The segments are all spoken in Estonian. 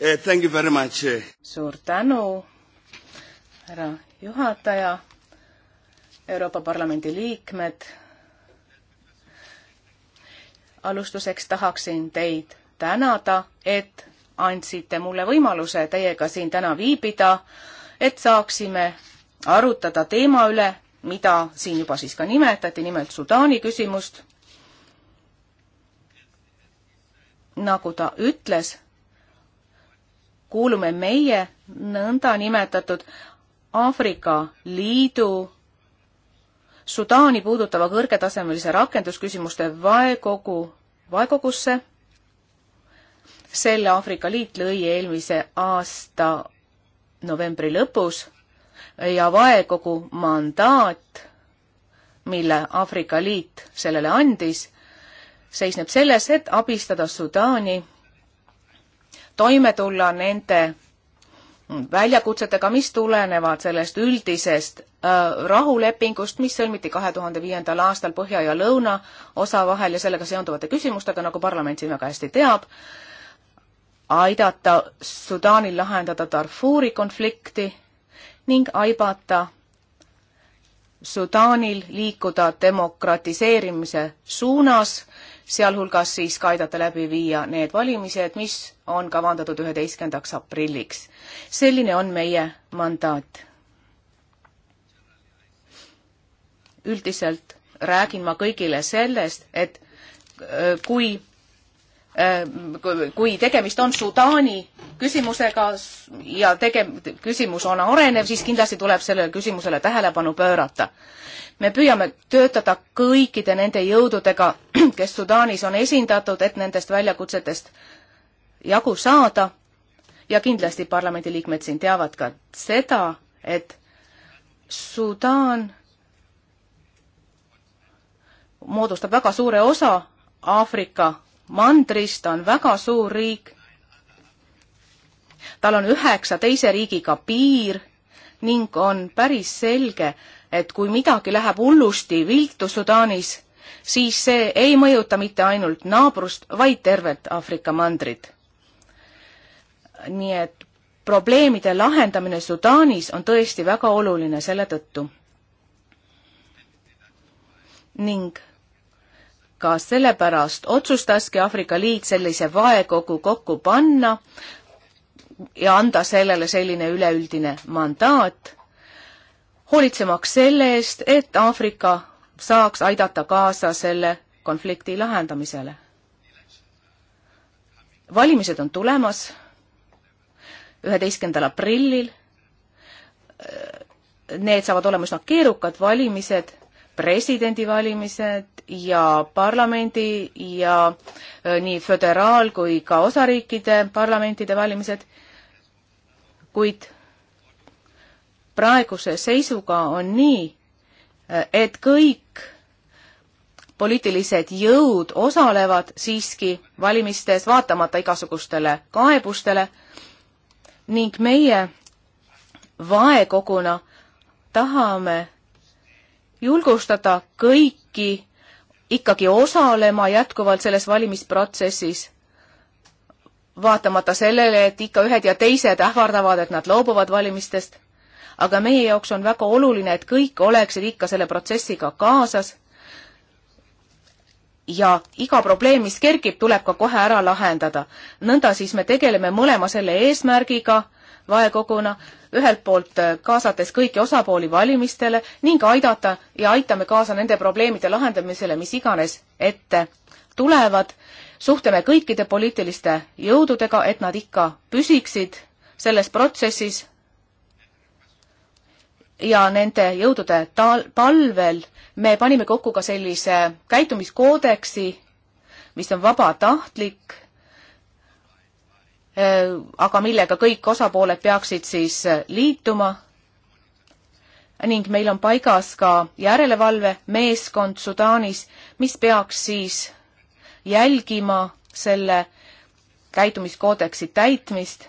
Eh, thank you very much. Eh. suur tänu, härra juhataja, Euroopa Parlamendi liikmed. alustuseks tahaksin teid tänada, et andsite mulle võimaluse teiega siin täna viibida, et saaksime arutada teema üle, mida siin juba siis ka nimetati, nimelt Sudaani küsimust. nagu ta ütles kuulume meie nõndanimetatud Aafrika Liidu Sudaani puudutava kõrgetasemelise rakendusküsimuste vaekogu, vaekogusse. selle Aafrika Liit lõi eelmise aasta novembri lõpus ja vaekogu mandaat, mille Aafrika Liit sellele andis, seisneb selles, et abistada Sudaani toime tulla nende väljakutsetega, mis tulenevad sellest üldisest äh, rahulepingust, mis sõlmiti kahe tuhande viiendal aastal põhja ja lõuna osa vahel ja sellega seonduvate küsimustega, nagu parlament siin väga hästi teab, aidata Sudaanil lahendada Darfuri konflikti ning aibata Sudaanil liikuda demokratiseerimise suunas sealhulgas siis ka aidata läbi viia need valimised, mis on kavandatud üheteistkümnendaks aprilliks. selline on meie mandaat. üldiselt räägin ma kõigile sellest, et äh, kui äh, kui tegemist on Sudaani küsimusega ja tege-, küsimus on arenev, siis kindlasti tuleb sellele küsimusele tähelepanu pöörata. me püüame töötada kõikide nende jõududega kes Sudaanis on esindatud, et nendest väljakutsetest jagu saada ja kindlasti parlamendiliikmed siin teavad ka seda, et Sudaan moodustab väga suure osa Aafrika mandrist, ta on väga suur riik, tal on üheksa teise riigiga piir ning on päris selge, et kui midagi läheb hullusti viltu Sudaanis, siis see ei mõjuta mitte ainult naabrust, vaid tervet Aafrika mandrit. nii et probleemide lahendamine Sudaanis on tõesti väga oluline selle tõttu. ning ka sellepärast otsustaski Aafrika Liit sellise vaekogu kokku panna ja anda sellele selline üleüldine mandaat hoolitsemaks selle eest, et Aafrika saaks aidata kaasa selle konflikti lahendamisele. valimised on tulemas üheteistkümnendal aprillil. Äh, need saavad olema üsna keerukad valimised, presidendivalimised ja parlamendi ja äh, nii föderaal- kui ka osariikide parlamentide valimised, kuid praeguse seisuga on nii, et kõik poliitilised jõud osalevad siiski valimistes, vaatamata igasugustele kaebustele ning meie vaekoguna tahame julgustada kõiki ikkagi osalema jätkuvalt selles valimisprotsessis, vaatamata sellele, et ikka ühed ja teised ähvardavad, et nad loobuvad valimistest aga meie jaoks on väga oluline, et kõik oleksid ikka selle protsessiga kaasas ja iga probleem, mis kerkib, tuleb ka kohe ära lahendada. nõnda siis me tegeleme mõlema selle eesmärgiga vaekoguna, ühelt poolt äh, kaasates kõiki osapooli valimistele ning aidata ja aitame kaasa nende probleemide lahendamisele, mis iganes ette tulevad. suhtleme kõikide poliitiliste jõududega, et nad ikka püsiksid selles protsessis ja nende jõudude tal-, palvel me panime kokku ka sellise käitumiskoodeksi, mis on vabatahtlik, äh, aga millega kõik osapooled peaksid siis äh, liituma ning meil on paigas ka järelevalvemeeskond Sudaanis, mis peaks siis jälgima selle käitumiskoodeksi täitmist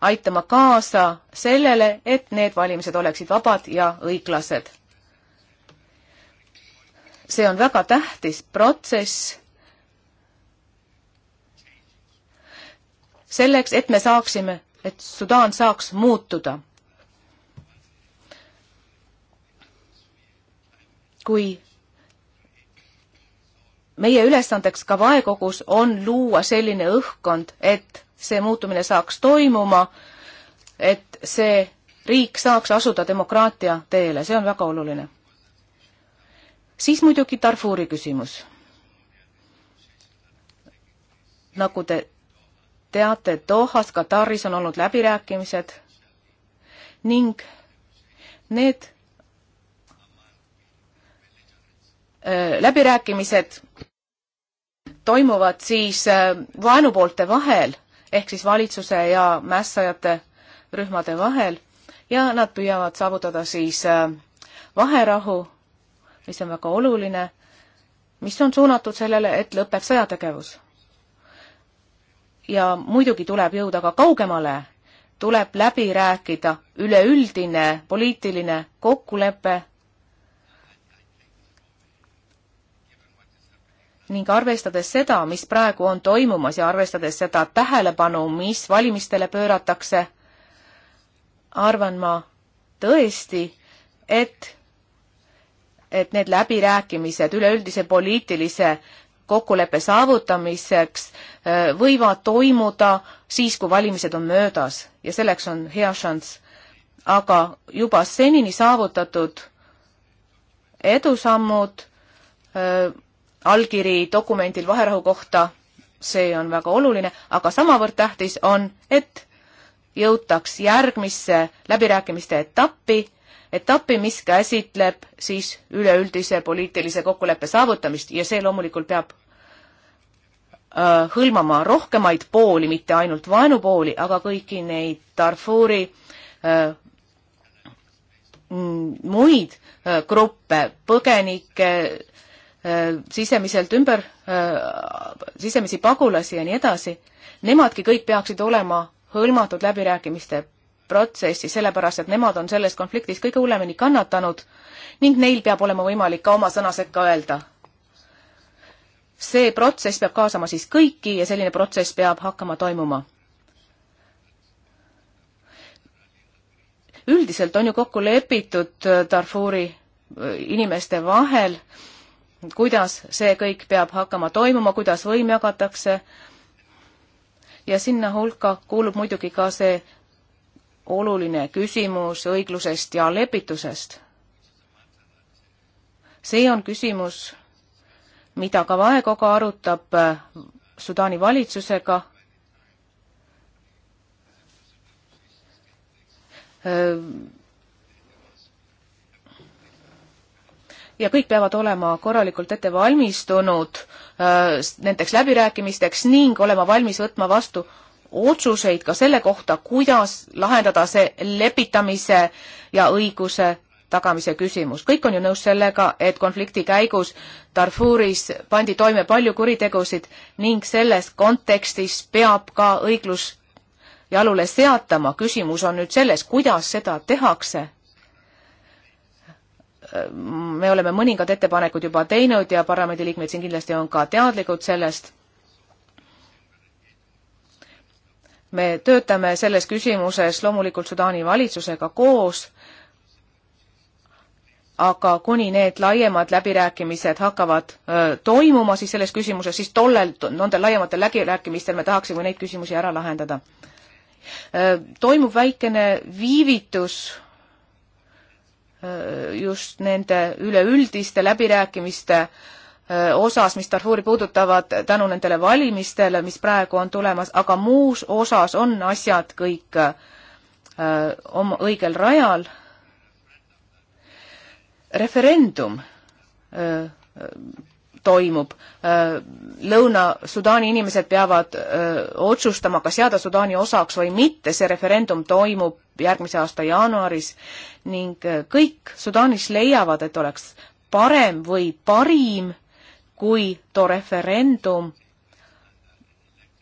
aitama kaasa sellele, et need valimised oleksid vabad ja õiglased. see on väga tähtis protsess selleks, et me saaksime, et Sudaan saaks muutuda. kui meie ülesandeks ka vaekogus on luua selline õhkkond, et see muutumine saaks toimuma, et see riik saaks asuda demokraatia teele, see on väga oluline. siis muidugi Darfuri küsimus. nagu te teate, Dohas, Kataris on olnud läbirääkimised ning need öö, äh, läbirääkimised toimuvad siis äh, vaenupoolte vahel ehk siis valitsuse ja mässajate rühmade vahel ja nad püüavad saavutada siis äh, vaherahu, mis on väga oluline, mis on suunatud sellele, et lõpeb sõjategevus. ja muidugi tuleb jõuda ka kaugemale, tuleb läbi rääkida üleüldine poliitiline kokkulepe ning arvestades seda, mis praegu on toimumas ja arvestades seda tähelepanu, mis valimistele pööratakse, arvan ma tõesti, et, et need läbirääkimised üleüldise poliitilise kokkuleppe saavutamiseks äh, võivad toimuda siis, kui valimised on möödas ja selleks on hea šanss. aga juba senini saavutatud edusammud äh, allkiri dokumendil vaherahu kohta, see on väga oluline, aga samavõrd tähtis on, et jõutaks järgmisse läbirääkimiste etappi, etappi, mis käsitleb siis üleüldise poliitilise kokkuleppe saavutamist ja see loomulikult peab äh, hõlmama rohkemaid pooli, mitte ainult vaenupooli, aga kõiki neid Darfuri äh, muid äh, gruppe, põgenikke äh,, sisemiselt ümber, sisemisi pagulasi ja nii edasi, nemadki kõik peaksid olema hõlmatud läbirääkimiste protsessi, sellepärast et nemad on selles konfliktis kõige hullemini kannatanud ning neil peab olema võimalik ka oma sõna sekka öelda. see protsess peab kaasama siis kõiki ja selline protsess peab hakkama toimuma. üldiselt on ju kokku lepitud Darfuri inimeste vahel, kuidas see kõik peab hakkama toimuma, kuidas võim jagatakse. ja sinna hulka kuulub muidugi ka see oluline küsimus õiglusest ja lepitusest. see on küsimus, mida ka Vahekogu arutab äh, Sudaani valitsusega. Äh, ja kõik peavad olema korralikult ette valmistunud äh, nendeks läbirääkimisteks ning olema valmis võtma vastu otsuseid ka selle kohta, kuidas lahendada see lepitamise ja õiguse tagamise küsimus. kõik on ju nõus sellega, et konflikti käigus Darfuris pandi toime palju kuritegusid ning selles kontekstis peab ka õiglus jalule seatama. küsimus on nüüd selles, kuidas seda tehakse me oleme mõningad ettepanekud juba teinud ja parlamendiliikmed siin kindlasti on ka teadlikud sellest. me töötame selles küsimuses loomulikult Sudaani valitsusega koos, aga kuni need laiemad läbirääkimised hakkavad öö, toimuma siis selles küsimuses, siis tollel, nendel laiematel läbirääkimistel me tahaksime neid küsimusi ära lahendada. toimub väikene viivitus Äh, just nende üleüldiste läbirääkimiste äh, osas, mis Darfuri puudutavad tänu nendele valimistele, mis praegu on tulemas, aga muus osas on asjad kõik äh, oma õigel rajal. referendum toimub. Äh, Lõuna-Sudaani inimesed peavad öö, äh, otsustama, kas jääda Sudaani osaks või mitte, see referendum toimub järgmise aasta jaanuaris ning äh, kõik Sudaanis leiavad, et oleks parem või parim, kui too referendum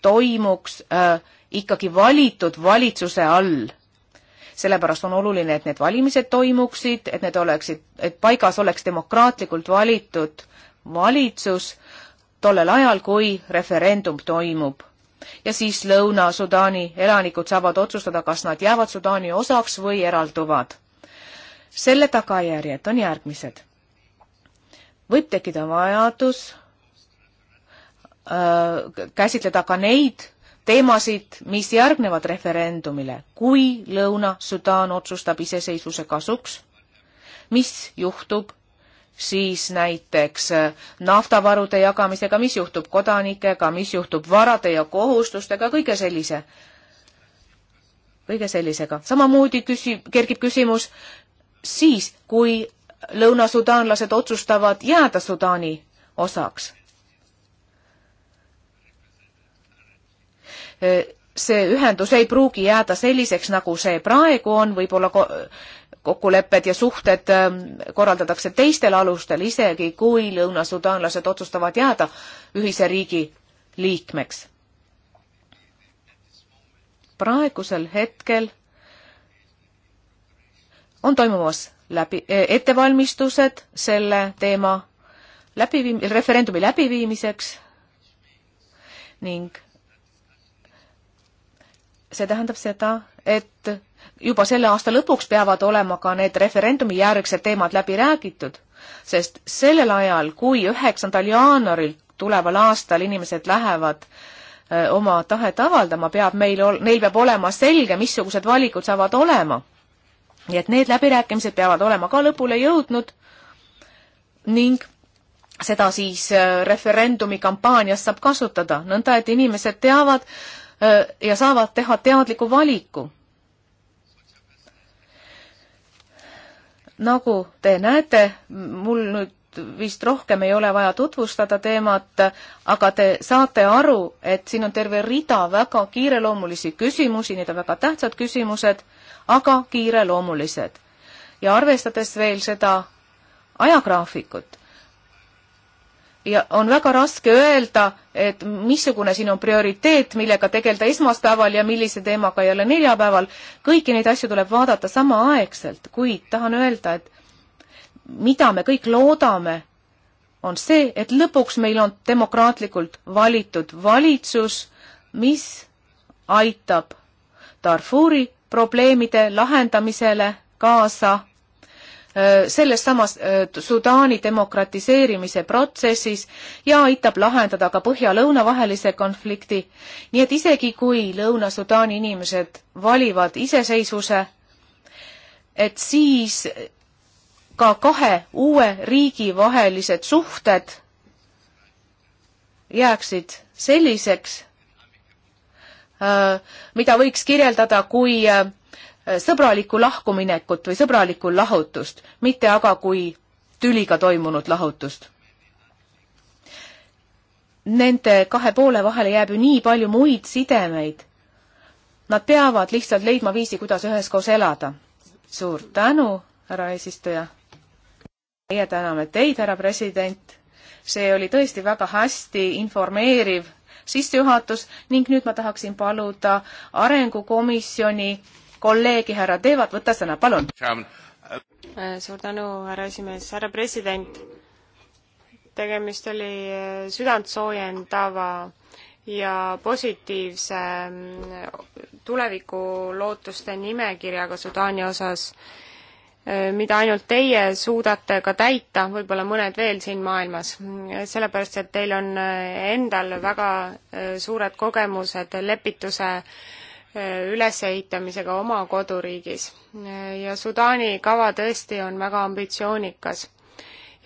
toimuks öö, ikkagi valitud valitsuse all sellepärast on oluline, et need valimised toimuksid, et need oleksid, et paigas oleks demokraatlikult valitud valitsus tollel ajal, kui referendum toimub. ja siis Lõuna-Sudaani elanikud saavad otsustada, kas nad jäävad Sudaani osaks või eralduvad. selle tagajärjed on järgmised. võib tekkida vajadus äh, käsitleda ka neid teemasid, mis järgnevad referendumile, kui Lõuna-Sudaan otsustab iseseisvuse kasuks, mis juhtub siis näiteks äh, naftavarude jagamisega, mis juhtub kodanikega, mis juhtub varade ja kohustustega, kõige sellise, kõige sellisega. samamoodi küsi-, kerkib küsimus siis, kui lõunasudaanlased otsustavad jääda Sudaani osaks. Äh, see ühendus ei pruugi jääda selliseks, nagu see praegu on võib, võib-olla kokkulepped ja suhted ähm, korraldatakse teistel alustel, isegi kui lõunasudaanlased otsustavad jääda ühise riigi liikmeks. praegusel hetkel on toimumas läbi, e, ettevalmistused selle teema läbiviim-, referendumi läbiviimiseks ning see tähendab seda, et juba selle aasta lõpuks peavad olema ka need referendumi järgsed teemad läbi räägitud, sest sellel ajal, kui üheksandal jaanuaril tuleval aastal inimesed lähevad öö, oma tahet avaldama, peab meil, neil peab olema selge, missugused valikud saavad olema. nii et need läbirääkimised peavad olema ka lõpule jõudnud ning seda siis referendumi kampaanias saab kasutada, nõnda et inimesed teavad öö, ja saavad teha teadliku valiku nagu te näete, mul nüüd vist rohkem ei ole vaja tutvustada teemat, aga te saate aru, et siin on terve rida väga kiireloomulisi küsimusi, need on väga tähtsad küsimused, aga kiireloomulised. ja arvestades veel seda ajagraafikut, ja on väga raske öelda, et missugune siin on prioriteet, millega tegeleda esmaspäeval ja millise teemaga jälle neljapäeval. kõiki neid asju tuleb vaadata samaaegselt, kuid tahan öelda, et mida me kõik loodame, on see, et lõpuks meil on demokraatlikult valitud valitsus, mis aitab Darfuri probleemide lahendamisele kaasa Äh, selles samas äh, Sudaani demokratiseerimise protsessis ja aitab lahendada ka põhja-lõuna vahelise konflikti. nii et isegi, kui Lõuna-Sudaani inimesed valivad iseseisvuse, et siis ka kahe uue riigi vahelised suhted jääksid selliseks, äh, mida võiks kirjeldada kui Äh, sõbralikku lahkuminekut või sõbralikku lahutust, mitte aga kui tüliga toimunud lahutust. Nende kahe poole vahele jääb ju nii palju muid sidemeid. Nad peavad lihtsalt leidma viisi, kuidas üheskoos elada. suur tänu, härra eesistuja. meie täname teid, härra president. see oli tõesti väga hästi informeeriv sissejuhatus ning nüüd ma tahaksin paluda arengukomisjoni kolleegi härra Teevat võtta sõna, palun. Äh, suur tänu, härra esimees, härra president. tegemist oli äh, südantsoojendava ja positiivse mm, tulevikulootuste nimekirjaga Sudaani osas, äh, mida ainult teie suudate ka täita, võib-olla mõned veel siin maailmas, mm, sellepärast et teil on endal väga suured kogemused lepituse ülesehitamisega oma koduriigis. ja Sudaani kava tõesti on väga ambitsioonikas.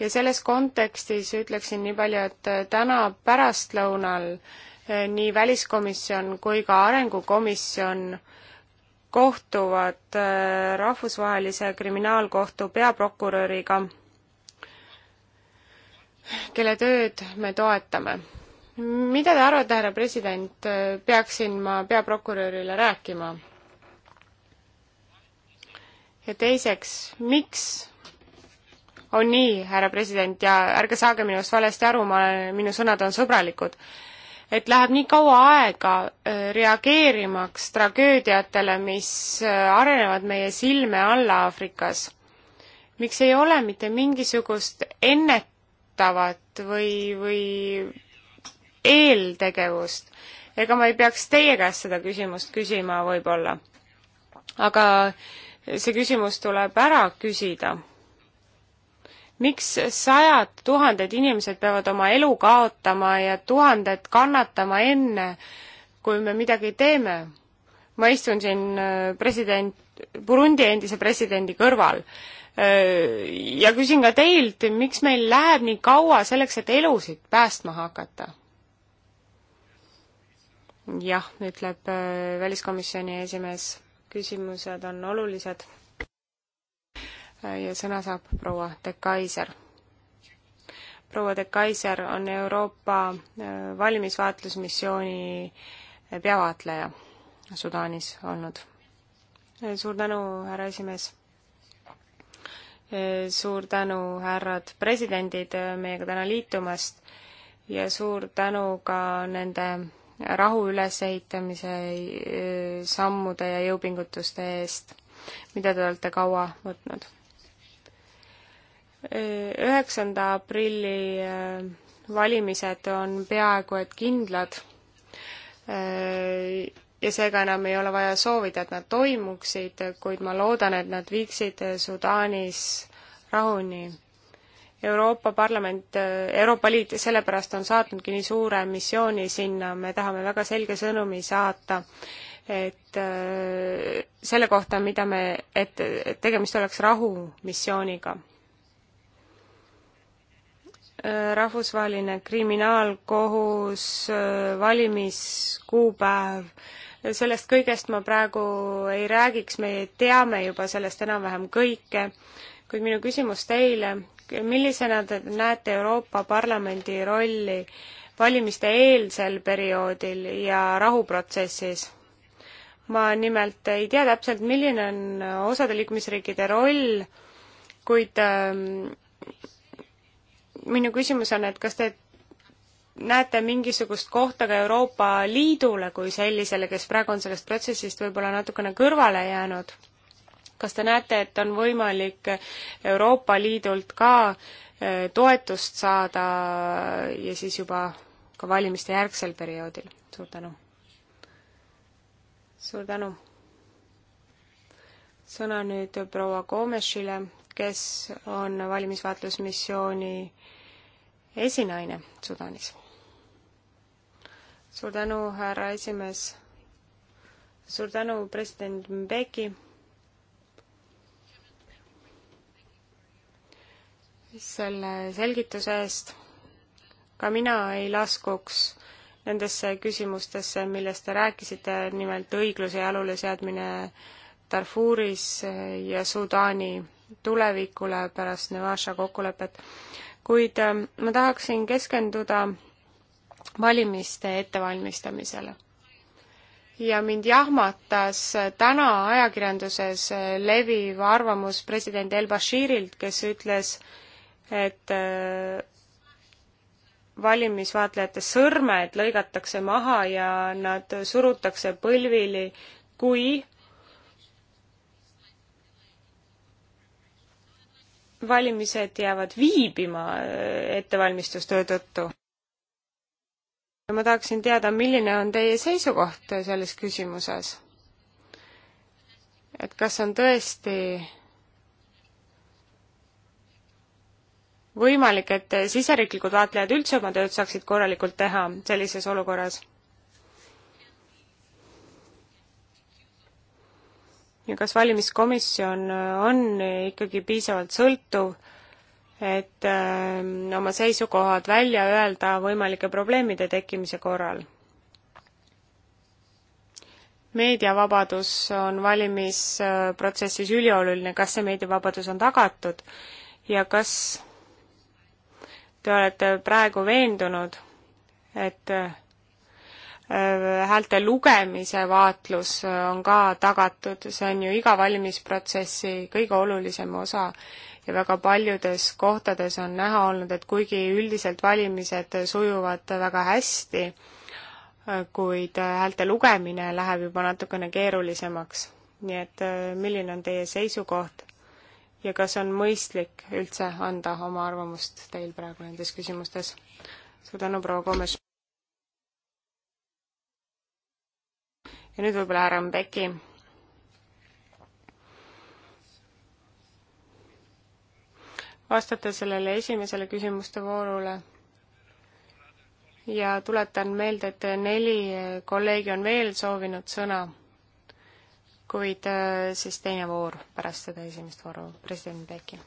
ja selles kontekstis ütleksin nii palju, et täna pärastlõunal eh, nii väliskomisjon kui ka arengukomisjon kohtuvad eh, Rahvusvahelise Kriminaalkohtu peaprokuröriga, kelle tööd me toetame mida te arvate, härra president, peaksin ma peaprokurörile rääkima? ja teiseks, miks on nii, härra president, ja ärge saage minust valesti aru, ma olen, minu sõnad on sõbralikud, et läheb nii kaua aega äh, reageerimaks tragöödiatele, mis äh, arenevad meie silme all Aafrikas. miks ei ole mitte mingisugust ennetavat või, või eeltegevust. ega ma ei peaks teie käest seda küsimust küsima võib-olla. aga see küsimus tuleb ära küsida. miks sajad tuhanded inimesed peavad oma elu kaotama ja tuhanded kannatama enne, kui me midagi teeme? ma istun siin äh, president, Burundi endise presidendi kõrval äh, ja küsin ka teilt, miks meil läheb nii kaua selleks, et elusid päästma hakata? jah, ütleb äh, väliskomisjoni esimees, küsimused on olulised. Äh, ja sõna saab proua de Kaiser. proua de Kaiser on Euroopa äh, valimisvaatlusmissiooni peavaatleja Sudaanis olnud. suur tänu, härra esimees suur tänu, härrad presidendid, meiega täna liitumast ja suur tänu ka nende rahu ülesehitamise äh, sammude ja jõupingutuste eest, mida te olete kaua võtnud. Üheksanda aprilli äh, valimised on peaaegu et kindlad äh, ja seega enam ei ole vaja soovida, et nad toimuksid, kuid ma loodan, et nad viiksid Sudaanis rahuni Euroopa Parlament, Euroopa Liit sellepärast on saatnudki nii suure missiooni sinna, me tahame väga selge sõnumi saata, et äh, selle kohta, mida me, et tegemist oleks rahumissiooniga. Äh, rahvusvaheline kriminaalkohus, äh, valimiskuupäev, sellest kõigest ma praegu ei räägiks, me teame juba sellest enam-vähem kõike, kuid minu küsimus teile, millisena te näete Euroopa Parlamendi rolli valimiste eelsel perioodil ja rahuprotsessis? ma nimelt ei tea täpselt, milline on osade liikmesriikide roll, kuid ähm, minu küsimus on, et kas te näete mingisugust kohta ka Euroopa Liidule kui sellisele, kes praegu on sellest protsessist võib-olla natukene kõrvale jäänud? kas te näete, et on võimalik Euroopa Liidult ka äh, toetust saada ja siis juba ka valimiste järgsel perioodil? suur tänu! suur tänu! sõna nüüd proua Koomešile, kes on valimisvaatlusmissiooni esinaine Sudanis. suur tänu, härra esimees! suur tänu, president Mbeki! selle selgituse eest. ka mina ei laskuks nendesse küsimustesse, millest te rääkisite, nimelt õigluse jalule seadmine Darfuris ja Sudaani tulevikule pärast Nevaša kokkulepet. kuid ähm, ma tahaksin keskenduda valimiste ettevalmistamisele. ja mind jahmatas täna ajakirjanduses leviv arvamus president El Bashirilt, kes ütles, et äh, valimisvaatlejate sõrmed lõigatakse maha ja nad surutakse põlvili, kui valimised jäävad viibima äh, ettevalmistustöö tõttu. ja ma tahaksin teada, milline on teie seisukoht selles küsimuses? et kas on tõesti võimalik, et siseriiklikud vaatlejad üldse oma tööd saaksid korralikult teha sellises olukorras? ja kas valimiskomisjon on ikkagi piisavalt sõltuv, et ähm, oma seisukohad välja öelda võimalike probleemide tekkimise korral? meediavabadus on valimisprotsessis ülioluline, kas see meediavabadus on tagatud ja kas te olete praegu veendunud, et äh, häälte lugemise vaatlus äh, on ka tagatud, see on ju iga valimisprotsessi kõige olulisem osa ja väga paljudes kohtades on näha olnud, et kuigi üldiselt valimised sujuvad väga hästi, äh, kuid häälte lugemine läheb juba natukene keerulisemaks. nii et milline on teie seisukoht ja kas on mõistlik üldse anda oma arvamust teil praegu nendes küsimustes? suur tänu, proua Komes. ja nüüd võib-olla härra Mbeki. vastata sellele esimesele küsimuste voorule ja tuletan meelde, et neli kolleegi on veel soovinud sõna kuid äh, siis teine voor pärast seda esimest vooru, president Beki.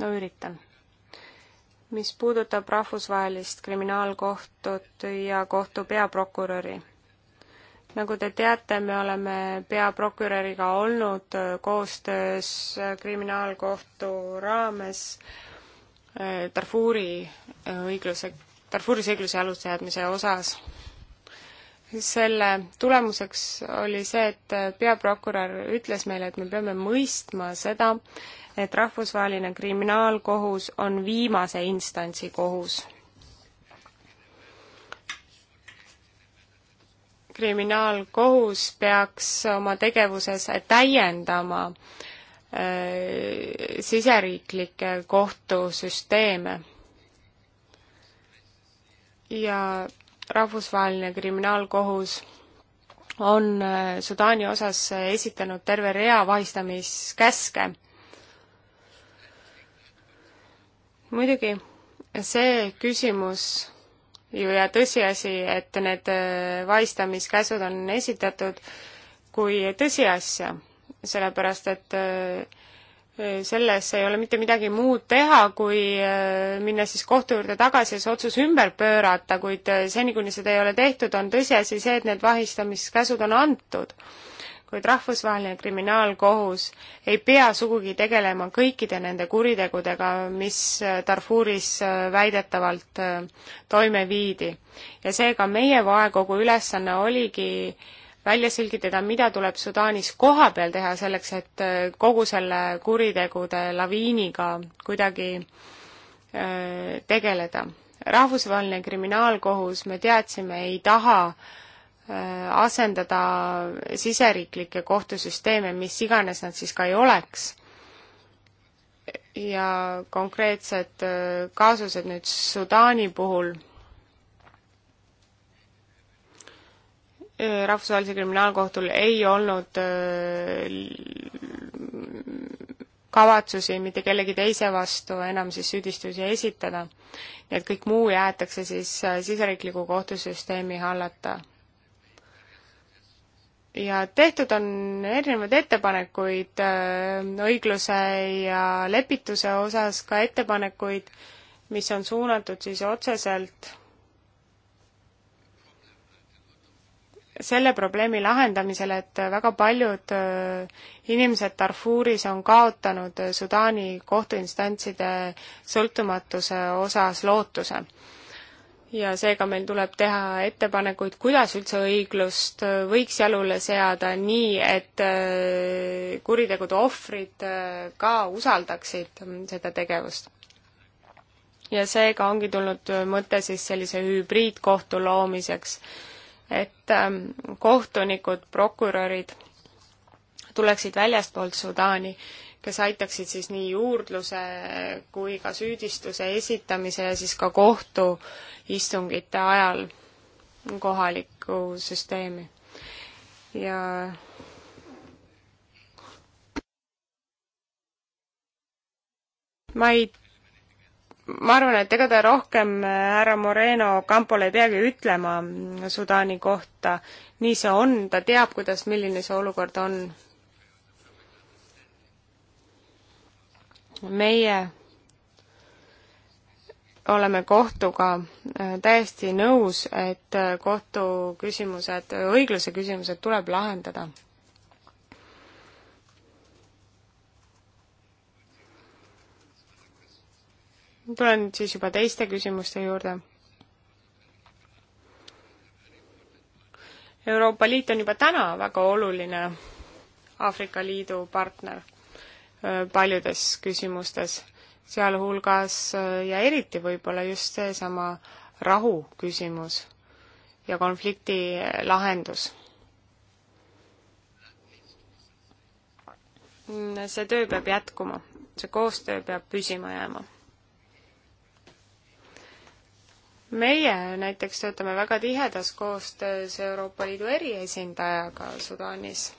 no üritan. mis puudutab rahvusvahelist kriminaalkohtut ja kohtu peaprokuröri, nagu te teate, me oleme peaprokuröriga olnud äh, koostöös äh, kriminaalkohtu raames äh, Äh, Darfuri äh, õigluse, Darfuris õigluse alusseadmise osas. selle tulemuseks oli see, et äh, peaprokurör ütles meile, et me peame mõistma seda, et rahvusvaheline kriminaalkohus on viimase instantsi kohus. kriminaalkohus peaks oma tegevuses täiendama äh, Äh, siseriiklikke kohtusüsteeme. ja rahvusvaheline kriminaalkohus on äh, Sudaani osas esitanud terve rea vahistamiskäske. muidugi see küsimus ju ja tõsiasi, et need äh, vahistamiskäsud on esitatud kui tõsiasja sellepärast et äh, selles ei ole mitte midagi muud teha, kui äh, minna siis kohtu juurde tagasi ja see otsus ümber pöörata, kuid äh, seni, kuni seda ei ole tehtud, on tõsiasi see, et need vahistamiskäsud on antud. kuid Rahvusvaheline Kriminaalkohus ei pea sugugi tegelema kõikide nende kuritegudega, mis Darfuris väidetavalt toime viidi. ja seega meie vaekogu ülesanne oligi äh, välja selgitada, mida tuleb Sudaanis koha peal teha selleks, et äh, kogu selle kuritegude laviiniga kuidagi äh, tegeleda. rahvusvaheline kriminaalkohus, me teadsime, ei taha äh, asendada siseriiklikke kohtusüsteeme, mis iganes nad siis ka ei oleks. ja konkreetsed kaasused nüüd Sudaani puhul Äh, rahvusvahelisel kriminaalkohtul ei olnud äh, kavatsusi mitte kellegi teise vastu enam siis süüdistusi esitada. nii et kõik muu jäetakse siis äh, siseriikliku kohtusüsteemi hallata. ja tehtud on erinevaid ettepanekuid õigluse ja lepituse osas, ka ettepanekuid, mis on suunatud siis otseselt selle probleemi lahendamisel, et väga paljud äh, inimesed Darfuris on kaotanud äh, Sudaani kohtuinstantside sõltumatuse osas lootuse. ja seega meil tuleb teha ettepanekuid, kuidas üldse õiglust äh, võiks jalule seada nii, et kuritegude ohvrid ka usaldaksid seda tegevust ja seega ongi tulnud mõte siis sellise hübriidkohtu loomiseks äh, et ähm, kohtunikud, prokurörid tuleksid väljastpoolt Sudaani, kes aitaksid siis nii juurdluse kui ka süüdistuse esitamise ja siis ka kohtuistungite ajal kohalikku süsteemi. ja ma ei ma arvan, et ega ta rohkem äh, härra Moreno Campole ei peagi ütlema mm, Sudaani kohta. nii see on, ta teab, kuidas, milline see olukord on. meie oleme kohtuga äh, täiesti nõus, et äh, kohtu küsimused, õigluse küsimused tuleb lahendada tulen nüüd siis juba teiste küsimuste juurde. Euroopa Liit on juba täna väga oluline Aafrika Liidu partner äh, paljudes küsimustes, sealhulgas äh, ja eriti võib-olla just seesama rahu küsimus ja konflikti äh, lahendus. Mm, see töö peab jätkuma, see koostöö peab püsima jääma meie näiteks töötame väga tihedas koostöös Euroopa Liidu eriesindajaga Sudaanis,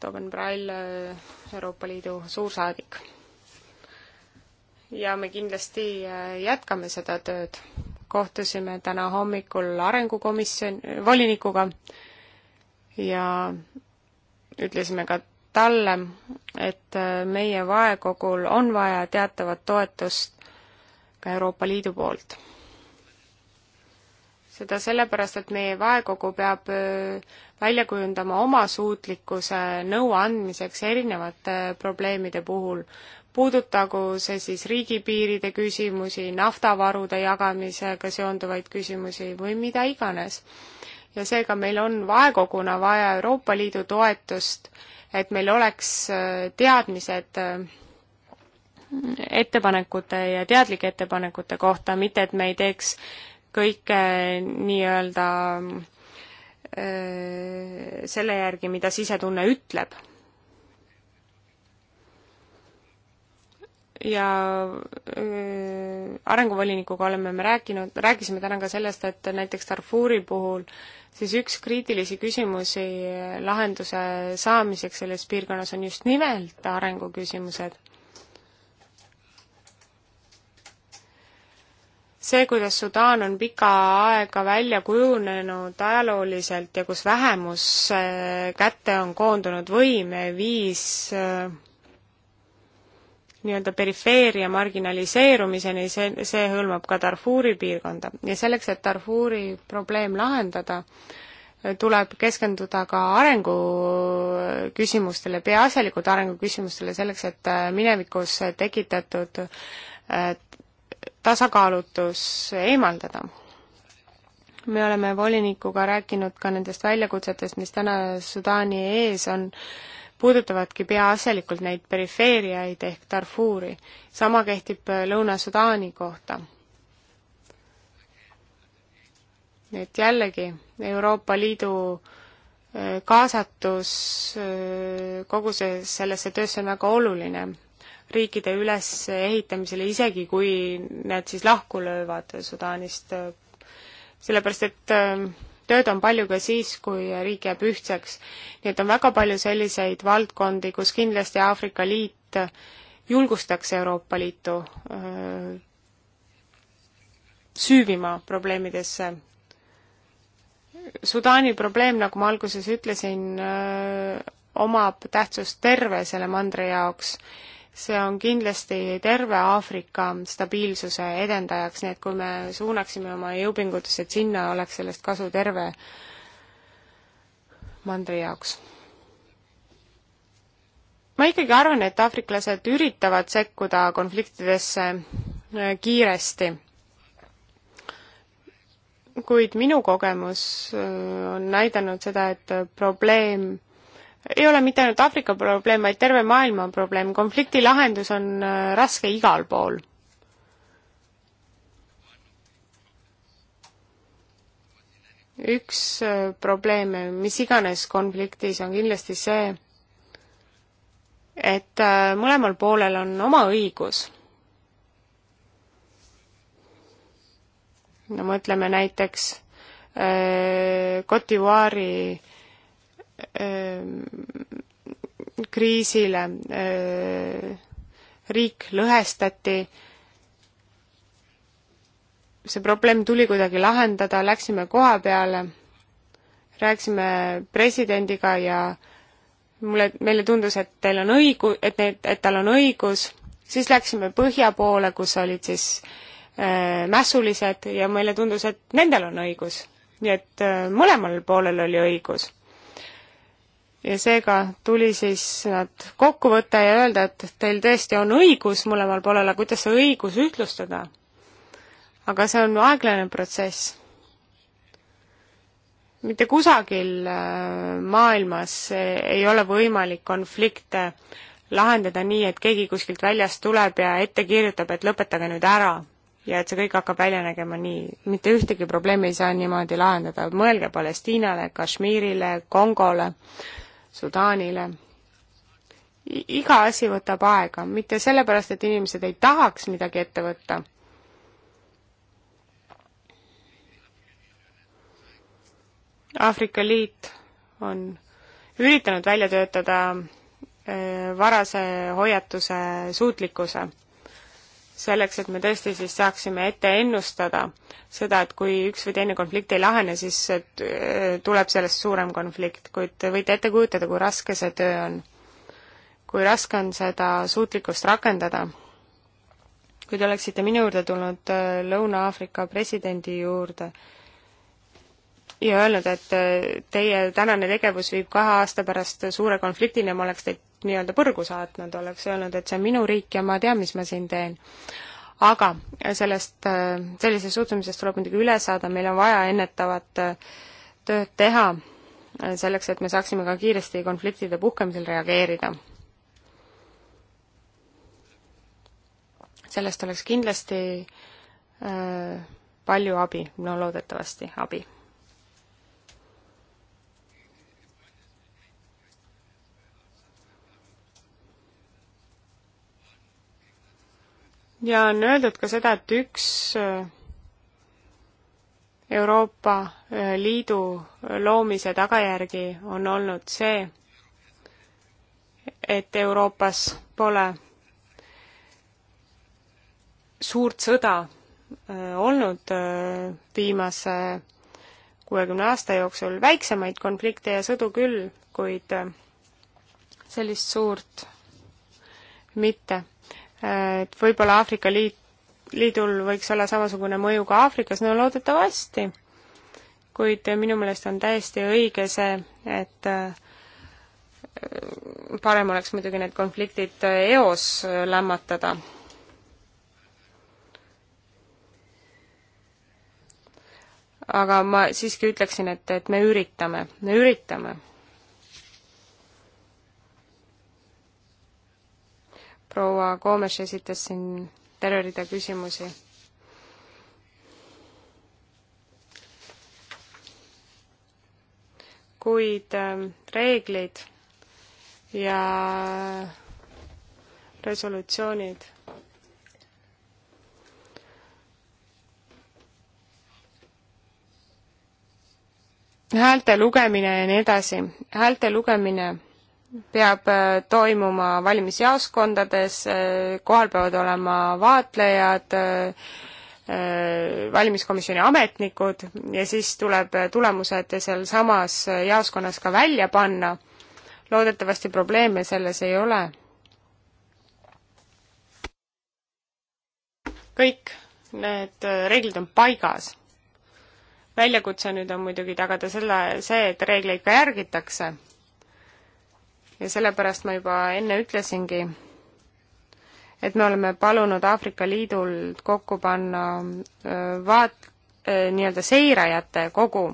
Tobin Brail, Euroopa Liidu suursaadik. ja me kindlasti äh, jätkame seda tööd. kohtusime täna hommikul arengukomisjon, volinikuga ja ütlesime ka talle, et äh, meie vaekogul on vaja teatavat toetust ka Euroopa Liidu poolt. seda sellepärast, et meie vaekogu peab välja kujundama oma suutlikkuse nõu andmiseks erinevate probleemide puhul, puudutagu see siis riigipiiride küsimusi, naftavarude jagamisega seonduvaid küsimusi või mida iganes. ja seega meil on vaekoguna vaja Euroopa Liidu toetust, et meil oleks teadmised äh, ettepanekute ja teadlike ettepanekute kohta, mitte et me ei teeks kõike nii-öelda selle järgi, mida sisetunne ütleb. ja öö, arenguvolinikuga oleme me rääkinud, rääkisime täna ka sellest, et näiteks Darfuri puhul siis üks kriitilisi küsimusi lahenduse saamiseks selles piirkonnas on just nimelt arenguküsimused see, kuidas Sudaan on pika aega välja kujunenud ajalooliselt ja kus vähemus eh, kätte on koondunud võim, viis eh, nii-öelda perifeeria marginaliseerumiseni, see, see hõlmab ka Darfuri piirkonda. ja selleks, et Darfuri probleem lahendada, eh, tuleb keskenduda ka arenguküsimustele, peaasjalikult arenguküsimustele, selleks et minevikus tekitatud tasakaalutus eemaldada. me oleme volinikuga rääkinud ka nendest väljakutsetest, mis täna Sudaani ees on, puudutavadki peaasjalikult neid perifeeriaid ehk Darfuri. sama kehtib Lõuna-Sudaani kohta. et jällegi, Euroopa Liidu eh, kaasatus eh, kogu see, sellesse töösse on väga oluline riikide ülesehitamisele, isegi kui need siis lahku löövad Sudaanist. sellepärast, et ähm, tööd on palju ka siis, kui riik jääb ühtseks. nii et on väga palju selliseid valdkondi, kus kindlasti Aafrika Liit julgustaks Euroopa Liitu öö, äh, süüvima probleemidesse. Sudaani probleem, nagu ma alguses ütlesin, äh, omab tähtsust terve selle mandri jaoks see on kindlasti terve Aafrika stabiilsuse edendajaks, nii et kui me suunaksime oma jõupingutused sinna, oleks sellest kasu terve mandri jaoks. ma ikkagi arvan, et aafriklased üritavad sekkuda konfliktidesse äh, kiiresti. kuid minu kogemus äh, on näidanud seda, et probleem ei ole mitte ainult Aafrika probleem, vaid terve maailma probleem. konflikti lahendus on äh, raske igal pool. üks äh, probleem mis iganes konfliktis on kindlasti see, et äh, mõlemal poolel on oma õigus. no mõtleme näiteks Cote d'Ivoire'i Ähm, kriisile, äh, riik lõhestati, see probleem tuli kuidagi lahendada, läksime koha peale, rääkisime presidendiga ja mulle, meile tundus, et teil on õigu-, et need, et tal on õigus, siis läksime põhja poole, kus olid siis äh, mässulised ja meile tundus, et nendel on õigus. nii et äh, mõlemal poolel oli õigus ja seega tuli siis nad kokku võtta ja öelda, et teil tõesti on õigus mõlemal poolel, aga kuidas see õigus ühtlustada? aga see on aeglane protsess. mitte kusagil äh, maailmas ei ole võimalik konflikte lahendada nii, et keegi kuskilt väljast tuleb ja ette kirjutab, et lõpetage nüüd ära ja et see kõik hakkab välja nägema nii, mitte ühtegi probleemi ei saa niimoodi lahendada, mõelge Palestiinale, Kashmirile, Kongole, Sudaanile. iga asi võtab aega, mitte sellepärast, et inimesed ei tahaks midagi ette võtta. Aafrika Liit on üritanud välja töötada äh, varase hoiatuse suutlikkuse selleks, et me tõesti siis saaksime ette ennustada seda, et kui üks või teine konflikt ei lahene, siis äh, tuleb sellest suurem konflikt, kuid te võite ette kujutada, kui raske see töö on. kui raske on seda suutlikkust rakendada. kui te oleksite minu juurde tulnud äh, Lõuna-Aafrika presidendi juurde ja öelnud, et äh, teie tänane tegevus viib kahe aasta pärast suure konfliktini ja ma oleks teid nii-öelda põrgu saatnud, oleks öelnud, et see on minu riik ja ma tean, mis ma siin teen. aga sellest, sellisest suhtumisest tuleb muidugi üle saada, meil on vaja ennetavat äh, tööd teha, äh, selleks et me saaksime ka kiiresti konfliktide puhkemisel reageerida. sellest oleks kindlasti äh, palju abi, no loodetavasti abi ja on öeldud ka seda, et üks äh, Euroopa äh, Liidu loomise tagajärgi on olnud see, et Euroopas pole suurt sõda äh, olnud viimase kuuekümne aasta jooksul, väiksemaid konflikte ja sõdu küll, kuid sellist suurt mitte et võib-olla Aafrika Liit, Liidul võiks olla samasugune mõju ka Aafrikas, no loodetavasti. kuid minu meelest on täiesti õige see, et äh, parem oleks muidugi need konfliktid äh, eos äh, lämmatada. aga ma siiski ütleksin, et, et me üritame, me üritame proua Koomes esitas siin terve rida küsimusi. kuid ähm, reeglid ja resolutsioonid häälte lugemine ja nii edasi. häälte lugemine peab äh, toimuma valimisjaoskondades, äh, kohal peavad olema vaatlejad, äh, valimiskomisjoni ametnikud ja siis tuleb tulemused sealsamas jaoskonnas ka välja panna. loodetavasti probleeme selles ei ole. kõik need reeglid on paigas. väljakutse nüüd on muidugi tagada selle, see, et reegleid ka järgitakse ja sellepärast ma juba enne ütlesingi, et me oleme palunud Aafrika Liidul kokku panna vaat-, nii-öelda seirajate kogu.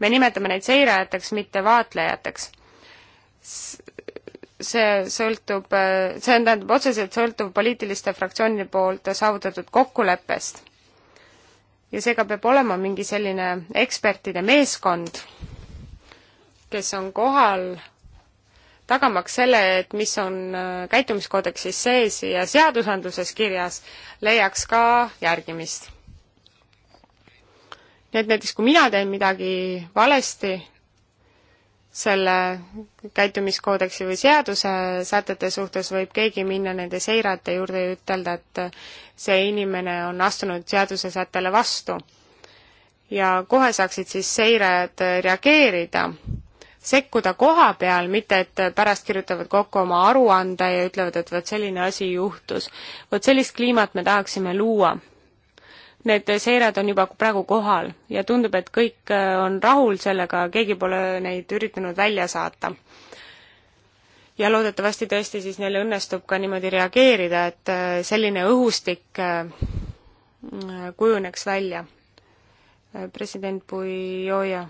me nimetame neid seirajateks, mitte vaatlejateks. see sõltub, see tähendab otseselt sõltub poliitiliste fraktsioonide poolt saavutatud kokkuleppest. ja seega peab olema mingi selline ekspertide meeskond, kes on kohal tagamaks selle, et mis on äh, käitumiskoodeksis sees ja seadusandluses kirjas, leiaks ka järgimist. nii et näiteks, kui mina teen midagi valesti selle käitumiskoodeksi või seaduse sätete suhtes, võib keegi minna nende seirajate juurde ja ütelda, et äh, see inimene on astunud seadusesättele vastu. ja kohe saaksid siis seirajad äh, reageerida sekkuda koha peal, mitte et pärast kirjutavad kokku oma aruande ja ütlevad, et vot selline asi juhtus. vot sellist kliimat me tahaksime luua. Need seired on juba praegu kohal ja tundub, et kõik äh, on rahul sellega, keegi pole neid üritanud välja saata. ja loodetavasti tõesti siis neil õnnestub ka niimoodi reageerida, et äh, selline õhustik äh, kujuneks välja. president Puioja,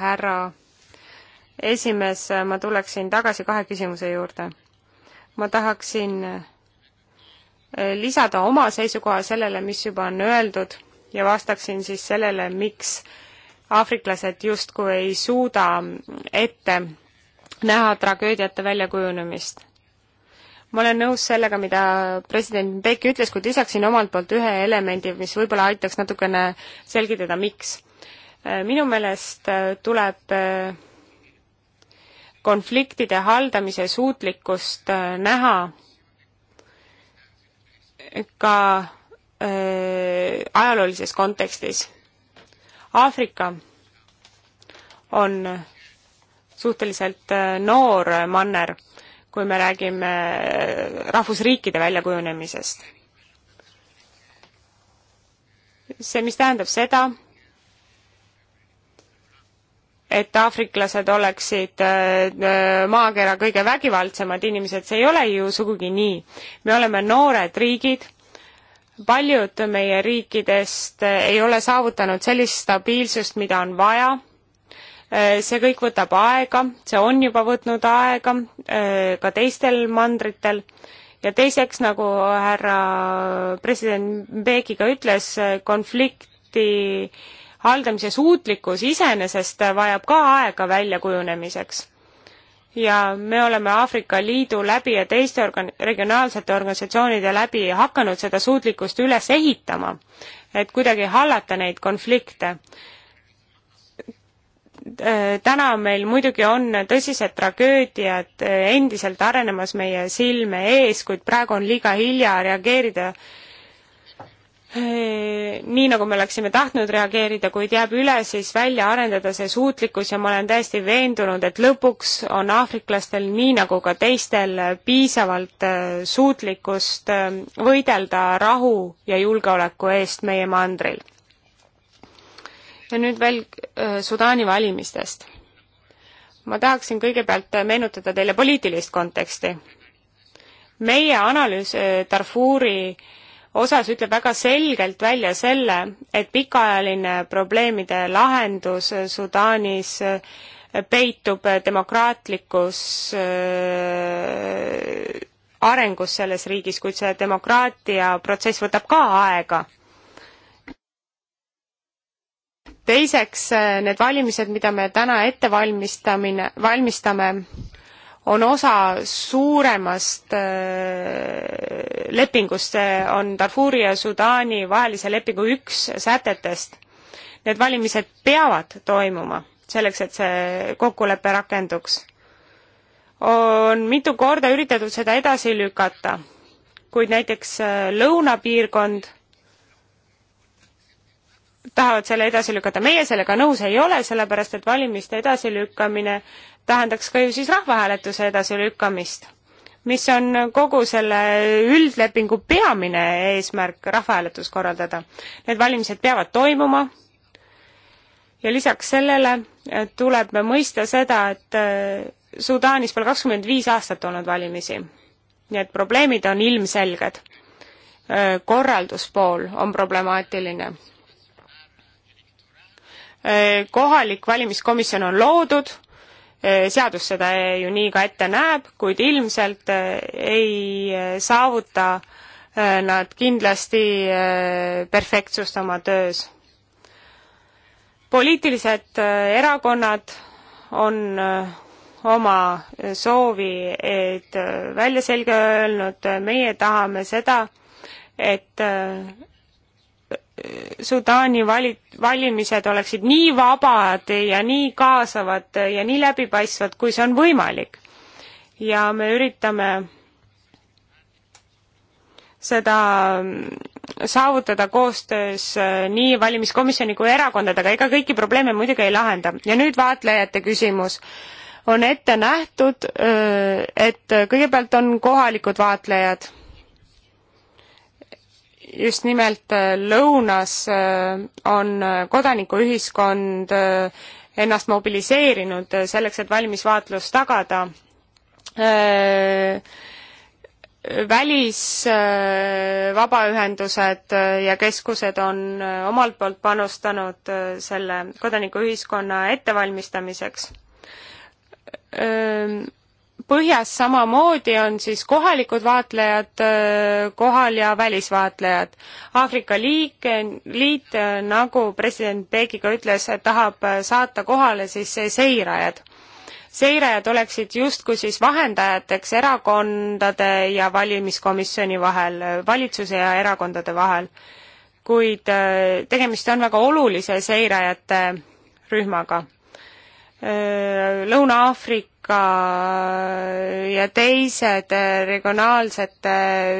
härra esimees, ma tuleksin tagasi kahe küsimuse juurde. ma tahaksin eh, lisada oma seisukoha sellele, mis juba on öeldud ja vastaksin siis sellele, miks aafriklased justkui ei suuda ette näha tragöödiate väljakujunemist. ma olen nõus sellega, mida president Beki ütles, kuid lisaksin omalt poolt ühe elemendi, mis võib-olla aitaks natukene selgitada, miks. Eh, minu meelest eh, tuleb konfliktide haldamise suutlikkust äh, näha ka äh, ajaloolises kontekstis. Aafrika on suhteliselt äh, noor manner, kui me räägime äh, rahvusriikide väljakujunemisest. see, mis tähendab seda, et aafriklased oleksid äh, äh, maakera kõige vägivaldsemad inimesed, see ei ole ju sugugi nii. me oleme noored riigid, paljud meie riikidest äh, ei ole saavutanud sellist stabiilsust, mida on vaja, see kõik võtab aega, see on juba võtnud aega ka teistel mandritel ja teiseks, nagu härra president Beekiga ütles, konflikti haldamise suutlikkus iseenesest vajab ka aega väljakujunemiseks. ja me oleme Aafrika Liidu läbi ja teiste organ-, regionaalsete organisatsioonide läbi hakanud seda suutlikkust üles ehitama, et kuidagi hallata neid konflikte täna meil muidugi on tõsised tragöödiad endiselt arenemas meie silme ees, kuid praegu on liiga hilja reageerida nii nagu me oleksime tahtnud reageerida, kuid jääb üle siis välja arendada see suutlikkus ja ma olen täiesti veendunud, et lõpuks on aafriklastel nii nagu ka teistel piisavalt äh, suutlikkust äh, võidelda rahu ja julgeoleku eest meie mandril. ja nüüd veel äh, Sudaani valimistest. ma tahaksin kõigepealt meenutada teile poliitilist konteksti. meie analüüs Darfuri äh, osas ütleb väga selgelt välja selle, et pikaajaline probleemide lahendus Sudaanis äh, peitub äh, demokraatlikus äh, arengus selles riigis, kuid see demokraatia protsess võtab ka aega. teiseks, need valimised, mida me täna ette valmistamine, valmistame, on osa suuremast äh, lepingust, see on Darfuri ja Sudaani vahelise lepingu üks sätetest. Need valimised peavad toimuma selleks, et see kokkulepe rakenduks. on mitu korda üritatud seda edasi lükata, kuid näiteks äh, lõunapiirkond tahavad selle edasi lükata. meie sellega nõus ei ole, sellepärast et valimiste edasilükkamine tähendaks ka ju siis rahvahääletuse edasilükkamist, mis on kogu selle üldlepingu peamine eesmärk, rahvahääletus korraldada. Need valimised peavad toimuma ja lisaks sellele eh, tuleb mõista seda, et eh, Sudaanis pole kakskümmend viis aastat olnud valimisi. nii et probleemid on ilmselged. Eh, korralduspool on problemaatiline. kohalik valimiskomisjon on loodud Eh, seadus seda ju nii ka ette näeb, kuid ilmselt eh, ei eh, saavuta nad kindlasti perfektsust oma töös. poliitilised erakonnad on oma soovi, et välja selge öelnud, meie tahame seda, et Sudaani vali-, valimised oleksid nii vabad ja nii kaasavad ja nii läbipaistvad, kui see on võimalik. ja me üritame seda saavutada koostöös äh, nii valimiskomisjoni kui erakondadega, ega kõiki probleeme muidugi ei lahenda. ja nüüd vaatlejate küsimus. on ette nähtud, äh, et kõigepealt on kohalikud vaatlejad just nimelt äh, lõunas äh, on äh, kodanikuühiskond ennast mobiliseerinud selleks, et valmisvaatlus tagada. välisvabaühendused ja keskused on omalt poolt panustanud selle kodanikuühiskonna ettevalmistamiseks põhjas samamoodi on siis kohalikud vaatlejad äh, kohal ja välisvaatlejad. Aafrika liik, liit, äh, nagu president Beki ka ütles, tahab äh, saata kohale siis seirajad. seirajad oleksid justkui siis vahendajateks erakondade ja valimiskomisjoni vahel, valitsuse ja erakondade vahel. kuid tegemist on väga olulise seirajate rühmaga Lõuna-Aafrika Aafrika ja teised regionaalsete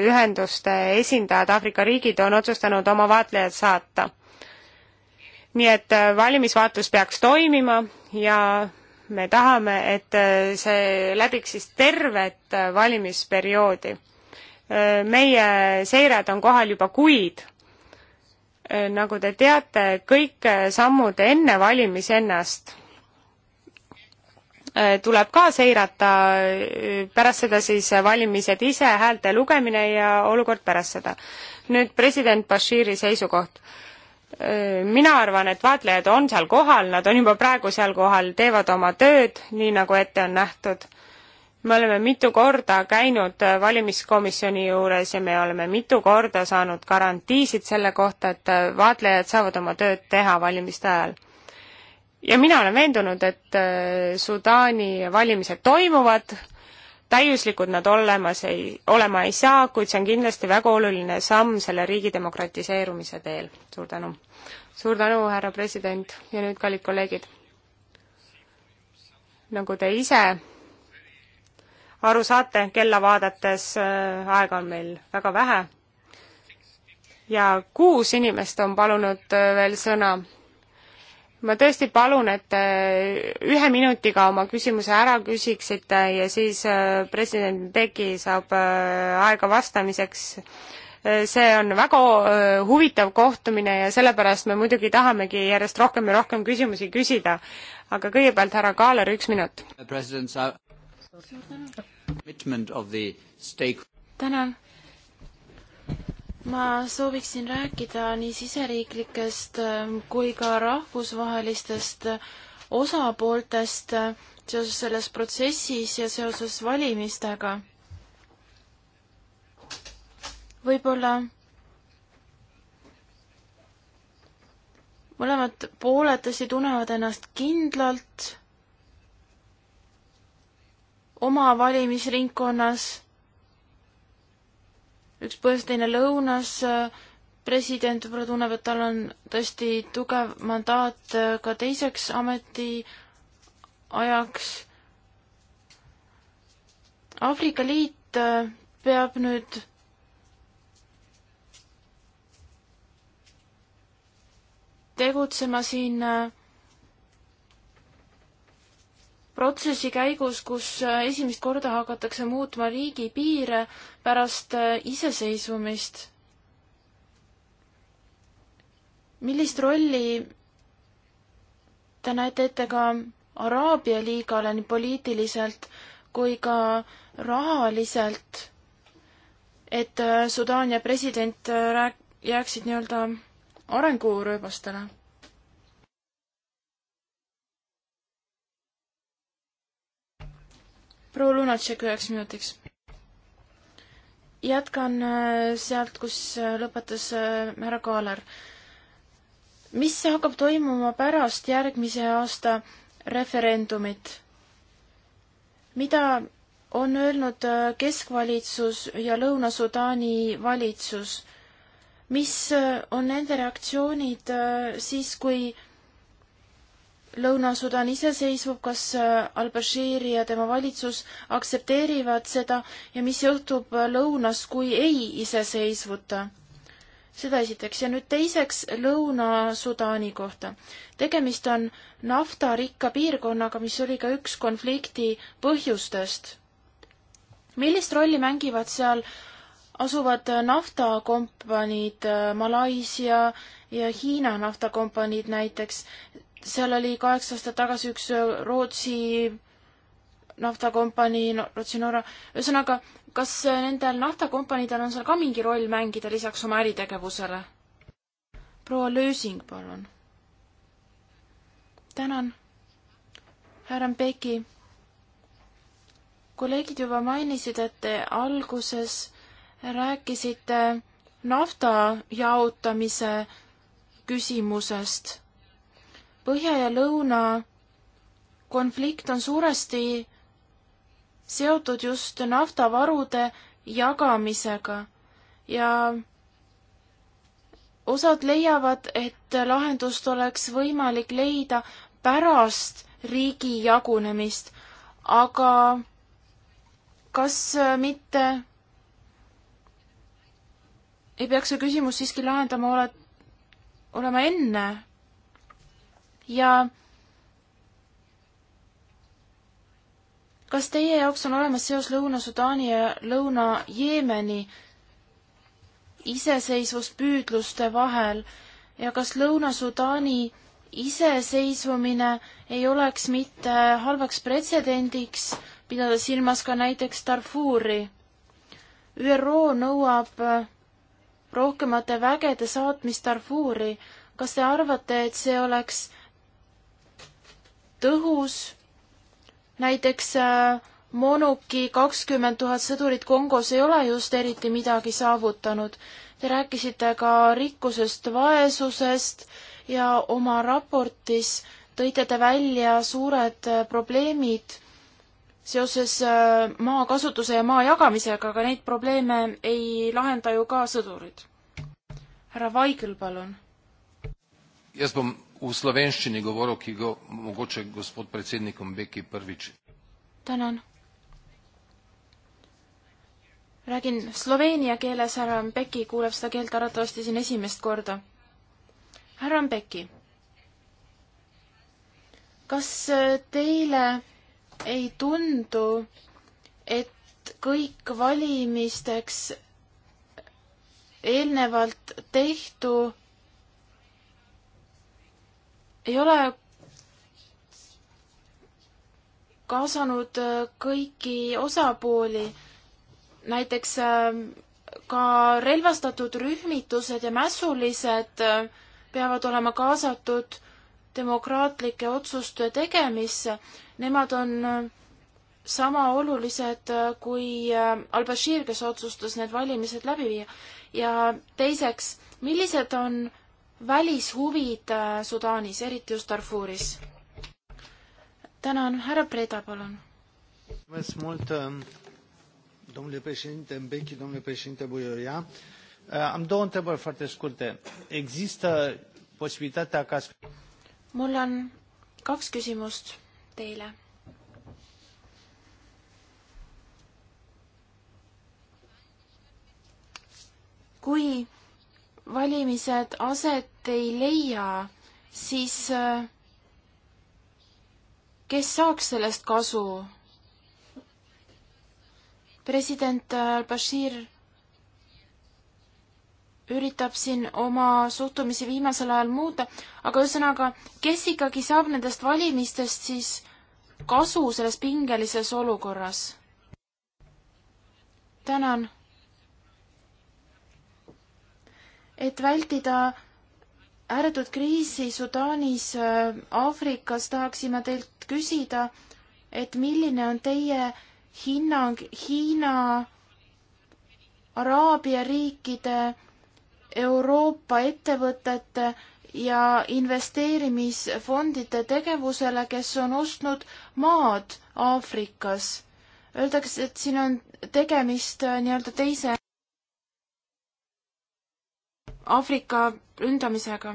ühenduste esindajad, Aafrika riigid on otsustanud oma vaatlejad saata. nii et äh, valimisvaatlus peaks toimima ja me tahame, et äh, see läbiks siis tervet äh, valimisperioodi. meie seired on kohal juba kuid. nagu te teate, kõik sammud enne valimisi ennast Äh, tuleb ka seirata, äh, pärast seda siis valimised ise, häälte lugemine ja olukord pärast seda. nüüd president Bashiri seisukoht. Äh, mina arvan, et vaatlejad on seal kohal, nad on juba praegu seal kohal, teevad oma tööd, nii nagu ette on nähtud. me oleme mitu korda käinud valimiskomisjoni juures ja me oleme mitu korda saanud garantiisid selle kohta, et vaatlejad saavad oma tööd teha valimiste ajal ja mina olen veendunud, et äh, Sudaani valimised toimuvad, täiuslikud nad olemas ei, olema ei saa, kuid see on kindlasti väga oluline samm selle riigi demokratiseerumise teel. suur tänu. suur tänu, härra president ja nüüd, kallid kolleegid. nagu te ise aru saate, kella vaadates äh, aega on meil väga vähe ja kuus inimest on palunud äh, veel sõna ma tõesti palun, et te äh, ühe minutiga oma küsimuse ära küsiksite ja siis äh, president Beki saab äh, aega vastamiseks. see on väga huvitav kohtumine ja sellepärast me muidugi tahamegi järjest rohkem ja rohkem küsimusi küsida. aga kõigepealt härra Kaaler, üks minut. tänan ma sooviksin rääkida nii siseriiklikest ähm, kui ka rahvusvahelistest äh, osapooltest äh, seoses selles protsessis ja seoses valimistega. võib-olla mõlemad pooled tõesti tunnevad ennast kindlalt oma valimisringkonnas üks põhjas, teine lõunas, president võib-olla tunneb, et tal on tõesti tugev mandaat ka teiseks ametiajaks. Aafrika Liit äh, peab nüüd tegutsema siin äh, protsessi käigus, kus äh, esimest korda hakatakse muutma riigipiire pärast äh, iseseisvumist. millist rolli te näete ette ka Araabia liigale nii poliitiliselt kui ka rahaliselt, et äh, Sudaania president rääk-, jääksid nii-öelda arengurööbastele? proua Lunatšek üheks minutiks. jätkan äh, sealt, kus äh, lõpetas äh, härra Kaaler. mis hakkab toimuma pärast järgmise aasta referendumit? mida on öelnud keskvalitsus ja Lõuna-Sudaani valitsus? mis on nende reaktsioonid siis, kui Lõuna-Sudan iseseisvub, kas äh, al-Bashiri ja tema valitsus aktsepteerivad seda ja mis juhtub äh, lõunas, kui ei iseseisvuta? seda esiteks ja nüüd teiseks Lõuna-Sudaani kohta. tegemist on naftarikka piirkonnaga, mis oli ka üks konflikti põhjustest. millist rolli mängivad seal asuvad naftakompaniid, äh, Malaisia ja Hiina naftakompaniid näiteks, seal oli kaheksa aastat tagasi üks äh, Rootsi naftakompanii, Rootsi, Norra, ühesõnaga, kas äh, nendel naftakompaniidel on seal ka mingi roll mängida lisaks oma äritegevusele? proua Lösing, palun. tänan. härra Peki. kolleegid juba mainisid, et te alguses rääkisite nafta jaotamise küsimusest põhja ja lõuna konflikt on suuresti seotud just naftavarude jagamisega ja osad leiavad, et lahendust oleks võimalik leida pärast riigi jagunemist, aga kas mitte ei peaks see küsimus siiski lahendama ole, olema enne ja kas teie jaoks on olemas seos Lõuna-Sudaani ja Lõuna-Jeemeni iseseisvuspüüdluste vahel ja kas Lõuna-Sudaani iseseisvumine ei oleks mitte halvaks pretsedendiks, pidada silmas ka näiteks Darfuri. ÜRO nõuab rohkemate vägede saatmist Darfuri. kas te arvate, et see oleks tõhus. näiteks äh, Monuki kakskümmend tuhat sõdurit Kongos ei ole just eriti midagi saavutanud. Te rääkisite ka rikkusest, vaesusest ja oma raportis tõite te välja suured äh, probleemid seoses äh, maakasutuse ja maa jagamisega, aga neid probleeme ei lahenda ju ka sõdurid. härra Vaigel, palun. Yes, but slovenščini govoril, ki ga mogoče gospod predsednikom Beki prvič. tänan. räägin sloveenia keeles, härra Beki kuuleb seda keelt arvatavasti siin esimest korda. härra Beki, kas teile ei tundu, et kõik valimisteks eelnevalt tehtu ei ole kaasanud äh, kõiki osapooli, näiteks äh, ka relvastatud rühmitused ja mässulised äh, peavad olema kaasatud demokraatlike otsuste tegemisse. Nemad on sama olulised kui al-Bashir, kes otsustas need valimised läbi viia. ja teiseks, millised on välishuvid äh, Sudaanis, eriti just Darfuris? tänan, härra Preda, palun. Um, domnule președinte Mbeki, domnule președinte Buioria, uh, am două întrebări foarte scurte. Există posibilitatea ca... Mul on kaks küsimust teile kui valimised aset ei leia, siis äh, kes saaks sellest kasu? president al-Bashir äh, üritab siin oma suhtumisi viimasel ajal muuta, aga ühesõnaga, kes ikkagi saab nendest valimistest siis kasu selles pingelises olukorras? tänan et vältida ääretut kriisi Sudaanis, äh, Aafrikas, tahaksime teilt küsida, et milline on teie hinnang Hiina, Araabia riikide, Euroopa ettevõtete ja investeerimisfondide tegevusele, kes on ostnud maad Aafrikas. Öeldakse, et siin on tegemist äh, nii-öelda teise Aafrika ründamisega.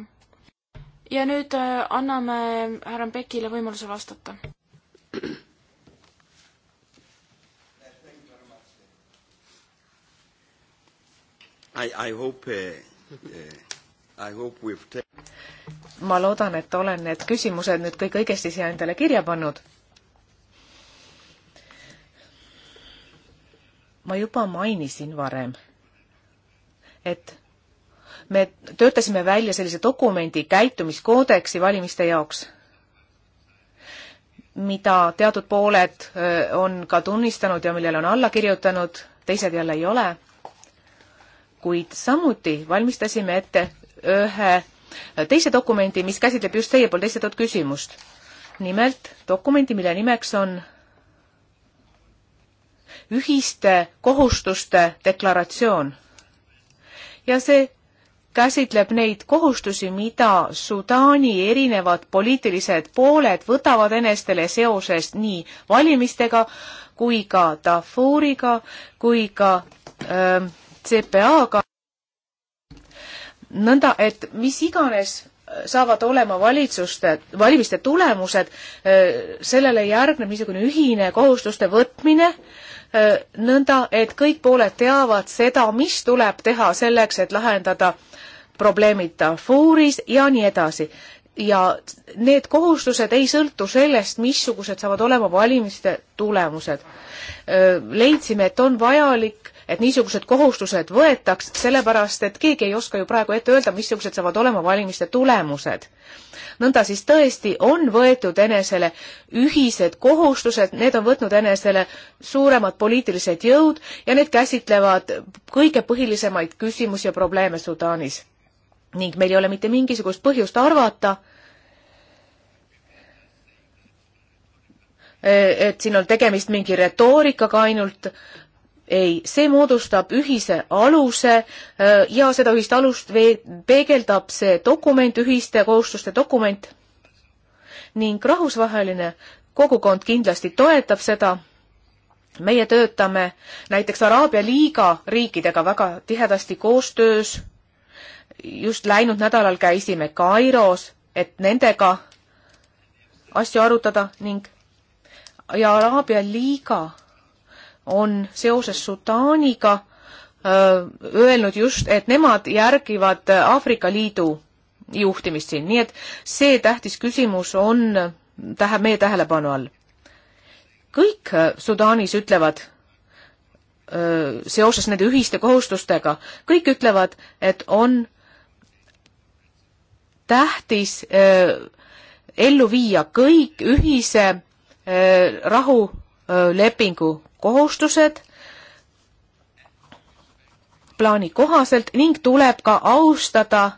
ja nüüd äh, anname härra Pekile võimaluse vastata. I, I hope uh, uh, ma loodan, et olen need küsimused nüüd kõik õigesti siia endale kirja pannud. ma juba mainisin varem, et me töötasime välja sellise dokumendi käitumiskoodeksi valimiste jaoks, mida teatud pooled on ka tunnistanud ja millele on alla kirjutanud, teised jälle ei ole. kuid samuti valmistasime ette ühe teise dokumendi, mis käsitleb just teie poolt esitatud küsimust. nimelt dokumendi, mille nimeks on ühiste kohustuste deklaratsioon. ja see käsitleb neid kohustusi, mida Sudaani erinevad poliitilised pooled võtavad enestele seoses nii valimistega kui ka Darfuriga kui ka öö, ähm, CPA-ga. nõnda, et mis iganes äh, saavad olema valitsuste, valimiste tulemused, äh, sellele järgneb niisugune ühine kohustuste võtmine, äh, nõnda et kõik pooled teavad seda, mis tuleb teha selleks, et lahendada probleemid Darfuris ja nii edasi. ja need kohustused ei sõltu sellest, missugused saavad olema valimiste tulemused. leidsime, et on vajalik et niisugused kohustused võetaks, sellepärast et keegi ei oska ju praegu ette öelda, missugused saavad olema valimiste tulemused. nõnda siis tõesti on võetud enesele ühised kohustused, need on võtnud enesele suuremad poliitilised jõud ja need käsitlevad kõige põhilisemaid küsimusi ja probleeme Sudaanis ning meil ei ole mitte mingisugust põhjust arvata, et siin on tegemist mingi retoorikaga ainult, ei, see moodustab ühise aluse ja seda ühist alust peegeldab see dokument, ühiste kohustuste dokument ning rahvusvaheline kogukond kindlasti toetab seda. meie töötame näiteks Araabia Liiga riikidega väga tihedasti koostöös just läinud nädalal käisime Kairos, et nendega asju arutada ning ja Araabia liiga on seoses Sudaaniga öö, öelnud just, et nemad järgivad Aafrika Liidu juhtimist siin, nii et see tähtis küsimus on tähe, meie tähelepanu all. kõik Sudaanis ütlevad öö, seoses nende ühiste kohustustega, kõik ütlevad, et on tähtis äh, ellu viia kõik ühise äh, rahulepingu äh, kohustused plaani kohaselt ning tuleb ka austada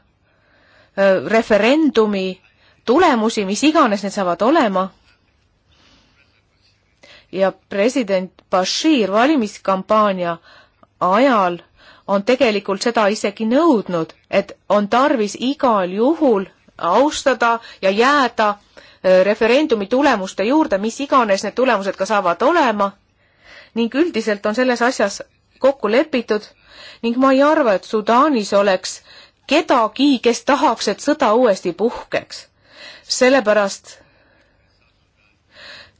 referendumi tulemusi, mis iganes need saavad olema. ja president Bashir valimiskampaania ajal on tegelikult seda isegi nõudnud, et on tarvis igal juhul austada ja jääda äh, referendumi tulemuste juurde, mis iganes need tulemused ka saavad olema ning üldiselt on selles asjas kokku lepitud ning ma ei arva, et Sudaanis oleks kedagi, kes tahaks, et sõda uuesti puhkeks. sellepärast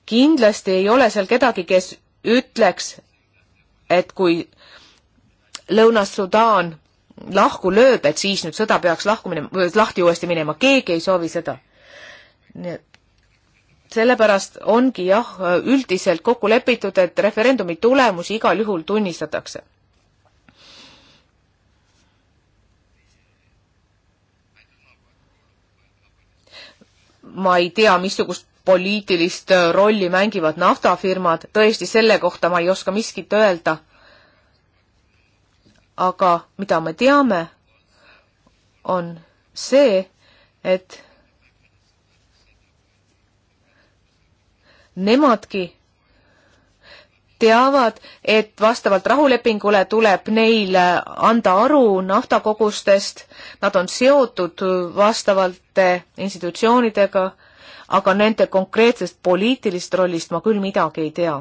kindlasti ei ole seal kedagi, kes ütleks, et kui Lõuna-Sudaan lahku lööb, et siis nüüd sõda peaks lahku minema, lahti uuesti minema, keegi ei soovi seda. nii et sellepärast ongi jah, üldiselt kokku lepitud, et referendumi tulemusi igal juhul tunnistatakse. ma ei tea, missugust poliitilist rolli mängivad naftafirmad, tõesti selle kohta ma ei oska miskit öelda aga mida me teame, on see, et nemadki teavad, et vastavalt rahulepingule tuleb neil anda aru naftakogustest, nad on seotud vastavate institutsioonidega, aga nende konkreetsest poliitilisest rollist ma küll midagi ei tea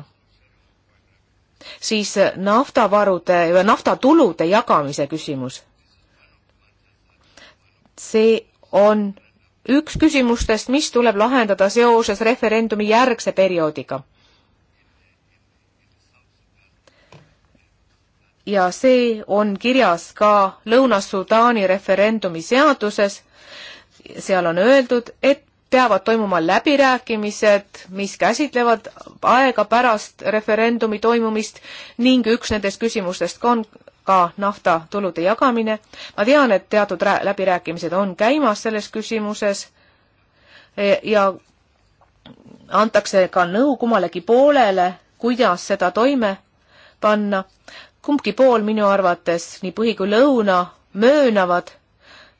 siis äh, naftavarude või naftatulude jagamise küsimus. see on üks küsimustest, mis tuleb lahendada seoses referendumi järgse perioodiga. ja see on kirjas ka Lõuna-Sudaani referendumi seaduses. seal on öeldud, et peavad toimuma läbirääkimised, mis käsitlevad aega pärast referendumi toimumist ning üks nendest küsimustest on ka naftatulude jagamine. ma tean, et teatud läbirääkimised on käimas selles küsimuses e, ja antakse ka nõu kummalegi poolele, kuidas seda toime panna. kumbki pool minu arvates, nii põhi kui lõuna, möönavad,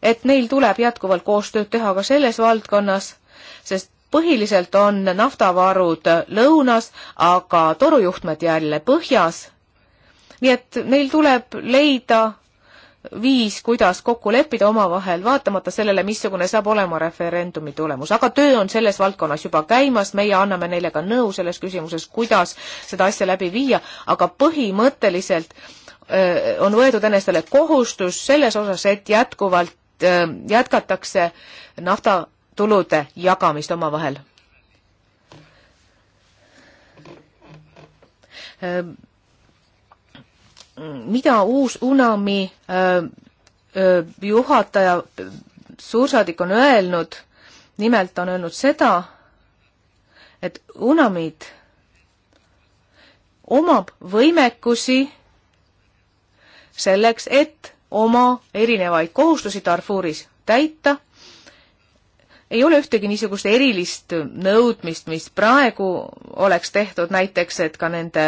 et neil tuleb jätkuvalt koostööd teha ka selles valdkonnas, sest põhiliselt on naftavarud lõunas, aga torujuhtmed jälle põhjas. nii et neil tuleb leida viis, kuidas kokku leppida omavahel, vaatamata sellele, missugune saab olema referendumi tulemus. aga töö on selles valdkonnas juba käimas, meie anname neile ka nõu selles küsimuses, kuidas seda asja läbi viia, aga põhimõtteliselt öö, on võetud enestele kohustus selles osas, et jätkuvalt Äh, jätkatakse naftatulude jagamist omavahel. Äh, mida uus UNAMI äh, juhataja, suursaadik on öelnud, nimelt ta on öelnud seda, et UNAMID omab võimekusi selleks, et oma erinevaid kohustusi Darfuris täita. ei ole ühtegi niisugust erilist nõudmist, mis praegu oleks tehtud, näiteks et ka nende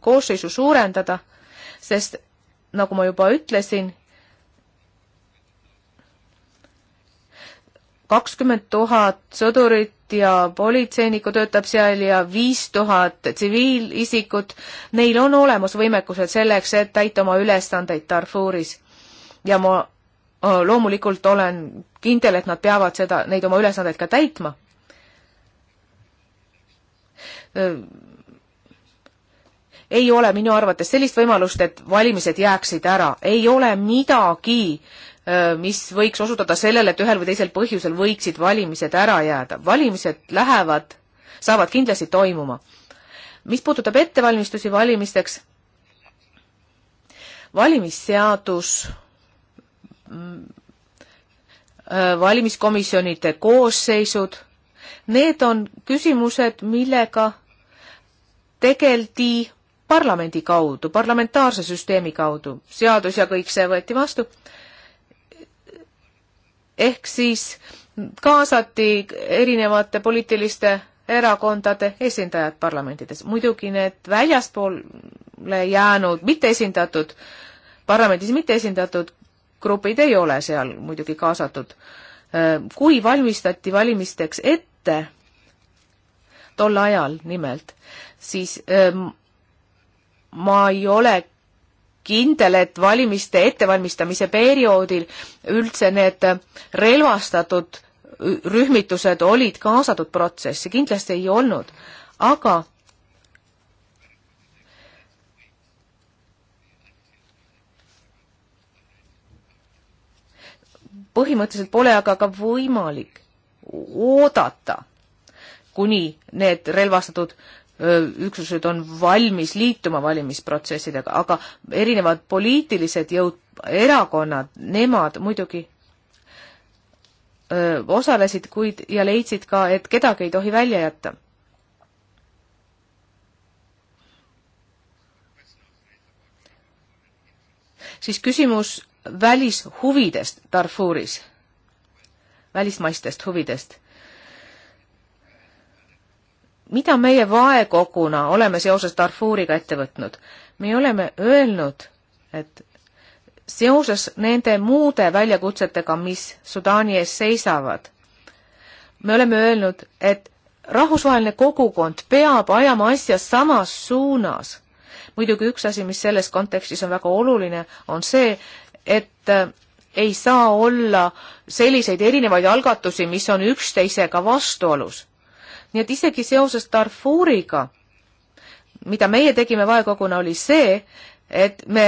koosseisu suurendada, sest nagu ma juba ütlesin, kakskümmend tuhat sõdurit ja politseinikku töötab seal ja viis tuhat tsiviilisikut, neil on olemas võimekused selleks, et täita oma ülesandeid Darfuris ja ma äh, loomulikult olen kindel, et nad peavad seda, neid oma ülesandeid ka täitma. Äh, ei ole minu arvates sellist võimalust, et valimised jääksid ära, ei ole midagi, äh, mis võiks osutada sellele, et ühel või teisel põhjusel võiksid valimised ära jääda. valimised lähevad, saavad kindlasti toimuma. mis puudutab ettevalmistusi valimisteks, valimisseadus Äh, valimiskomisjonide koosseisud. Need on küsimused, millega tegeldi parlamendi kaudu, parlamentaarse süsteemi kaudu, seadus ja kõik see võeti vastu. ehk siis kaasati erinevate poliitiliste erakondade esindajad parlamendides. muidugi need väljaspoole jäänud, mitteesindatud, parlamendis mitteesindatud grupid ei ole seal muidugi kaasatud. Äh, kui valmistati valimisteks ette, tol ajal nimelt, siis ähm, ma ei ole kindel, et valimiste ettevalmistamise perioodil üldse need relvastatud äh, rühmitused olid kaasatud protsessi, kindlasti ei olnud, aga põhimõtteliselt pole aga ka võimalik oodata, kuni need relvastatud üksused on valmis liituma valimisprotsessidega, aga erinevad poliitilised jõud, erakonnad, nemad muidugi öö, osalesid, kuid, ja leidsid ka, et kedagi ei tohi välja jätta. siis küsimus välishuvidest Darfuris, välismaistest huvidest. mida meie vaekoguna oleme seoses Darfuriga ette võtnud? me oleme öelnud, et seoses nende muude väljakutsetega, mis Sudaani ees seisavad, me oleme öelnud, et rahvusvaheline kogukond peab ajama asja samas suunas. muidugi üks asi, mis selles kontekstis on väga oluline, on see, et äh, ei saa olla selliseid erinevaid algatusi, mis on üksteisega vastuolus. nii et isegi seoses Darfuriga, mida meie tegime vaekoguna, oli see, et me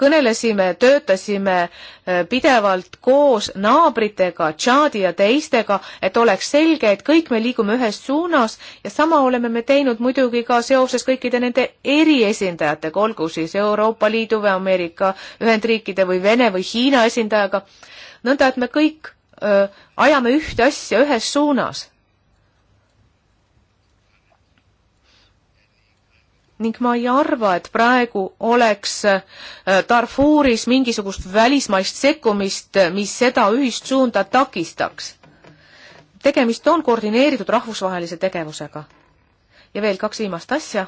kõnelesime, töötasime äh, pidevalt koos naabritega, Tšaadi ja teistega, et oleks selge, et kõik me liigume ühes suunas ja sama oleme me teinud muidugi ka seoses kõikide nende eriesindajatega, olgu siis Euroopa Liidu või Ameerika Ühendriikide või Vene või Hiina esindajaga, nõnda et me kõik öö, äh, ajame ühte asja ühes suunas ning ma ei arva, et praegu oleks äh, Darfuris mingisugust välismaist sekkumist, äh, mis seda ühist suunda takistaks. tegemist on koordineeritud rahvusvahelise tegevusega. ja veel kaks viimast asja.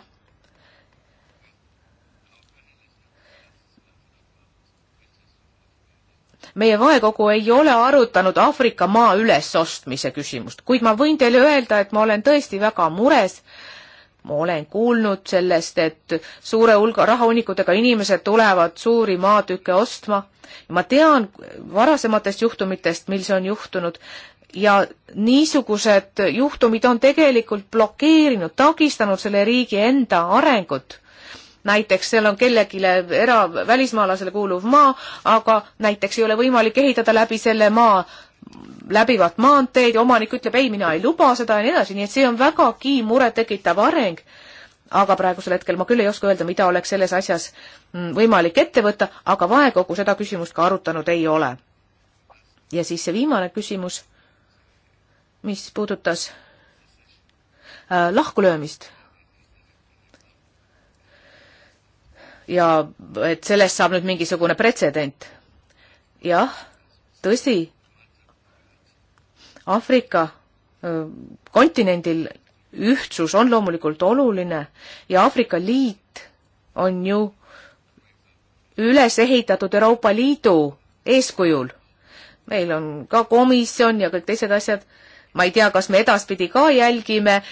meie vaekogu ei ole arutanud Aafrika maa ülesostmise küsimust, kuid ma võin teile öelda, et ma olen tõesti väga mures äh, ma olen kuulnud sellest, et suure hulga rahahunnikutega inimesed tulevad suuri maatükke ostma. ma tean varasematest juhtumitest, mil see on juhtunud ja niisugused juhtumid on tegelikult blokeerinud, takistanud selle riigi enda arengut näiteks seal on kellelegi era, välismaalasele kuuluv maa, aga näiteks ei ole võimalik ehitada läbi selle maa läbivad maanteed ja omanik ütleb, ei, mina ei luba seda ja nii edasi, nii et see on vägagi murettekitav areng. aga praegusel hetkel ma küll ei oska öelda, mida oleks selles asjas mm, võimalik ette võtta, aga vahekogu seda küsimust ka arutanud ei ole. ja siis see viimane küsimus, mis puudutas äh, lahkulöömist ja et sellest saab nüüd mingisugune pretsedent. jah, tõsi, Aafrika kontinendil ühtsus on loomulikult oluline ja Aafrika Liit on ju üles ehitatud Euroopa Liidu eeskujul. meil on ka komisjon ja kõik teised asjad. ma ei tea, kas me edaspidi ka jälgime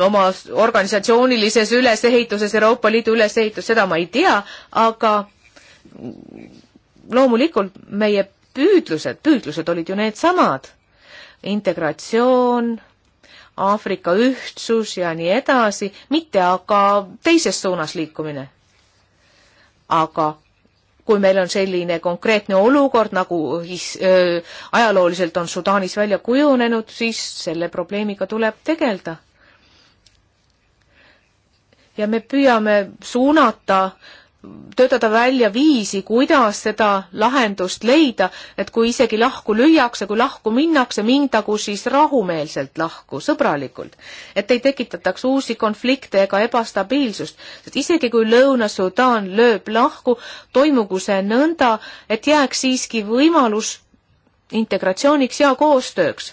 oma organisatsioonilises ülesehituses, Euroopa Liidu ülesehitus, seda ma ei tea, aga loomulikult meie püüdlused, püüdlused olid ju needsamad integratsioon, Aafrika ühtsus ja nii edasi, mitte aga teises suunas liikumine. aga kui meil on selline konkreetne olukord, nagu his, öö, ajalooliselt on Sudaanis välja kujunenud, siis selle probleemiga tuleb tegeleda. ja me püüame suunata öö, töötada välja viisi, kuidas seda lahendust leida, et kui isegi lahku lüüakse, kui lahku minnakse, mindagu siis rahumeelselt lahku, sõbralikult. et ei tekitataks uusi konflikte ega ebastabiilsust, sest isegi kui Lõuna-Sudaan lööb lahku, toimugu see nõnda, et jääks siiski võimalus integratsiooniks ja koostööks.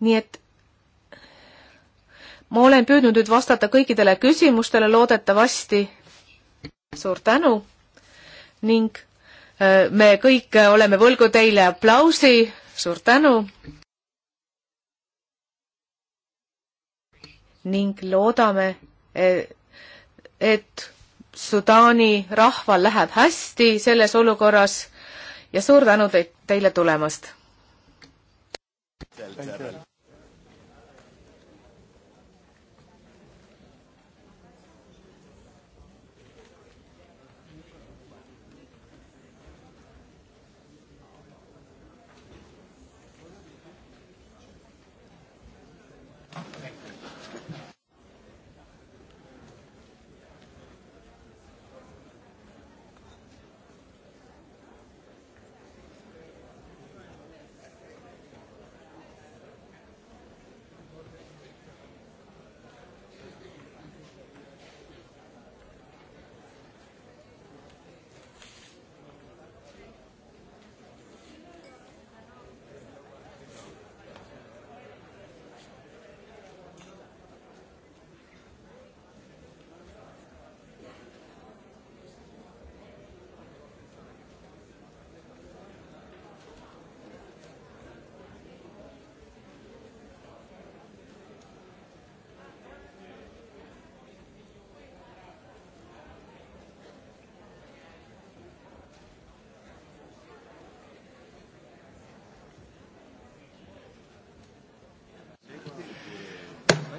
nii et ma olen püüdnud nüüd vastata kõikidele küsimustele, loodetavasti suur tänu ning äh, me kõik äh, oleme võlgu teile aplausi, suur tänu. ning loodame, e, et Sudaani rahval läheb hästi selles olukorras ja suur tänu teile tulemast.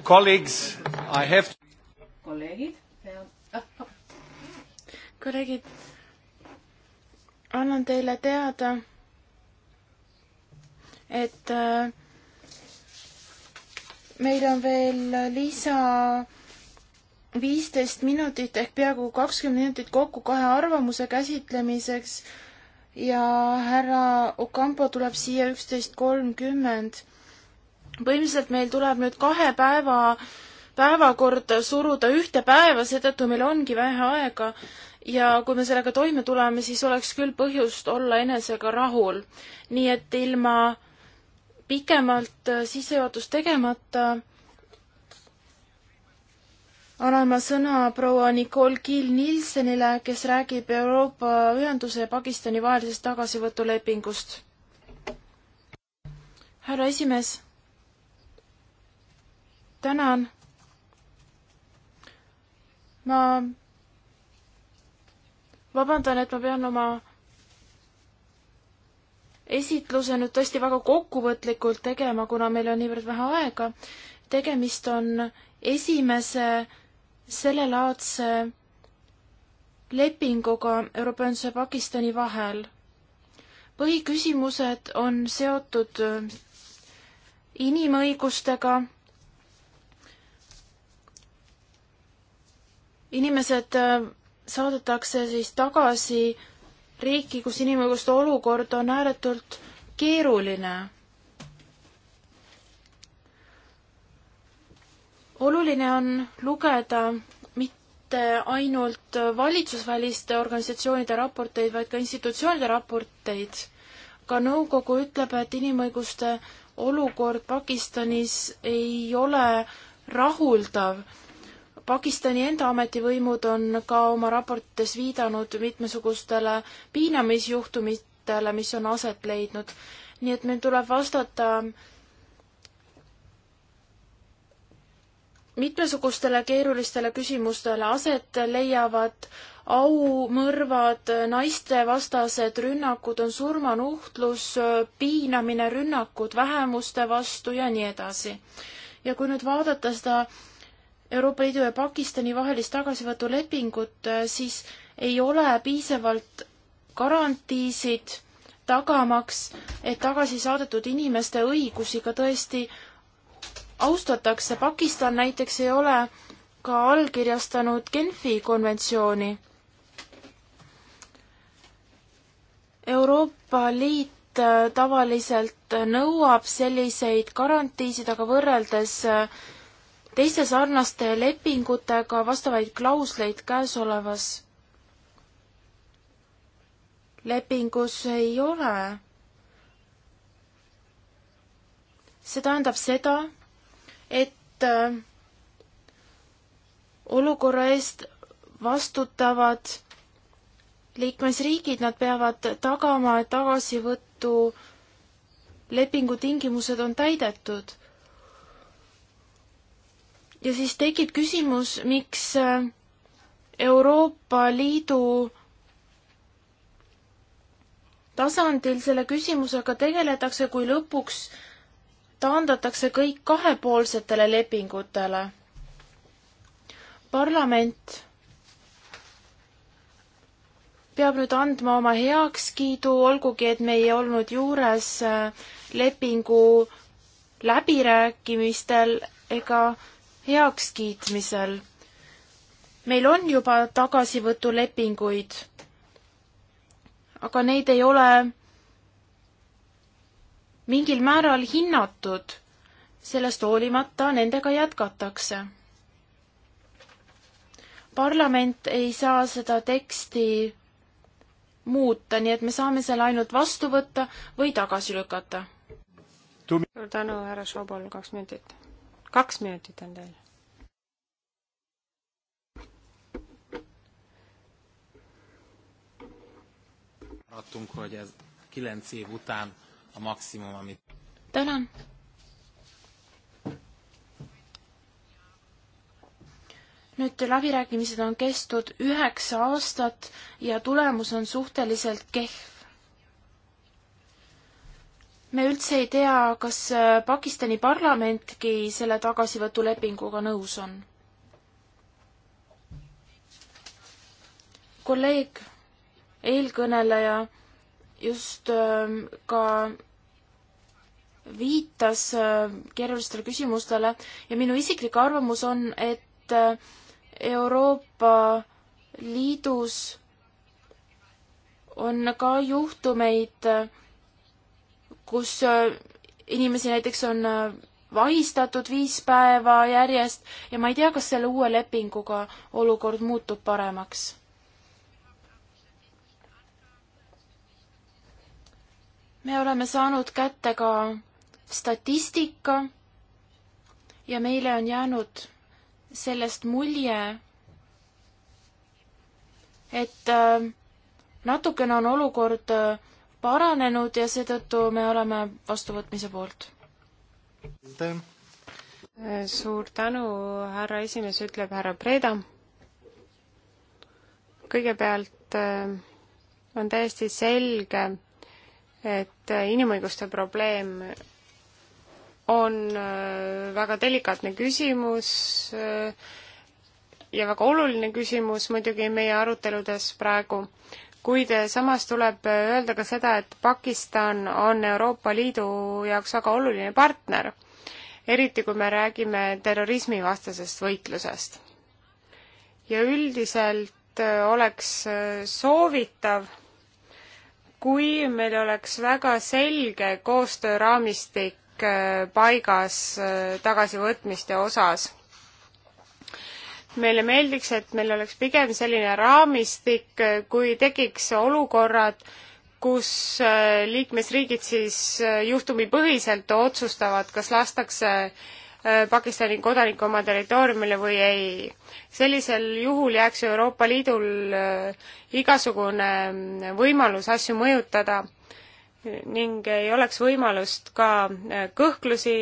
colleagues, I have kolleegid, ah, kolleegid, annan teile teada, et äh, meil on veel lisa viisteist minutit ehk peaaegu kakskümmend minutit kokku kahe arvamuse käsitlemiseks ja härra Ocampo tuleb siia üksteist kolmkümmend põhimõtteliselt meil tuleb nüüd kahe päeva päevakord suruda ühte päeva, seetõttu meil ongi vähe aega ja kui me sellega toime tuleme, siis oleks küll põhjust olla enesega rahul. nii et ilma pikemalt äh, sissejuhatust tegemata annan ma sõna proua Nicole Kiil-Nielsenile, kes räägib Euroopa Ühenduse ja Pakistani vahelisest tagasivõtulepingust. härra esimees tänan. ma vabandan, et ma pean oma esitluse nüüd tõesti väga kokkuvõtlikult tegema, kuna meil on niivõrd vähe aega. tegemist on esimese sellelaadse lepinguga Euroopa Ühenduse ja Pakistani vahel. põhiküsimused on seotud inimõigustega inimesed äh, saadetakse siis tagasi riiki, kus inimõiguste olukord on ääretult keeruline. oluline on lugeda mitte ainult valitsusväliste organisatsioonide raporteid, vaid ka institutsioonide raporteid. ka nõukogu ütleb, et inimõiguste olukord Pakistanis ei ole rahuldav Pakistani enda ametivõimud on ka oma raportites viidanud mitmesugustele piinamisjuhtumitele, mis on aset leidnud. nii et meil tuleb vastata mitmesugustele keerulistele küsimustele aset leiavad aumõrvad, naistevastased rünnakud on surmanuhtlus, piinamine, rünnakud vähemuste vastu ja nii edasi. ja kui nüüd vaadata seda Euroopa Liidu ja Pakistani vahelist tagasivõtulepingut, äh, siis ei ole piisavalt garantiisid tagamaks, et tagasi saadetud inimeste õigusi ka tõesti austatakse. Pakistan näiteks ei ole ka allkirjastanud Genfi konventsiooni. Euroopa Liit äh, tavaliselt nõuab selliseid garantiisid, aga võrreldes äh, teiste sarnaste lepingutega vastavaid klausleid käesolevas lepingus ei ole. see tähendab seda, et äh, olukorra eest vastutavad liikmesriigid, nad peavad tagama, et tagasivõtu lepingu tingimused on täidetud ja siis tekib küsimus, miks äh, Euroopa Liidu tasandil selle küsimusega tegeletakse, kui lõpuks taandatakse kõik kahepoolsetele lepingutele. parlament peab nüüd andma oma heakskiidu, olgugi et me ei olnud juures äh, lepingu läbirääkimistel ega heakskiitmisel. meil on juba tagasivõtulepinguid, aga neid ei ole mingil määral hinnatud, sellest hoolimata nendega jätkatakse. parlament ei saa seda teksti muuta, nii et me saame selle ainult vastu võtta või tagasi lükata. suur tänu, härra Šobol, kaks minutit kaks minutit on teil. maradtunk, hogy ez kilenc év után a maximum, amit... Tänan! nüüd läbirääkimised on kestnud üheksa aastat ja tulemus on suhteliselt kehv me üldse ei tea, kas äh, Pakistani parlamentki selle tagasivõtulepinguga nõus on. kolleeg, eelkõneleja just ähm, ka viitas äh, keerulistele küsimustele ja minu isiklik arvamus on, et äh, Euroopa Liidus on ka juhtumeid, kus äh, inimesi näiteks on äh, vahistatud viis päeva järjest ja ma ei tea, kas selle uue lepinguga olukord muutub paremaks me oleme saanud kätte ka statistika ja meile on jäänud sellest mulje, et äh, natukene on olukord paranenud ja seetõttu me oleme vastuvõtmise poolt. suur tänu, härra esimees, ütleb härra Preda. kõigepealt äh, on täiesti selge, et inimõiguste probleem on äh, väga delikaatne küsimus äh, ja väga oluline küsimus muidugi meie aruteludes praegu kuid samas tuleb öelda ka seda, et Pakistan on Euroopa Liidu jaoks väga oluline partner, eriti kui me räägime terrorismivastasest võitlusest. ja üldiselt oleks soovitav, kui meil oleks väga selge koostööraamistik paigas tagasivõtmiste osas meile meeldiks, et meil oleks pigem selline raamistik, äh, kui tekiks olukorrad, kus äh, liikmesriigid siis äh, juhtumipõhiselt otsustavad, kas lastakse Pakistani kodanik oma territooriumile või ei. sellisel juhul jääks Euroopa Liidul igasugune mm, võimalus asju mõjutada ning ei oleks võimalust ka kõhklusi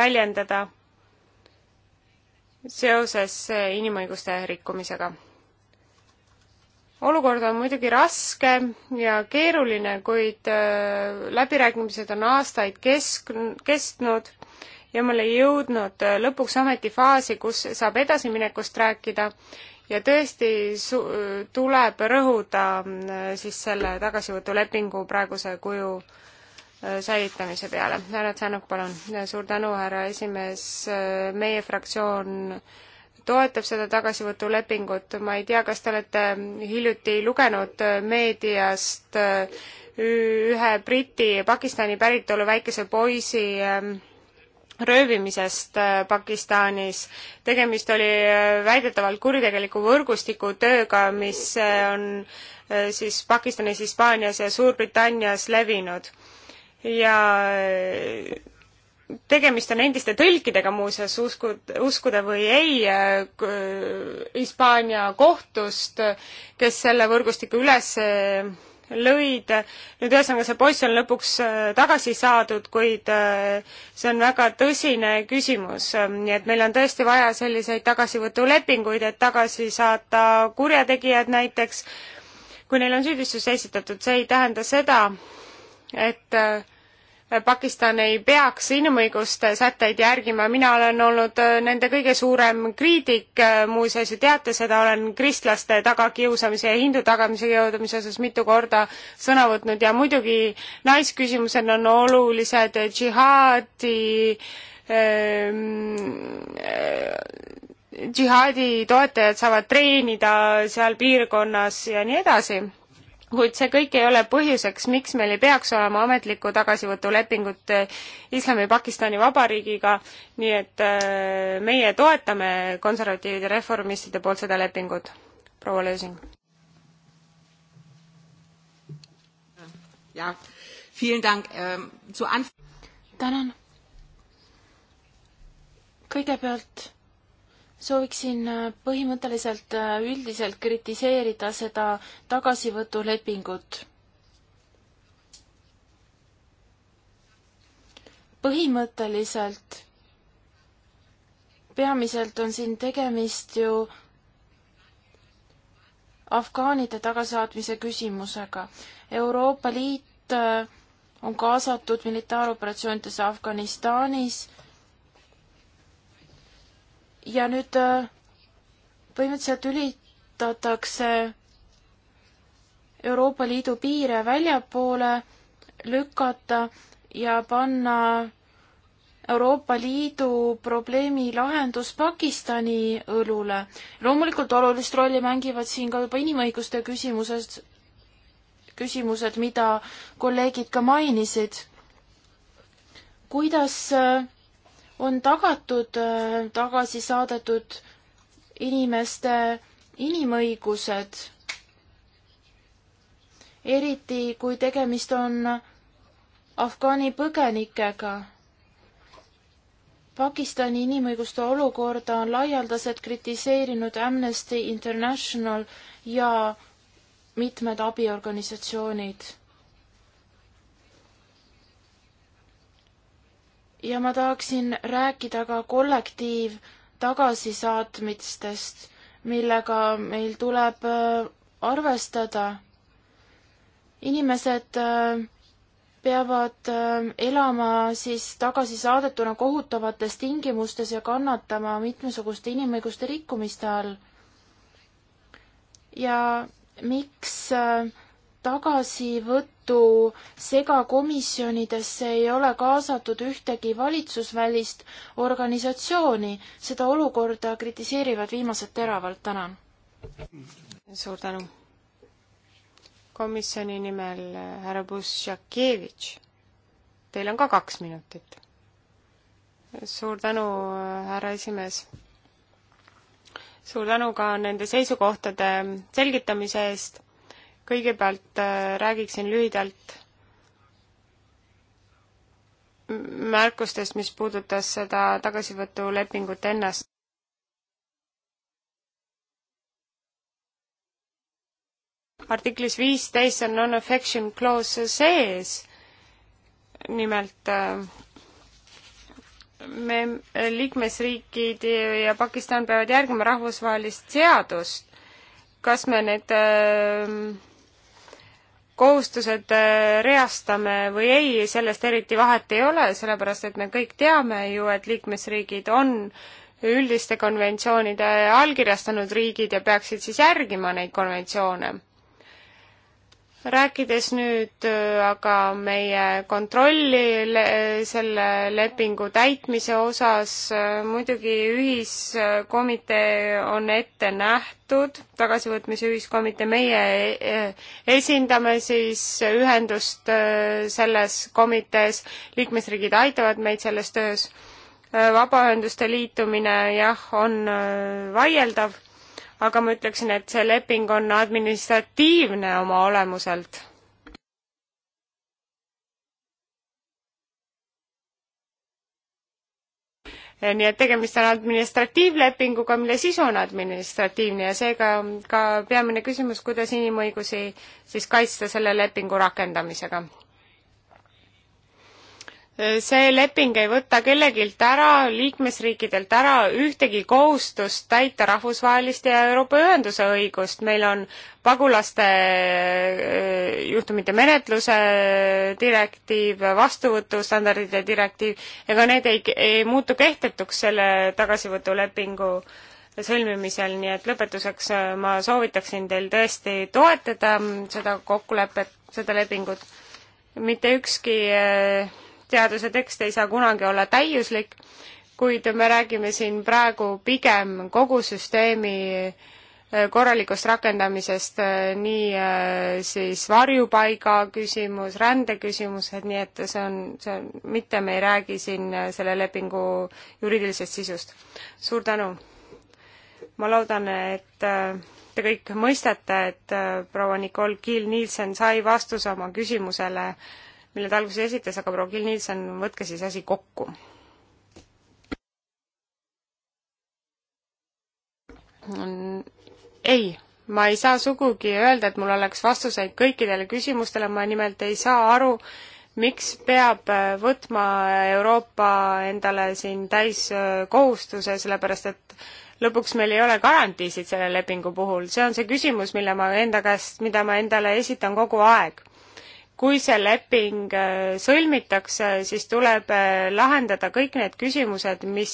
väljendada seoses eh, inimõiguste rikkumisega. olukord on muidugi raske ja keeruline, kuid eh, läbirääkimised on aastaid kesk-, kestnud ja me oleme jõudnud eh, lõpuks ametifaasi, kus saab edasiminekust rääkida ja tõesti su-, tuleb rõhuda mm, siis selle tagasivõtulepingu praeguse kuju Äh, säilitamise peale. härra Tsanuk, palun. suur tänu, härra esimees. Äh, meie fraktsioon toetab seda tagasivõtulepingut, ma ei tea, kas te olete hiljuti lugenud äh, meediast ühe Briti Pakistani päritolu väikese poisi ähm, röövimisest Pakistanis. tegemist oli väidetavalt kuritegeliku võrgustiku tööga, mis on siis Pakistanis, Hispaanias ja Suurbritannias levinud ja äh, tegemist on endiste tõlkidega muuseas, uskud, uskuda või ei, äh, Hispaania kohtust, kes selle võrgustiku üles äh, lõid. nüüd ühesõnaga, see poiss on lõpuks tagasi saadud, kuid see on väga tõsine küsimus, nii et meil on tõesti vaja selliseid tagasivõtulepinguid, et tagasi saata kurjategijad näiteks, kui neil on süüdistus esitatud, see ei tähenda seda, et äh, Pakistan ei peaks inimõiguste sätteid järgima, mina olen olnud äh, nende kõige suurem kriitik, äh, muuseas ju teate seda, olen kristlaste tagakiusamise ja hindu tagamise jõudmise osas mitu korda sõna võtnud ja muidugi naisküsimused on olulised, džihaadi ähm, äh, džihaadi toetajad saavad treenida seal piirkonnas ja nii edasi kuid see kõik ei ole põhjuseks, miks meil ei peaks olema ametlikku tagasivõtulepingut äh, Islami-Pakistani Vabariigiga, nii et äh, meie toetame konservatiivide reformistide poolt seda lepingut. proua Lösing. Ähm, tänan. kõigepealt sooviksin äh, põhimõtteliselt äh, üldiselt kritiseerida seda tagasivõtulepingut. põhimõtteliselt, peamiselt on siin tegemist ju afgaanide tagasaatmise küsimusega. Euroopa Liit äh, on kaasatud militaaroperatsioonidesse Afganistanis ja nüüd äh, põhimõtteliselt ülitatakse Euroopa Liidu piire väljapoole lükata ja panna Euroopa Liidu probleemi lahendus Pakistani õlule. loomulikult olulist rolli mängivad siin ka juba inimõiguste küsimused, küsimused, mida kolleegid ka mainisid. kuidas äh, on tagatud äh, tagasi saadetud inimeste inimõigused, eriti kui tegemist on Afgaani põgenikega. Pakistani inimõiguste olukorda on laialdaselt kritiseerinud Amnesty International ja mitmed abiorganisatsioonid ja ma tahaksin rääkida ka kollektiiv tagasisaatmistest, millega meil tuleb äh, arvestada. inimesed äh, peavad äh, elama siis tagasi saadetuna kohutavates tingimustes ja kannatama mitmesuguste inimõiguste rikkumiste all. ja miks äh, tagasivõtu segakomisjonidesse ei ole kaasatud ühtegi valitsusvälist organisatsiooni. seda olukorda kritiseerivad viimased teravalt, tänan. suur tänu. komisjoni nimel härra Busjakevitš, teil on ka kaks minutit. suur tänu, härra esimees suur tänu ka nende seisukohtade selgitamise eest kõigepealt äh, räägiksin lühidalt märkustest, mis puudutas seda tagasivõtulepingut ennast. artiklis viisteist on non-affection clause sees, nimelt äh, me, liikmesriigid ja Pakistan peavad järgima rahvusvahelist seadust, kas me need äh, kohustused äh, reastame või ei, sellest eriti vahet ei ole, sellepärast et me kõik teame ju, et liikmesriigid on üldiste konventsioonide allkirjastanud riigid ja peaksid siis järgima neid konventsioone rääkides nüüd äh, aga meie kontrolli le selle lepingu täitmise osas, äh, muidugi ühiskomitee on ette nähtud, tagasivõtmise ühiskomitee, meie äh, esindame siis ühendust selles komitees, liikmesriigid aitavad meid selles töös, Vabaühenduste liitumine jah, on vaieldav aga ma ütleksin, et see leping on administratiivne oma olemuselt. nii et tegemist on administratiivlepinguga, mille sisu on administratiivne ja seega ka peamine küsimus, kuidas inimõigusi siis kaitsta selle lepingu rakendamisega see leping ei võta kellegilt ära, liikmesriikidelt ära ühtegi kohustust täita rahvusvahelist ja Euroopa Ühenduse õigust. meil on pagulaste äh, juhtumite menetluse direktiiv, vastuvõtustandardide direktiiv, ega need ei, ei muutu kehtetuks selle tagasivõtulepingu sõlmimisel, nii et lõpetuseks äh, ma soovitaksin teil tõesti toetada seda kokkulepet, seda lepingut. mitte ükski äh, teaduse tekst ei saa kunagi olla täiuslik, kuid me räägime siin praegu pigem kogu süsteemi äh, korralikust rakendamisest, äh, nii äh, siis varjupaiga küsimus, rändeküsimused, nii et see on, see on, mitte me ei räägi siin selle lepingu juriidilisest sisust. suur tänu! ma loodan, et te kõik mõistate, et proua Nicole Kiil-Nielsen sai vastuse oma küsimusele äh, mille ta alguses esitas, aga proua Kill-Nielsen, võtke siis asi kokku. ei, ma ei saa sugugi öelda, et mul oleks vastuseid kõikidele küsimustele, ma nimelt ei saa aru, miks peab äh, võtma Euroopa endale siin täiskohustuse, äh, sellepärast et lõpuks meil ei ole garantiisid selle lepingu puhul, see on see küsimus, mille ma enda käest, mida ma endale esitan kogu aeg kui see leping äh, sõlmitakse, siis tuleb äh, lahendada kõik need küsimused, mis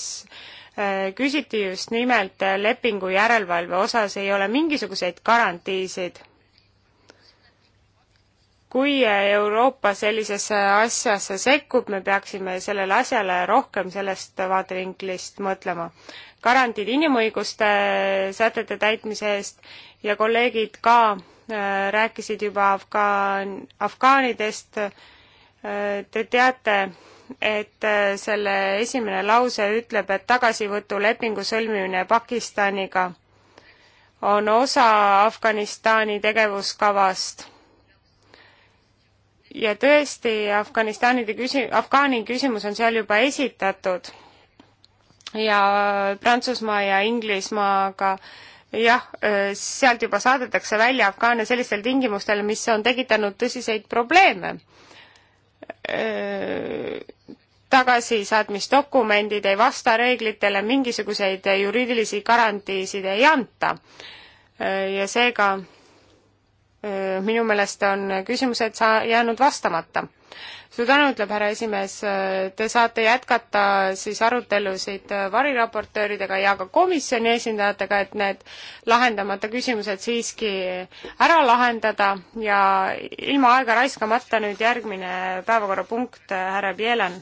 äh, küsiti just nimelt lepingu järelevalve osas, ei ole mingisuguseid garantiisid. kui Euroopa sellisesse asjasse sekkub, me peaksime sellele asjale rohkem sellest vaatevinklist mõtlema garantiid inimõiguste sätete täitmise eest ja kolleegid ka äh, rääkisid juba Afgaan, afgaanidest. Äh, te teate, et äh, selle esimene lause ütleb, et tagasivõtulepingu sõlmimine Pakistaniga on osa Afganistani tegevuskavast. ja tõesti, Afganistanide küsi-, afgaani küsimus on seal juba esitatud ja Prantsusmaa ja Inglismaaga jah, äh, sealt juba saadetakse välja afgaane sellistel tingimustel, mis on tekitanud tõsiseid probleeme. Äh, tagasisaatmisdokumendid ei vasta reeglitele, mingisuguseid juriidilisi garantiisid ei anta. Äh, ja seega minu meelest on küsimused sa-, jäänud vastamata suur tänu, ütleb härra esimees, te saate jätkata siis arutelusid variraportööridega ja ka komisjoni esindajatega, et need lahendamata küsimused siiski ära lahendada ja ilma aega raiskamata nüüd järgmine päevakorrapunkt, härra Bielan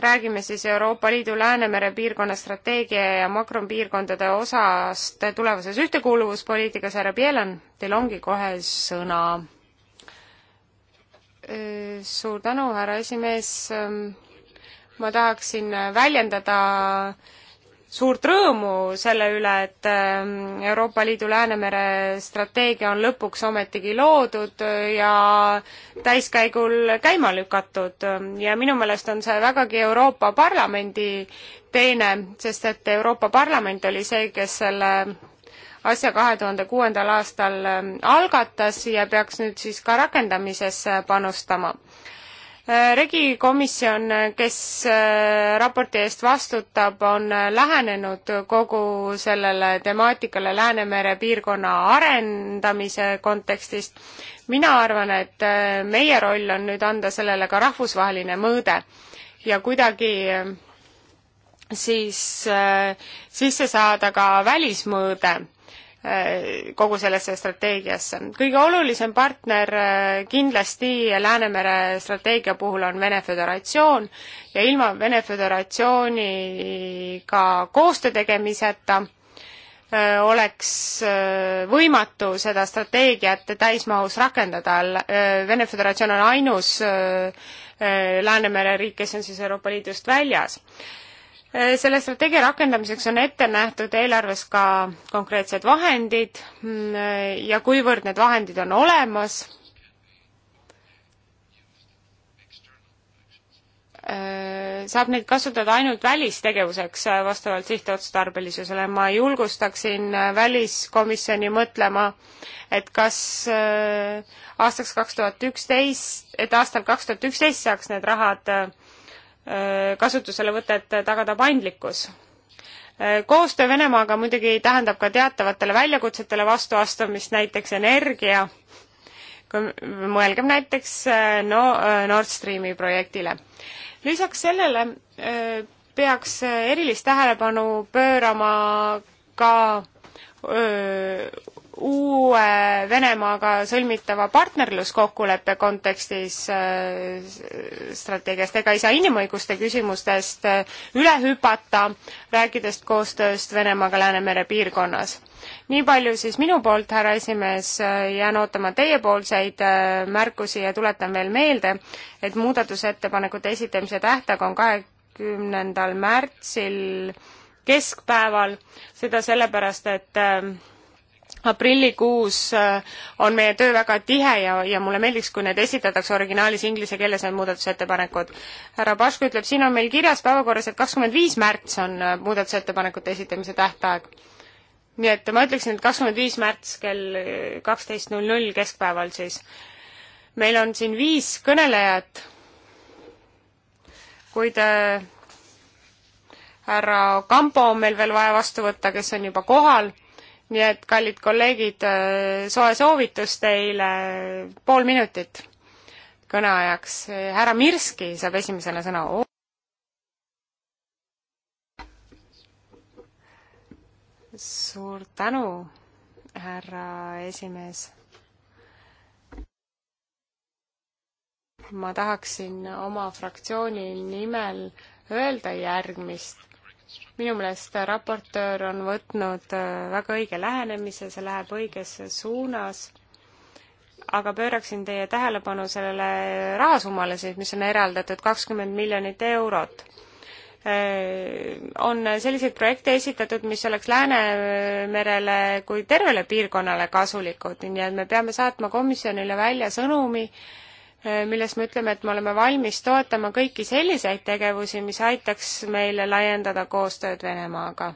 räägime siis Euroopa Liidu Läänemere piirkonna strateegia ja makropiirkondade osast tulevases ühtekuuluvuspoliitikas, härra Bielan, teil ongi kohe sõna Äh, suur tänu, härra esimees. Ähm, ma tahaksin väljendada suurt rõõmu selle üle, et ähm, Euroopa Liidu Läänemere strateegia on lõpuks ometigi loodud ja täiskäigul käima lükatud ja minu meelest on see vägagi Euroopa Parlamendi teene, sest et Euroopa Parlament oli see, kes selle asja kahe tuhande kuuendal aastal ähm, algatas ja peaks nüüd siis ka rakendamisesse panustama. Äh, regikomisjon, kes äh, raporti eest vastutab, on äh, lähenenud kogu sellele temaatikale Läänemere piirkonna arendamise kontekstist. mina arvan, et meie roll on nüüd anda sellele ka rahvusvaheline mõõde ja kuidagi siis äh, sisse saada ka välismõõde Äh, kogu sellesse strateegiasse. kõige olulisem partner äh, kindlasti Läänemere strateegia puhul on Vene Föderatsioon ja ilma Vene Föderatsiooniga koostöö tegemiseta äh, oleks võimatu seda strateegiat täismahus rakendada. Vene Föderatsioon on ainus Läänemere riik, kes on siis Euroopa Liidust väljas Eh, selle strateegia rakendamiseks on ette nähtud eelarves ka konkreetsed vahendid mm, eh, ja kuivõrd need vahendid on olemas, eh, saab neid kasutada ainult välistegevuseks vastavalt sihtotstarbelisusele. ma julgustaksin väliskomisjoni mõtlema, et kas aastaks kaks tuhat üksteist, et aastal kaks tuhat üksteist saaks need rahad kasutuselevõtet tagada paindlikkus. koostöö Venemaaga muidugi tähendab ka teatavatele väljakutsetele vastuastumist, näiteks energia, kui mõelgem näiteks eh, no eh, Nord Streami projektile. lisaks sellele eh, peaks erilist tähelepanu pöörama ka öö, uue Venemaaga sõlmitava partnerluskokkuleppe kontekstis äh, strateegiast, ega ei saa inimõiguste küsimustest äh, üle hüpata, rääkides koostööst Venemaaga Läänemere piirkonnas. nii palju siis minu poolt, härra esimees, äh, jään ootama teiepoolseid märkusi ja tuletan veel meelde, et muudatusettepanekute esitamise tähtaeg on kahekümnendal märtsil keskpäeval, seda sellepärast, et aprillikuus äh, on meie töö väga tihe ja, ja mulle meeldiks, kui need esitatakse originaalis inglise keeles, need muudatusettepanekud. härra Pašku ütleb, siin on meil kirjas päevakorras, et kakskümmend viis märts on äh, muudatusettepanekute esitamise tähtaeg. nii et ma ütleksin, et kakskümmend viis märts kell äh, kaksteist null null keskpäeval siis. meil on siin viis kõnelejat, kuid härra Kampo on meil veel vaja vastu võtta, kes on juba kohal nii et, kallid kolleegid, soe soovitus teile, pool minutit kõneajaks. härra Mirski saab esimesena sõna. suur tänu, härra esimees. ma tahaksin oma fraktsiooni nimel öelda järgmist minu meelest raportöör on võtnud äh, väga õige lähenemise, see läheb õiges suunas, aga pööraksin teie tähelepanu sellele rahasummale siis, mis on eraldatud, kakskümmend miljonit eurot. Äh, on selliseid projekte esitatud, mis oleks Läänemerele kui tervele piirkonnale kasulikud, nii et me peame saatma komisjonile välja sõnumi, Äh, milles me ütleme, et me oleme valmis toetama kõiki selliseid tegevusi, mis aitaks meile laiendada koostööd Venemaaga.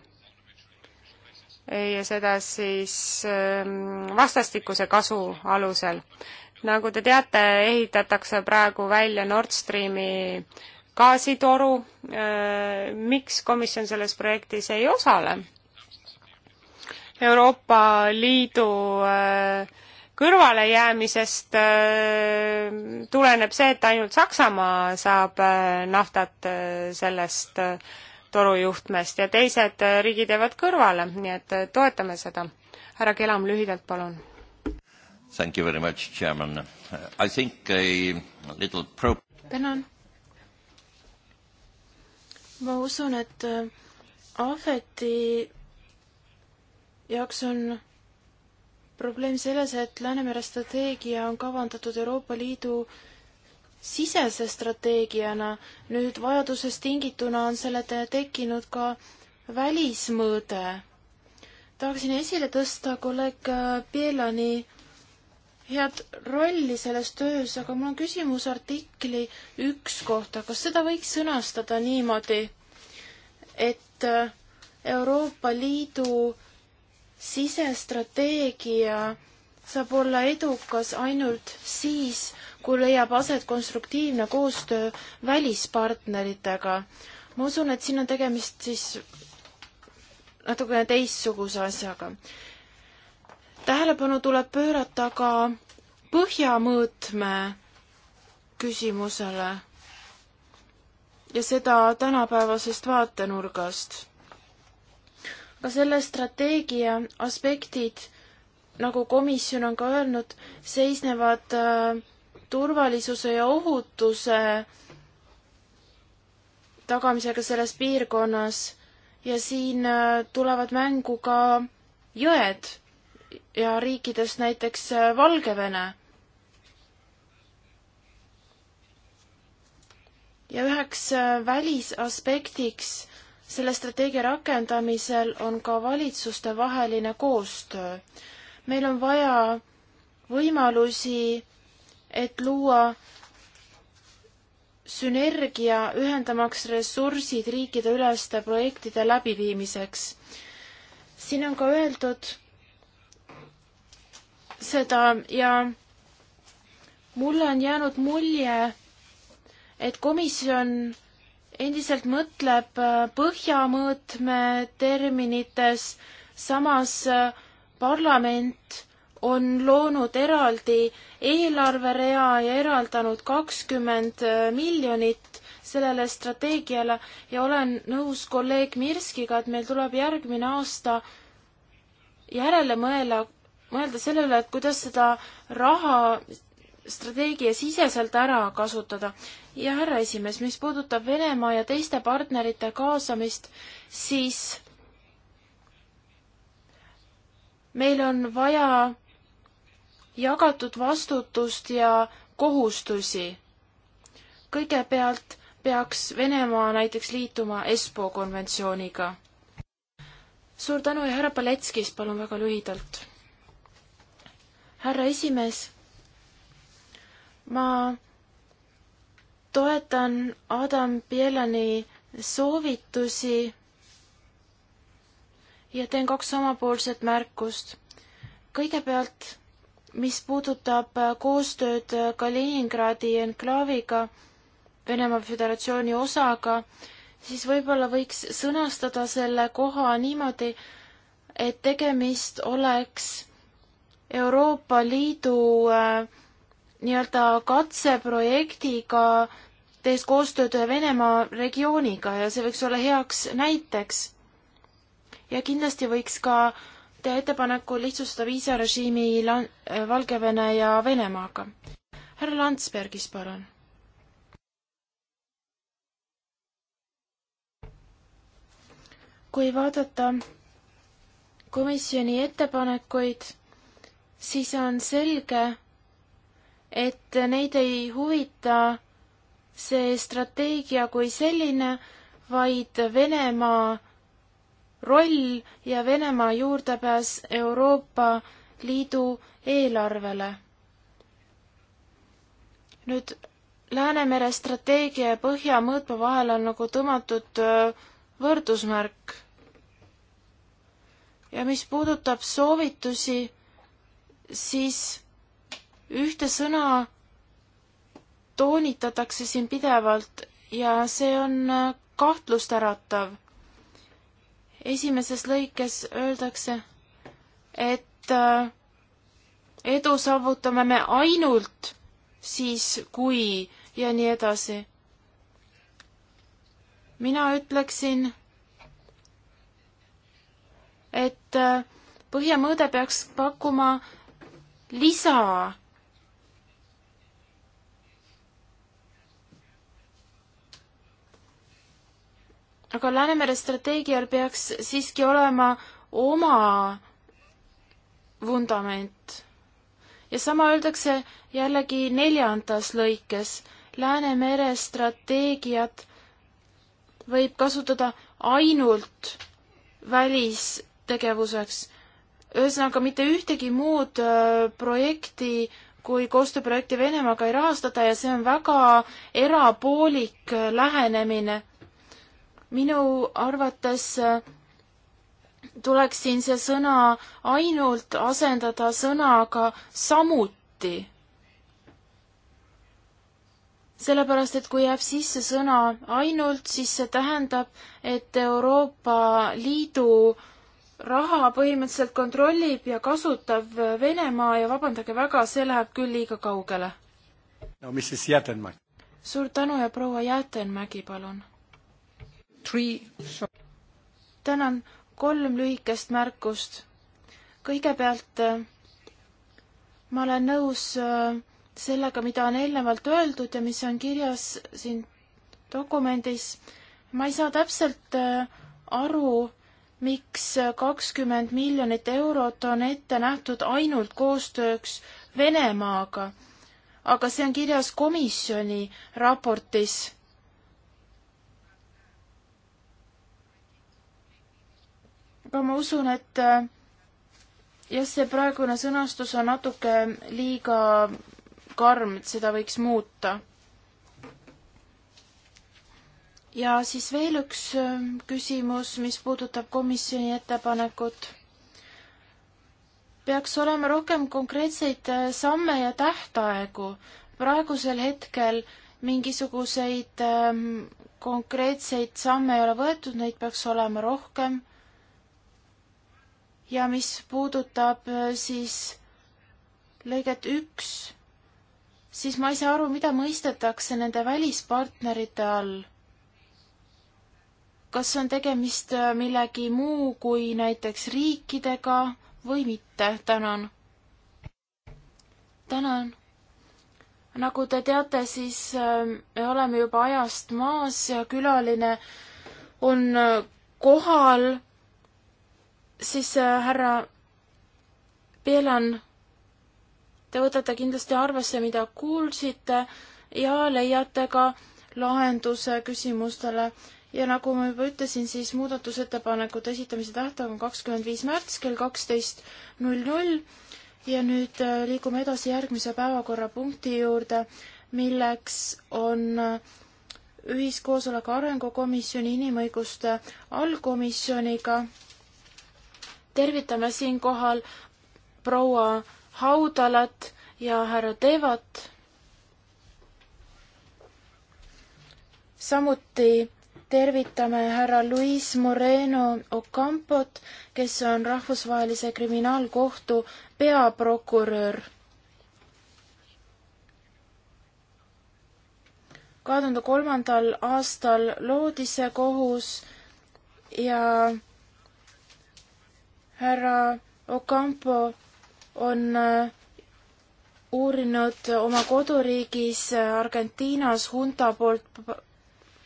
ja seda siis ähm, vastastikuse kasu alusel. nagu te teate, ehitatakse praegu välja Nord Streami gaasitoru. Äh, miks komisjon selles projektis ei osale? Euroopa Liidu äh, kõrvalejäämisest äh, tuleneb see, et ainult Saksamaa saab äh, naftat äh, sellest torujuhtmest ja teised riigid jäävad kõrvale, nii et toetame seda. härra Kelam, lühidalt palun. Thank you very much, chairman. I think a little pro-. tänan. ma usun, et Ahveti jaoks on probleem selles, et Läänemere strateegia on kavandatud Euroopa Liidu sisese strateegiana. nüüd vajadusest tingituna on selle tekkinud ka välismõõde. tahaksin esile tõsta kolleeg Pielani head rolli selles töös, aga mul on küsimus artikli üks kohta, kas seda võiks sõnastada niimoodi, et Euroopa Liidu sisestrateegia saab olla edukas ainult siis, kui leiab aset konstruktiivne koostöö välispartneritega. ma usun, et siin on tegemist siis natukene teistsuguse asjaga. tähelepanu tuleb pöörata ka põhjamõõtme küsimusele ja seda tänapäevasest vaatenurgast ka selle strateegia aspektid, nagu komisjon on ka öelnud, seisnevad äh, turvalisuse ja ohutuse tagamisega selles piirkonnas ja siin äh, tulevad mängu ka jõed ja riikidest näiteks äh, Valgevene ja üheks välisaspektiks selle strateegia rakendamisel on ka valitsustevaheline koostöö. meil on vaja võimalusi, et luua sünergia ühendamaks ressursid riikideüleste projektide läbiviimiseks. siin on ka öeldud seda ja mulle on jäänud mulje, et komisjon endiselt mõtleb äh, põhjamõõtme terminites, samas äh, parlament on loonud eraldi eelarverea ja eraldanud kakskümmend äh, miljonit sellele strateegiale ja olen nõus kolleeg Mirskiga, et meil tuleb järgmine aasta järele mõela, mõelda selle üle, et kuidas seda raha strateegiasiseselt ära kasutada. ja härra esimees, mis puudutab Venemaa ja teiste partnerite kaasamist, siis meil on vaja jagatud vastutust ja kohustusi. kõigepealt peaks Venemaa näiteks liituma Espoo konventsiooniga. suur tänu ja härra Paletskis, palun väga lühidalt. härra esimees ma toetan Adam Bielani soovitusi ja teen kaks omapoolset märkust. kõigepealt, mis puudutab koostööd Kaliningradi enklaaviga, Venemaa Föderatsiooni osaga, siis võib-olla võiks sõnastada selle koha niimoodi, et tegemist oleks Euroopa Liidu äh, nii-öelda katseprojektiga, tehes koostööd ühe Venemaa regiooniga ja see võiks olla heaks näiteks. ja kindlasti võiks ka teha ettepaneku lihtsustada viisarežiimi äh, Valgevene ja Venemaaga. härra Landsbergis, palun. kui vaadata komisjoni ettepanekuid, siis on selge, et neid ei huvita see strateegia kui selline, vaid Venemaa roll ja Venemaa juurdepääs Euroopa Liidu eelarvele. nüüd Läänemere strateegia ja Põhja mõõtme vahel on nagu tõmmatud äh, võrdusmärk. ja mis puudutab soovitusi, siis ühte sõna toonitatakse siin pidevalt ja see on äh, kahtlust äratav. esimeses lõikes öeldakse, et äh, edu saavutame me ainult siis, kui ja nii edasi. mina ütleksin, et äh, põhjamõõde peaks pakkuma lisa aga Läänemere strateegial peaks siiski olema oma vundament. ja sama öeldakse jällegi neljandas lõikes. Läänemere strateegiat võib kasutada ainult välistegevuseks. ühesõnaga, mitte ühtegi muud äh, projekti kui koostööprojekti Venemaaga ei rahastata ja see on väga erapoolik äh, lähenemine minu arvates äh, tuleks siin see sõna ainult asendada sõnaga samuti. sellepärast, et kui jääb sisse sõna ainult, siis see tähendab, et Euroopa Liidu raha põhimõtteliselt kontrollib ja kasutab Venemaa ja vabandage väga, see läheb küll liiga kaugele. no mis siis Jäätenmägi? suur tänu ja proua Jäätenmägi, palun tänan, kolm lühikest märkust. kõigepealt äh, ma olen nõus äh, sellega, mida on eelnevalt öeldud ja mis on kirjas siin dokumendis. ma ei saa täpselt äh, aru, miks kakskümmend miljonit eurot on ette nähtud ainult koostööks Venemaaga, aga see on kirjas komisjoni raportis aga ma usun, et äh, jah, see praegune sõnastus on natuke liiga karm, et seda võiks muuta. ja siis veel üks äh, küsimus, mis puudutab komisjoni ettepanekut. peaks olema rohkem konkreetseid äh, samme ja tähtaegu. praegusel hetkel mingisuguseid ähm, konkreetseid samme ei ole võetud, neid peaks olema rohkem ja mis puudutab äh, siis lõiget üks, siis ma ei saa aru, mida mõistetakse nende välispartnerite all. kas on tegemist äh, millegi muu kui näiteks riikidega või mitte, tänan. tänan nagu te teate, siis äh, me oleme juba ajast maas ja külaline on kohal siis äh, härra Peelan, te võtate kindlasti arvesse, mida kuulsite ja leiate ka lahenduse küsimustele. ja nagu ma juba ütlesin, siis muudatusettepanekute esitamise tähtaeg on kakskümmend viis märts kell kaksteist null null ja nüüd äh, liigume edasi järgmise päevakorrapunkti juurde, milleks on äh, ühiskoosoleku arengukomisjoni inimõiguste allkomisjoniga tervitame siinkohal proua Haudalat ja härra Teevat. samuti tervitame härra Luis Moreno Ocampot, kes on Rahvusvahelise Kriminaalkohtu peaprokurör. kahe tuhande kolmandal aastal loodi see kohus ja härra Ocampo on äh, uurinud oma koduriigis äh, Argentiinas hunta poolt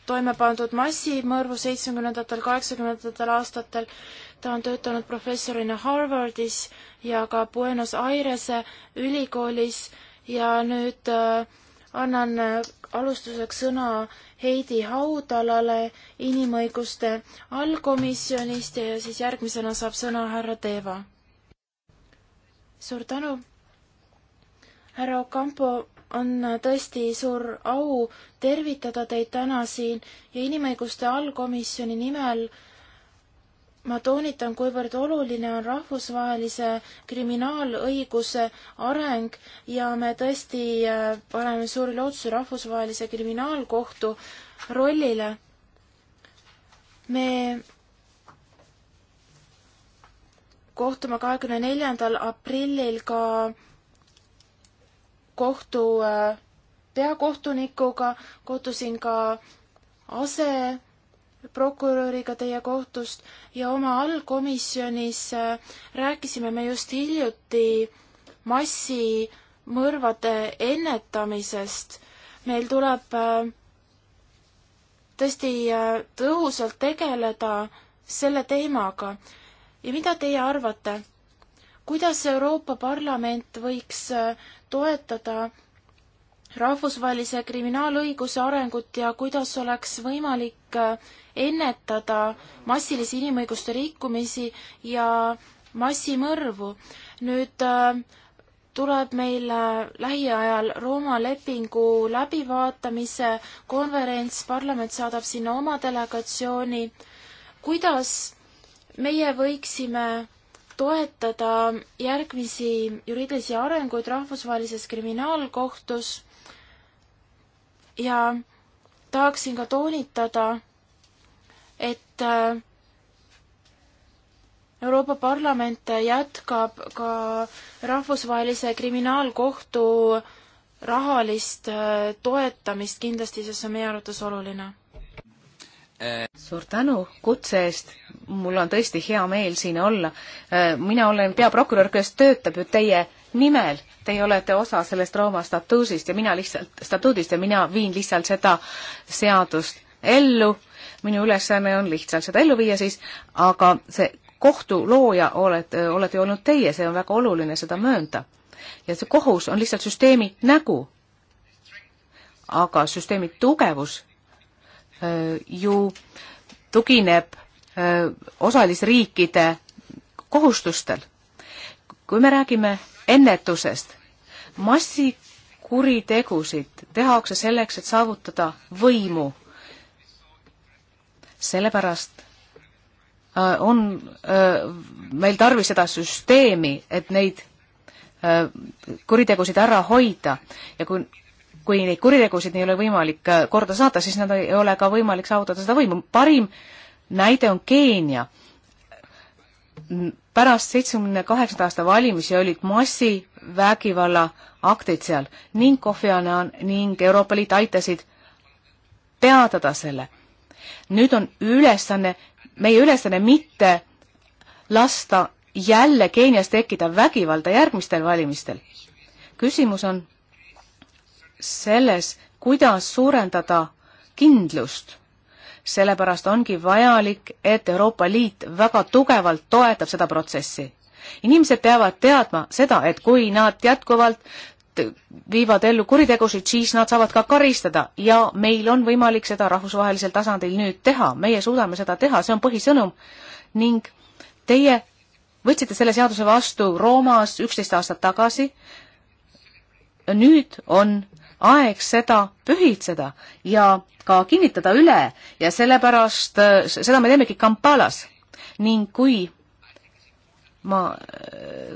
toime pandud massimõrvu seitsmekümnendatel, kaheksakümnendatel aastatel. ta on töötanud professorina Harvardis ja ka Buenos Airese ülikoolis ja nüüd äh, annan alustuseks sõna Heidi Haudalale inimõiguste allkomisjonist ja siis järgmisena saab sõna härra Teeva. suur tänu. härra Ocampo, on tõesti suur au tervitada teid täna siin ja inimõiguste allkomisjoni nimel ma toonitan, kuivõrd oluline on rahvusvahelise kriminaalõiguse areng ja me tõesti äh, paneme suuri lootusi rahvusvahelise kriminaalkohtu rollile. me kohtume kahekümne neljandal aprillil ka kohtu äh, peakohtunikuga, kohtusin ka ase prokuröriga teie kohtust ja oma allkomisjonis äh, rääkisime me just hiljuti massimõrvade ennetamisest. meil tuleb äh, tõesti äh, tõhusalt tegeleda selle teemaga. ja mida teie arvate, kuidas Euroopa Parlament võiks toetada rahvusvahelise kriminaalõiguse arengut ja kuidas oleks võimalik äh, ennetada massilisi inimõiguste rikkumisi ja massimõrvu. nüüd äh, tuleb meil äh, lähiajal Rooma lepingu läbivaatamise konverents, parlament saadab sinna oma delegatsiooni. kuidas meie võiksime toetada järgmisi juriidilisi arenguid rahvusvahelises kriminaalkohtus ja tahaksin ka toonitada, et äh, Euroopa Parlament jätkab ka rahvusvahelise kriminaalkohtu rahalist äh, toetamist kindlasti, sest see on meie arvates oluline. Äh. suur tänu kutse eest, mul on tõesti hea meel siin olla. mina olen peaprokurör, kes töötab ju teie nimel teie olete osa sellest Rooma statuusist ja mina lihtsalt, statuudist ja mina viin lihtsalt seda seadust ellu. minu ülesanne on lihtsalt seda ellu viia siis, aga see kohtu looja olete, olete olnud teie, see on väga oluline seda möönda. ja see kohus on lihtsalt süsteemi nägu. aga süsteemi tugevus öö, ju tugineb öö, osalisriikide kohustustel. kui me räägime ennetusest. massikuritegusid tehakse selleks, et saavutada võimu. sellepärast äh, on äh, meil tarvis seda süsteemi, et neid äh, kuritegusid ära hoida ja kui kui neid kuritegusid ei ole võimalik äh, korda saata, siis nad ei ole ka võimalik saavutada seda võimu. parim näide on Keenia äh, pärast seitsmekümne kaheksanda aasta valimisi olid massivägivalla aktid seal ning Kofi Annan ning Euroopa Liit aitasid peatada selle. nüüd on ülesanne, meie ülesanne mitte lasta jälle Keenias tekkida vägivalda järgmistel valimistel. küsimus on selles, kuidas suurendada kindlust sellepärast ongi vajalik, et Euroopa Liit väga tugevalt toetab seda protsessi. inimesed peavad teadma seda, et kui nad jätkuvalt viivad ellu kuritegusid, siis nad saavad ka karistada ja meil on võimalik seda rahvusvahelisel tasandil nüüd teha, meie suudame seda teha, see on põhisõnum ning teie võtsite selle seaduse vastu Roomas üksteist aastat tagasi. nüüd on aeg seda pühitseda ja ka kinnitada üle ja sellepärast seda me teemegi Kampalas ning kui ma,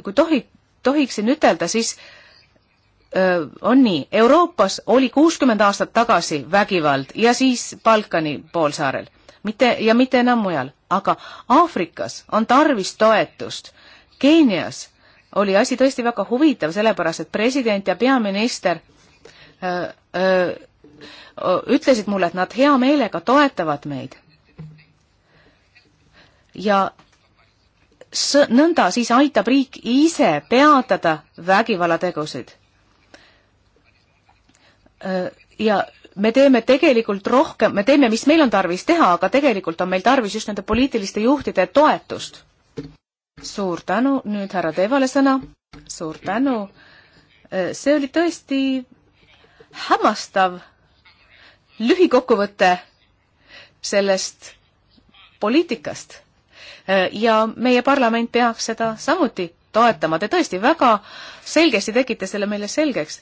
kui tohi, tohiksin ütelda, siis öö, on nii, Euroopas oli kuuskümmend aastat tagasi vägivald ja siis Balkani poolsaarel, mitte ja mitte enam mujal, aga Aafrikas on tarvis toetust. Keenias oli asi tõesti väga huvitav, sellepärast et president ja peaminister Äh, äh, ütlesid mulle, et nad hea meelega toetavad meid. ja nõnda siis aitab riik ise peatada vägivallategusid. Äh, ja me teeme tegelikult rohkem, me teeme, mis meil on tarvis teha, aga tegelikult on meil tarvis just nende poliitiliste juhtide toetust. suur tänu, nüüd härra Teevale sõna. suur tänu. see oli tõesti hämmastav lühikokkuvõte sellest poliitikast. ja meie parlament peaks seda samuti toetama, te tõesti väga selgesti tegite selle meile selgeks.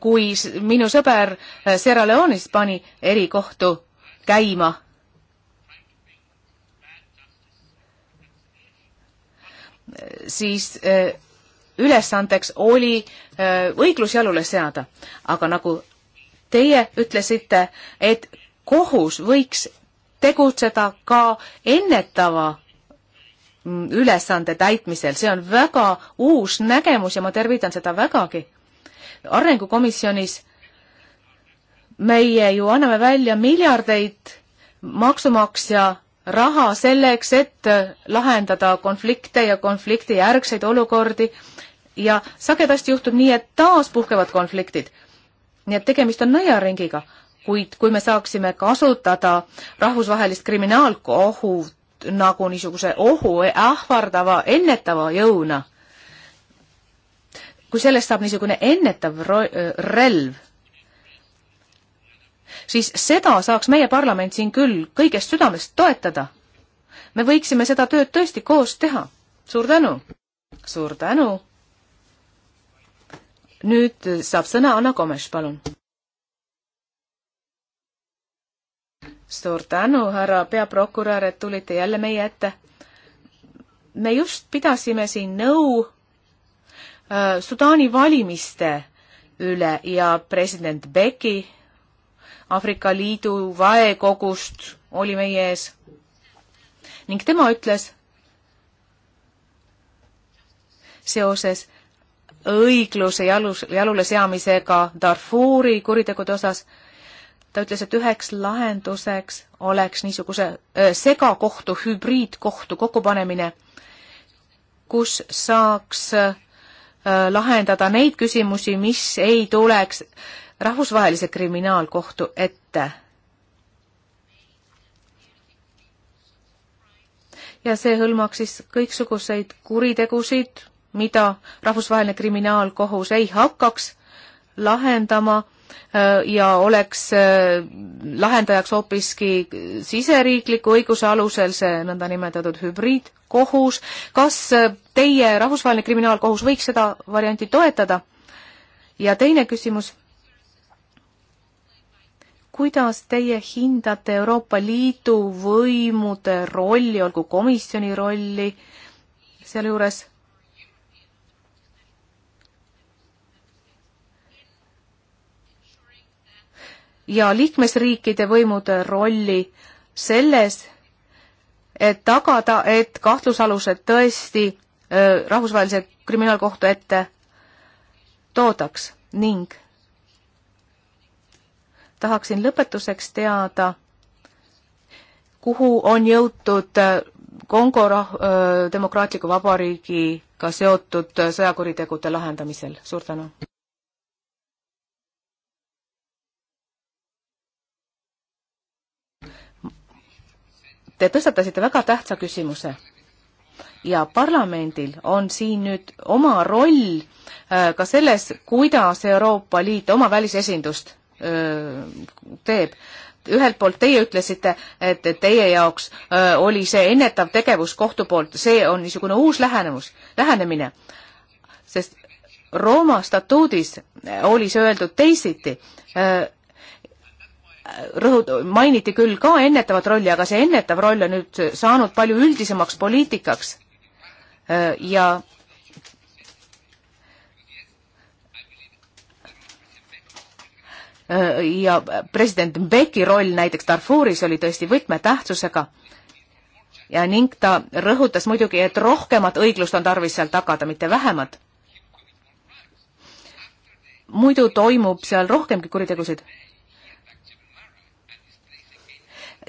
kui minu sõber Sierra Leone'ist pani erikohtu käima, siis eh, ülesandeks oli äh, õiglus jalule seada. aga nagu teie ütlesite, et kohus võiks tegutseda ka ennetava mm, ülesande täitmisel, see on väga uus nägemus ja ma tervitan seda vägagi. arengukomisjonis meie ju anname välja miljardeid maksumaksja raha selleks, et lahendada konflikte ja konfliktijärgseid olukordi ja sagedasti juhtub nii, et taas puhkevad konfliktid. nii et tegemist on nõiaringiga, kuid kui me saaksime kasutada rahvusvahelist kriminaalkohut nagu niisuguse ohu e-, ähvardava ennetava jõuna, kui sellest saab niisugune ennetav relv, siis seda saaks meie parlament siin küll kõigest südamest toetada. me võiksime seda tööd tõesti koos teha. suur tänu! suur tänu! nüüd saab sõna Anna Komes, palun. suur tänu, härra peaprokurör, et tulite jälle meie ette. me just pidasime siin nõu äh, Sudaani valimiste üle ja president Beki Aafrika Liidu vaekogust oli meie ees ning tema ütles seoses õigluse jalus, jalule seamisega Darfuri kuritegude osas. ta ütles, et üheks lahenduseks oleks niisuguse segakohtu, hübriidkohtu kokkupanemine, kus saaks lahendada neid küsimusi, mis ei tuleks rahvusvahelise kriminaalkohtu ette. ja see hõlmaks siis kõiksuguseid kuritegusid, mida rahvusvaheline kriminaalkohus ei hakkaks lahendama äh, ja oleks äh, lahendajaks hoopiski siseriikliku õiguse alusel see nõndanimetatud hübriidkohus. kas äh, teie Rahvusvaheline Kriminaalkohus võiks seda varianti toetada? ja teine küsimus. kuidas teie hindate Euroopa Liidu võimude rolli, olgu komisjoni rolli sealjuures ja liikmesriikide võimude rolli selles, et tagada, et kahtlusalused tõesti äh, rahvusvahelise kriminaalkohtu ette toodaks ning tahaksin lõpetuseks teada, kuhu on jõutud Kongo rah-, Demokraatliku Vabariigiga seotud sõjakuritegude lahendamisel, suur tänu! Te tõstatasite väga tähtsa küsimuse ja parlamendil on siin nüüd oma roll äh, ka selles, kuidas Euroopa Liit oma välisesindust äh, teeb. ühelt poolt teie ütlesite, et teie jaoks äh, oli see ennetav tegevus kohtu poolt, see on niisugune uus lähenemus, lähenemine, sest Rooma statuudis oli see öeldud teisiti rõhut-, mainiti küll ka ennetavat rolli, aga see ennetav roll on nüüd saanud palju üldisemaks poliitikaks äh, ja äh, ja president Beki roll näiteks Darfuris oli tõesti võtmetähtsusega ja ning ta rõhutas muidugi, et rohkemat õiglust on tarvis seal tagada, mitte vähemat. muidu toimub seal rohkemgi kuritegusid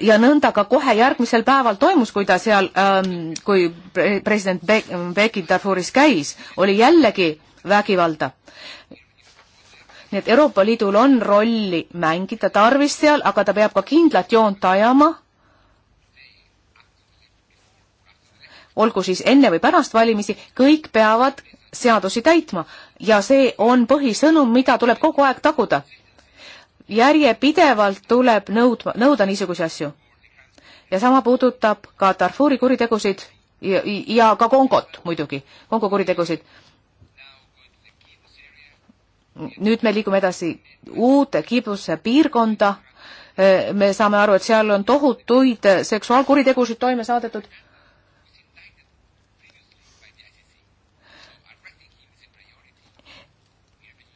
ja nõnda ka kohe järgmisel päeval toimus, kui ta seal ähm,, kui pre president Be Beki Darfuris käis, oli jällegi vägivalda. nii et Euroopa Liidul on rolli mängida tarvis seal, aga ta peab ka kindlat joont ajama, olgu siis enne või pärast valimisi, kõik peavad seadusi täitma ja see on põhisõnum, mida tuleb kogu aeg taguda järjepidevalt tuleb nõudma, nõuda niisuguseid asju. ja sama puudutab ka Darfuri kuritegusid ja, ja ka Kongot muidugi, Kongo kuritegusid. nüüd me liigume edasi uute Kibuse piirkonda, me saame aru, et seal on tohutuid seksuaalkuritegusid toime saadetud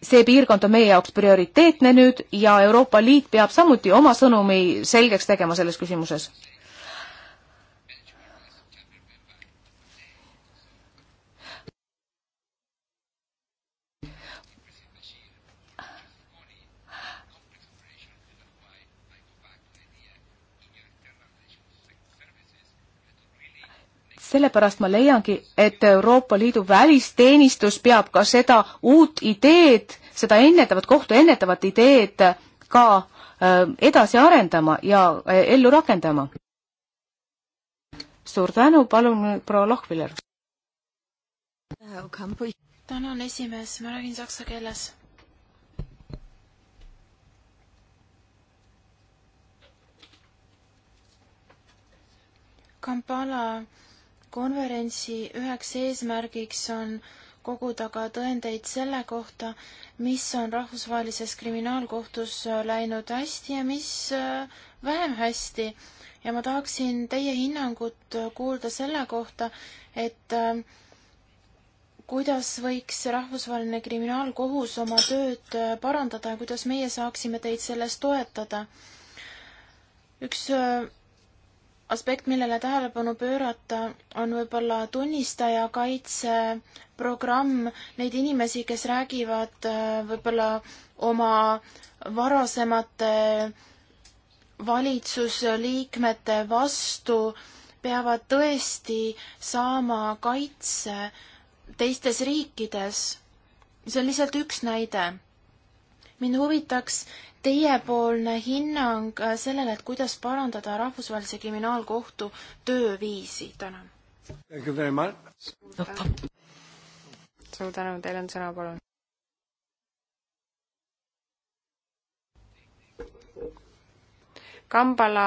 see piirkond on meie jaoks prioriteetne nüüd ja Euroopa Liit peab samuti oma sõnumi selgeks tegema selles küsimuses sellepärast ma leiangi, et Euroopa Liidu välisteenistus peab ka seda uut ideed, seda ennetavat, kohtu ennetavat ideed ka äh, edasi arendama ja äh, ellu rakendama. suur tänu, palun proua Lohviler. tänan, esimees, ma räägin saksa keeles. Kampala konverentsi üheks eesmärgiks on koguda ka tõendeid selle kohta, mis on rahvusvahelises kriminaalkohtus äh, läinud hästi ja mis äh, vähem hästi. ja ma tahaksin teie hinnangut äh, kuulda selle kohta, et kuidas võiks Rahvusvaheline Kriminaalkohus oma tööd parandada ja kuidas meie saaksime teid selles toetada. üks aspekt, millele tähelepanu pöörata, on võib-olla tunnistaja kaitseprogramm, neid inimesi, kes räägivad äh, võib-olla oma varasemate valitsusliikmete vastu, peavad tõesti saama kaitse teistes riikides. see on lihtsalt üks näide mind huvitaks teiepoolne hinnang äh, sellele, et kuidas parandada Rahvusvahelise Kriminaalkohtu tööviisi täna. suur tänu, teil on sõna, palun. Kambala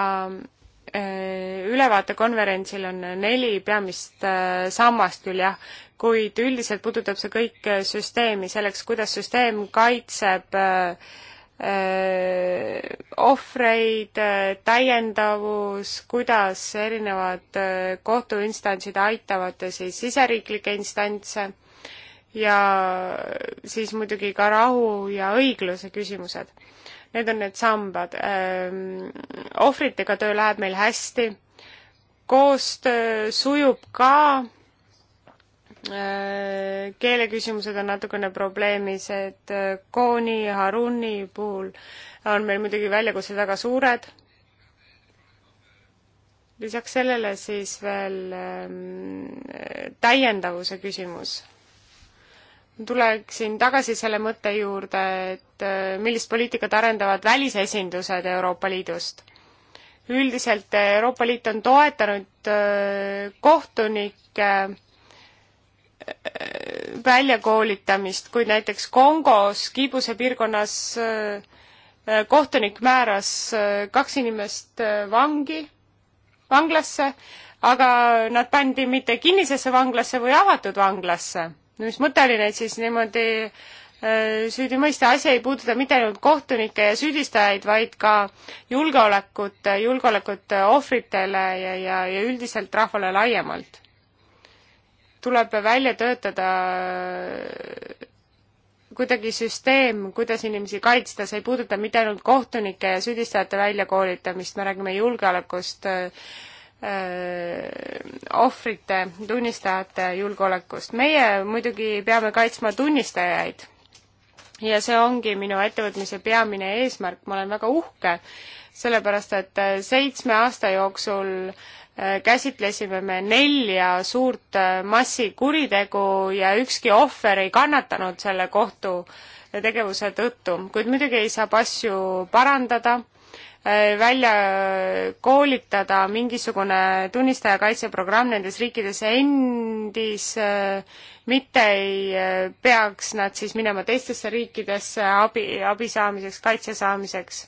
Äh, ülevaatekonverentsil on neli peamist äh, sammast küll jah, kuid üldiselt puudutab see kõik äh, süsteemi selleks, kuidas süsteem kaitseb ohvreid, täiendavus, kuidas erinevad kohtuinstantsid aitavad siis siseriiklikke instantse ja siis muidugi ka rahu ja õigluse küsimused Need on need sambad. Ehm, ohvritega töö läheb meil hästi, koostöö sujub ka, ehm, keeleküsimused on natukene probleemis, et Kooni ja Haruni puhul on meil muidugi väljakutsed väga suured. lisaks sellele siis veel ehm, täiendavuse küsimus tuleksin tagasi selle mõtte juurde, et äh, millist poliitikat arendavad välisesindused Euroopa Liidust. üldiselt Euroopa Liit on toetanud äh, kohtunike äh, väljakoolitamist, kuid näiteks Kongos Kibuse piirkonnas kohtunik määras kaks inimest vangi, vanglasse, aga nad pandi mitte kinnisesse vanglasse või avatud vanglasse mis mõte oli neid siis niimoodi äh, süüdi mõista, asi ei puuduta mitte ainult kohtunikke ja süüdistajaid, vaid ka julgeolekut, julgeolekut ohvritele ja, ja, ja üldiselt rahvale laiemalt. tuleb välja töötada äh, kuidagi süsteem, kuidas inimesi kaitsta, see ei puuduta mitte ainult kohtunike ja süüdistajate väljakoolitamist, me räägime julgeolekust äh,, Äh, ohvrite, tunnistajate julgeolekust. meie muidugi peame kaitsma tunnistajaid ja see ongi minu ettevõtmise peamine eesmärk, ma olen väga uhke, sellepärast et äh, seitsme aasta jooksul äh, käsitlesime me nelja suurt massikuritegu ja ükski ohver ei kannatanud selle kohtu tegevuse tõttu, kuid muidugi ei saa asju parandada Äh, välja koolitada mingisugune tunnistajakaitseprogramm nendes riikides endis, äh, mitte ei äh, peaks nad siis minema teistesse riikidesse abi, abi saamiseks, kaitse saamiseks.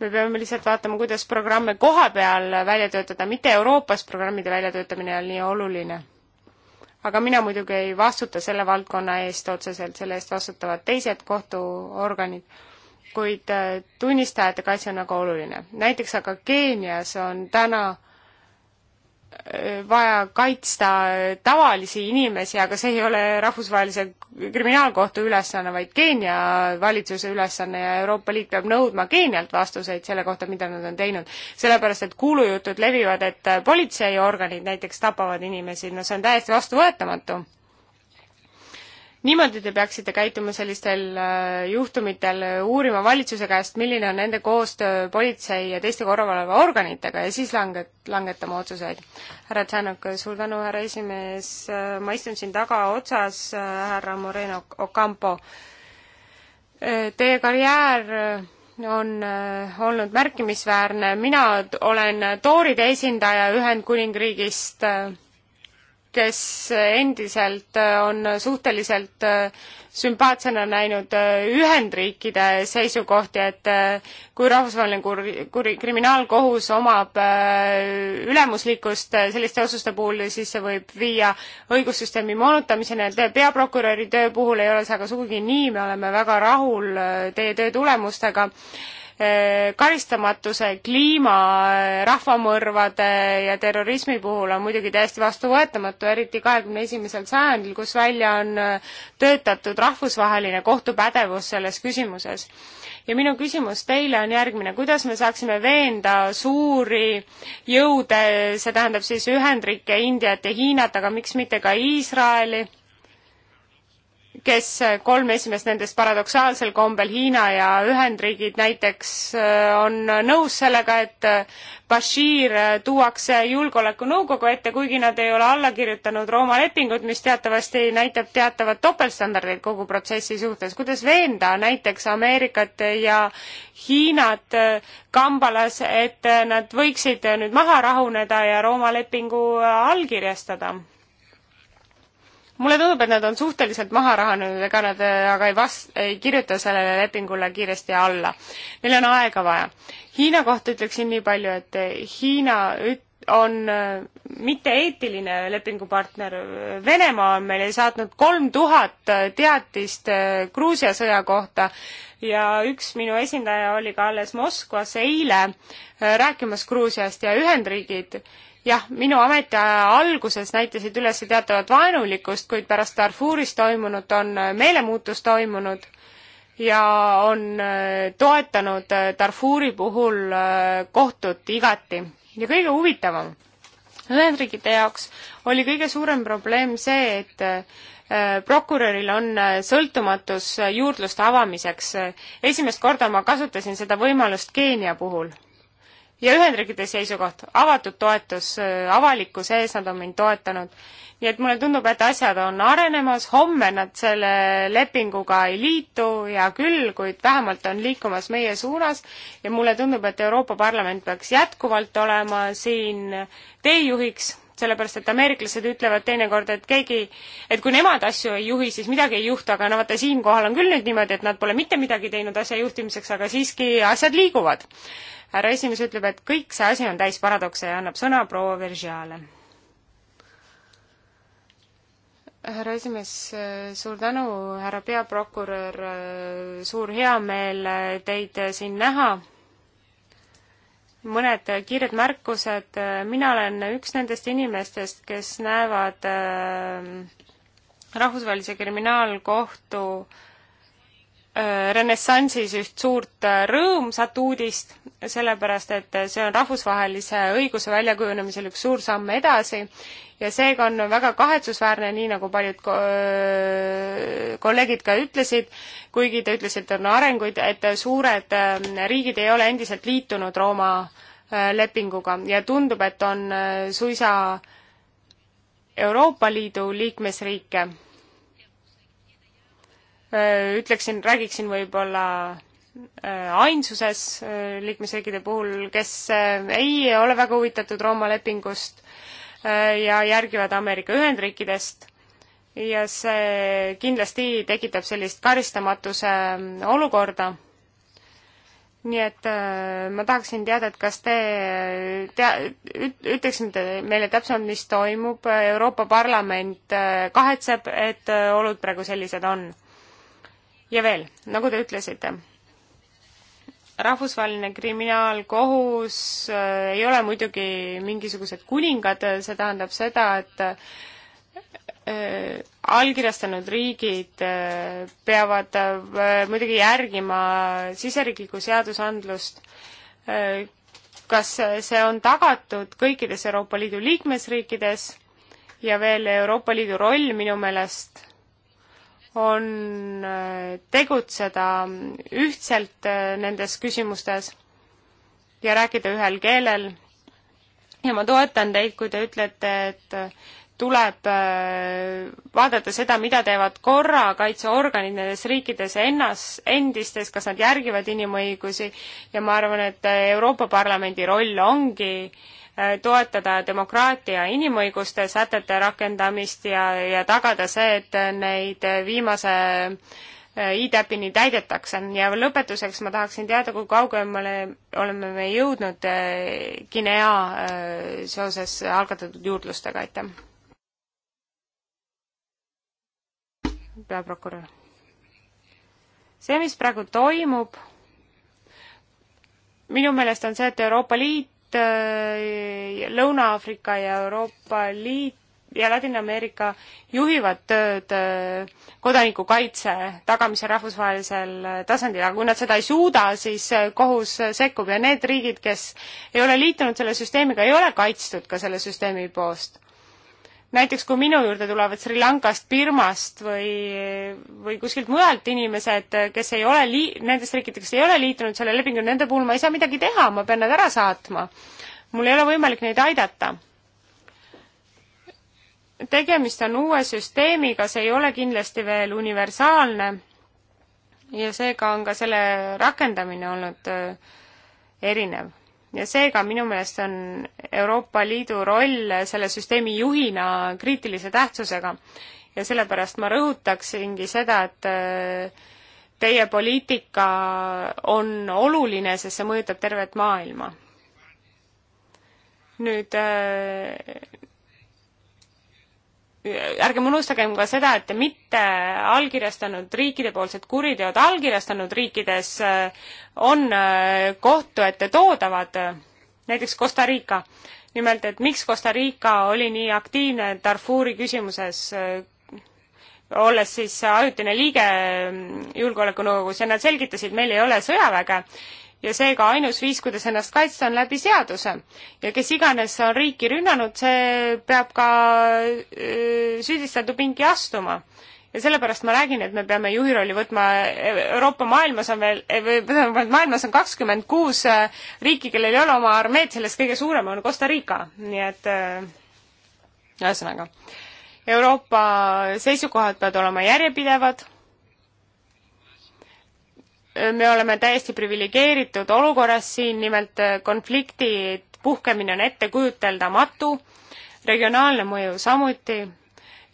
me peame lihtsalt vaatama, kuidas programme koha peal välja töötada, mitte Euroopas programmide väljatöötamine on nii oluline aga mina muidugi ei vastuta selle valdkonna eest otseselt, selle eest vastutavad teised kohtuorganid kuid äh, tunnistajate kaitse on väga nagu oluline. näiteks aga Keenias on täna äh, vaja kaitsta tavalisi inimesi, aga see ei ole rahvusvahelise kriminaalkohtu ülesanne, vaid Keenia valitsuse ülesanne ja Euroopa Liit peab nõudma Keenialt vastuseid selle kohta, mida nad on teinud. sellepärast, et kuulujutud levivad, et politseiorganid näiteks tapavad inimesi, no see on täiesti vastuvõetamatu niimoodi te peaksite käituma sellistel äh, juhtumitel, äh, uurima valitsuse käest, milline on nende koostöö politsei ja teiste korravalveorganitega ja siis langet-, langetama otsuseid. härra Tšanok, suur tänu, härra esimees, äh, ma istun siin tagaotsas, härra Moreno Ocampo. Teie karjäär on olnud märkimisväärne, mina olen tooride esindaja Ühendkuningriigist kes endiselt äh, on suhteliselt äh, sümpaatsena näinud äh, Ühendriikide seisukohti, et kui rahvusvaheline kur-, kuri-, kriminaalkohus omab ülemuslikkust selliste otsuste puhul, siis see võib viia õigussüsteemi moonutamiseni, et peaprokuröri töö puhul ei ole see aga sugugi nii, me oleme väga rahul teie töö tulemustega Äh, karistamatuse kliima äh, rahvamõrvade ja terrorismi puhul on muidugi täiesti vastuvõetamatu, eriti kahekümne esimesel sajandil, kus välja on äh, töötatud rahvusvaheline kohtupädevus selles küsimuses. ja minu küsimus teile on järgmine, kuidas me saaksime veenda suuri jõude, see tähendab siis Ühendriike, Indiat ja Hiinat, aga miks mitte ka Iisraeli, kes eh, kolm esimest nendest paradoksaalsel kombel, Hiina ja Ühendriigid näiteks, eh, on nõus sellega, et eh, Bashir tuuakse Julgeolekunõukogu ette, kuigi nad ei ole alla kirjutanud Rooma lepingut, mis teatavasti näitab teatavat topeltstandardeid kogu protsessi suhtes. kuidas veenda näiteks Ameerikat ja Hiinat kambalas, et nad võiksid nüüd maha rahuneda ja Rooma lepingu allkirjastada? mulle tundub, et nad on suhteliselt maha rahanenud, ega nad äh, aga ei vast-, ei kirjuta sellele lepingule kiiresti alla. Neil on aega vaja. Hiina kohta ütleksin nii palju, et äh, Hiina üt-, on äh, mitte-eetiline lepingupartner. Venemaa on meile saatnud kolm tuhat teatist Gruusia sõja kohta ja üks minu esindaja oli ka alles Moskvas eile rääkimas Gruusiast ja Ühendriigid äh, jah, minu ametiaja alguses näitasid üles teatavat vaenulikkust, kuid pärast Darfuris toimunut on äh, meelemuutus toimunud ja on äh, toetanud äh, Darfuri puhul kohtut igati. ja kõige huvitavam Ühendriikide jaoks oli kõige suurem probleem see, et prokuröril on sõltumatus juurdluste avamiseks. esimest korda ma kasutasin seda võimalust Keenia puhul ja Ühendriikide seisukoht, avatud toetus äh, avalikkuse ees, nad on mind toetanud. nii et mulle tundub, et asjad on arenemas, homme nad selle lepinguga ei liitu, hea küll, kuid vähemalt on liikumas meie suunas ja mulle tundub, et Euroopa Parlament peaks jätkuvalt olema siin teejuhiks sellepärast et ameeriklased ütlevad teinekord, et keegi, et kui nemad asju ei juhi, siis midagi ei juhtu, aga no vaata, siinkohal on küll nüüd niimoodi, et nad pole mitte midagi teinud asja juhtimiseks, aga siiski asjad liiguvad. härra esimees ütleb, et kõik see asi on täis paradokse ja annab sõna proua Veržiale. härra esimees, suur tänu, härra peaprokurör, suur heameel teid siin näha mõned kiired märkused, mina olen üks nendest inimestest, kes näevad ähm, Rahvusvahelise Kriminaalkohtu äh, Äh, renessansis üht suurt äh, rõõmsat uudist, sellepärast et äh, see on rahvusvahelise õiguse väljakujunemisel üks suur samm edasi ja seega on väga kahetsusväärne, nii nagu paljud ko kolleegid ka ütlesid, kuigi te ütlesite, on arenguid, et suured riigid ei ole endiselt liitunud Rooma lepinguga ja tundub, et on suisa Euroopa Liidu liikmesriike Äh, ütleksin, räägiksin võib-olla äh, ainsuses äh, liikmesriikide puhul, kes ei ole väga huvitatud Rooma lepingust ja järgivad Ameerika Ühendriikidest ja see kindlasti tekitab sellist karistamatuse mm, olukorda. nii et ma tahaksin teada, et kas te tea-, ütleksite meile täpsemalt, mis toimub, Euroopa Parlament kahetseb, et olud praegu sellised on ja veel, nagu te ütlesite, rahvusvaheline kriminaalkohus äh, ei ole muidugi mingisugused kuningad, äh, see tähendab seda, et äh, allkirjastanud riigid peavad muidugi järgima siseriiklikku seadusandlust. kas see on tagatud kõikides Euroopa Liidu liikmesriikides ja veel Euroopa Liidu roll minu meelest on äh, tegutseda ühtselt äh, nendes küsimustes ja rääkida ühel keelel. ja ma toetan teid, kui te ütlete, et äh, tuleb vaadata seda, mida teevad korrakaitseorganid nendes riikides ennas, endistes, kas nad järgivad inimõigusi ja ma arvan, et Euroopa Parlamendi roll ongi äh, Äh, toetada demokraatia inimõiguste sätete rakendamist ja, ja tagada see, et neid viimase äh, IDAP-ini täidetakse ja lõpetuseks ma tahaksin teada, kui kaugemale oleme me jõudnud äh, Guinea seoses algatatud juurdlustega, aitäh. peaprokurör. see, mis praegu toimub, minu meelest on see, et Euroopa Liit Äh, Lõuna-Aafrika ja Euroopa Liit ja Ladina-Ameerika juhivad tööd äh, kodanikukaitse tagamise rahvusvahelisel äh, tasandil, aga kui nad seda ei suuda, siis kohus sekkub ja need riigid, kes ei ole liitunud selle süsteemiga, ei ole kaitstud ka selle süsteemi poolt näiteks kui minu juurde tulevad Sri Lankast, Birmast või, või kuskilt mujalt inimesed, kes ei ole lii-, nendest riikidest, kes ei ole liitunud selle lepinguga, nende puhul ma ei saa midagi teha, ma pean nad ära saatma. mul ei ole võimalik neid aidata. tegemist on uue süsteemiga, see ei ole kindlasti veel universaalne ja seega on ka selle rakendamine olnud äh, erinev ja seega minu meelest on Euroopa Liidu roll selle süsteemi juhina kriitilise tähtsusega. ja sellepärast ma rõhutaksingi seda, et äh, teie poliitika on oluline, sest see mõjutab tervet maailma. nüüd äh, ärgem unustagem ka seda, et mitte allkirjastanud riikidepoolsed kuriteod allkirjastanud riikides äh, on äh, kohtu ette toodavad, näiteks Costa Rica. nimelt, et miks Costa Rica oli nii aktiivne Darfuri küsimuses, äh, olles siis ajutine liige mm, Julgeolekunõukogus ja nad selgitasid, meil ei ole sõjaväge ja seega ainus viis, kuidas ennast kaitsta, on läbi seaduse. ja kes iganes on riiki rünnanud, see peab ka äh, süüdistatu pingi astuma. ja sellepärast ma räägin, et me peame juhi rolli võtma, Euroopa maailmas on veel, eh, või tähendab, maailmas on kakskümmend kuus äh, riiki, kellel ei ole oma armeed, sellest kõige suurem on Costa Rica, nii et äh, ühesõnaga, Euroopa seisukohad peavad olema järjepidevad me oleme täiesti priviligeeritud olukorras siin, nimelt äh, konflikti puhkemine on ettekujuteldamatu, regionaalne mõju samuti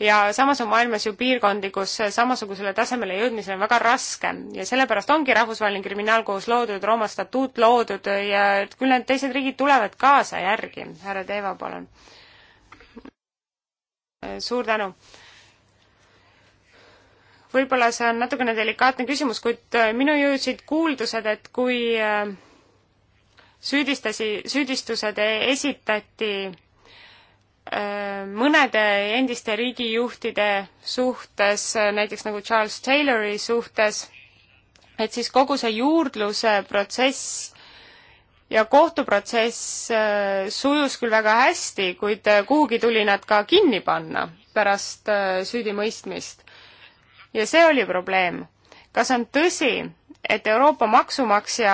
ja samas on maailmas ju piirkondi, kus äh, samasugusele tasemele jõudmisel on väga raske ja sellepärast ongi Rahvusvaheline Kriminaalkohus loodud, Rooma statuut loodud ja küll need teised riigid tulevad kaasa järgi. härra Teeva, palun. suur tänu võib-olla see on natukene delikaatne küsimus, kuid äh, minu jõudsid kuuldused, et kui äh, süüdistasi, süüdistused e-, esitati äh, mõnede endiste riigijuhtide suhtes, näiteks nagu Charles Taylori suhtes, et siis kogu see juurdluse protsess ja kohtuprotsess sujus küll väga hästi, kuid kuhugi tuli nad ka kinni panna pärast süüdimõistmist ja see oli probleem. kas on tõsi, et Euroopa maksumaksja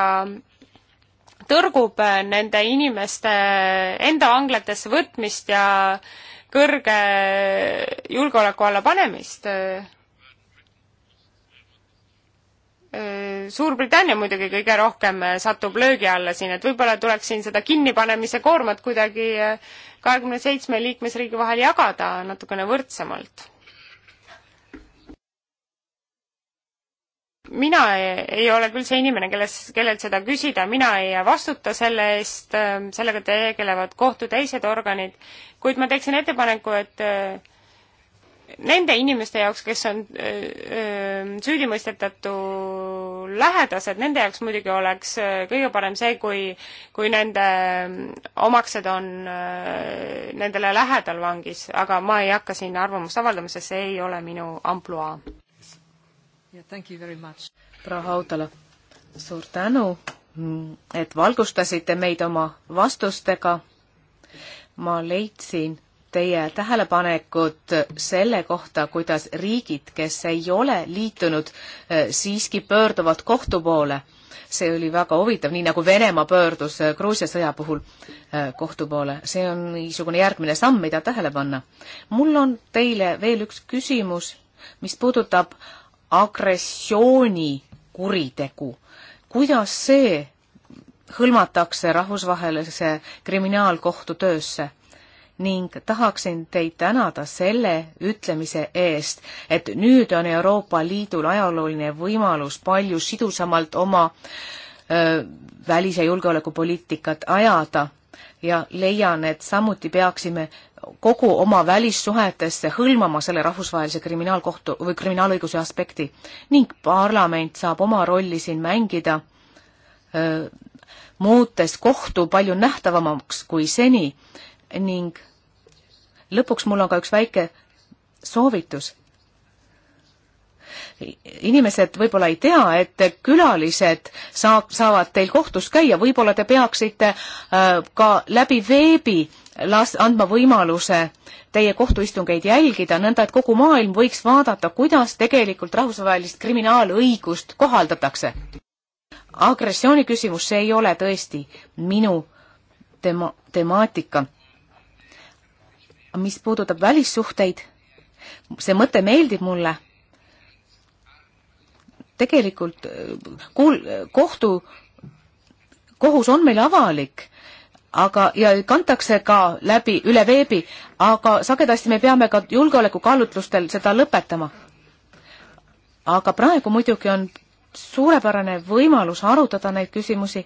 tõrgub äh, nende inimeste enda vanglatesse võtmist ja kõrge julgeoleku alla panemist. Äh, Suurbritannia muidugi kõige rohkem äh, satub löögi alla siin, et võib-olla tuleks siin seda kinnipanemise koormat kuidagi kahekümne seitsme liikmesriigi vahel jagada natukene võrdsemalt. mina ei ole küll see inimene, kelles, kellelt seda küsida, mina ei vastuta selle eest, ähm, sellega tegelevad kohtu teised organid, kuid ma teeksin ettepaneku, et äh, nende inimeste jaoks, kes on äh, ähm, süüdimõistetatu lähedased, nende jaoks muidugi oleks äh, kõige parem see, kui, kui nende ähm, omaksed on nendele lähedal vangis, aga ma ei hakka siin arvamust avaldama, sest see ei ole minu ampluaa proua Haudala, suur tänu, mm, et valgustasite meid oma vastustega. ma leidsin teie tähelepanekud selle kohta, kuidas riigid, kes ei ole liitunud, eh, siiski pöörduvad kohtu poole. see oli väga huvitav, nii nagu Venemaa pöördus eh, Gruusia sõja puhul eh, kohtu poole. see on niisugune järgmine samm, mida tähele panna. mul on teile veel üks küsimus, mis puudutab agressioonikuritegu. kuidas see hõlmatakse rahvusvahelise kriminaalkohtu töösse? ning tahaksin teid tänada selle ütlemise eest, et nüüd on Euroopa Liidul ajalooline võimalus palju sidusamalt oma öö, välis- ja julgeolekupoliitikat ajada ja leian, et samuti peaksime kogu oma välissuhetesse hõlmama selle rahvusvahelise kriminaalkohtu või kriminaalõiguse aspekti ning parlament saab oma rolli siin mängida, muutes kohtu palju nähtavamaks kui seni ning lõpuks mul on ka üks väike soovitus, inimesed võib-olla ei tea, et külalised saab, saavad teil kohtus käia, võib-olla te peaksite äh, ka läbi veebi las-, andma võimaluse teie kohtuistungeid jälgida, nõnda et kogu maailm võiks vaadata, kuidas tegelikult rahvusvahelist kriminaalõigust kohaldatakse. agressiooni küsimus, see ei ole tõesti minu tema-, temaatika. mis puudutab välissuhteid, see mõte meeldib mulle tegelikult kuul-, kohtu, kohus on meil avalik, aga, ja kantakse ka läbi, üle veebi, aga sagedasti me peame ka julgeolekukaalutlustel seda lõpetama. aga praegu muidugi on suurepärane võimalus arutada neid küsimusi.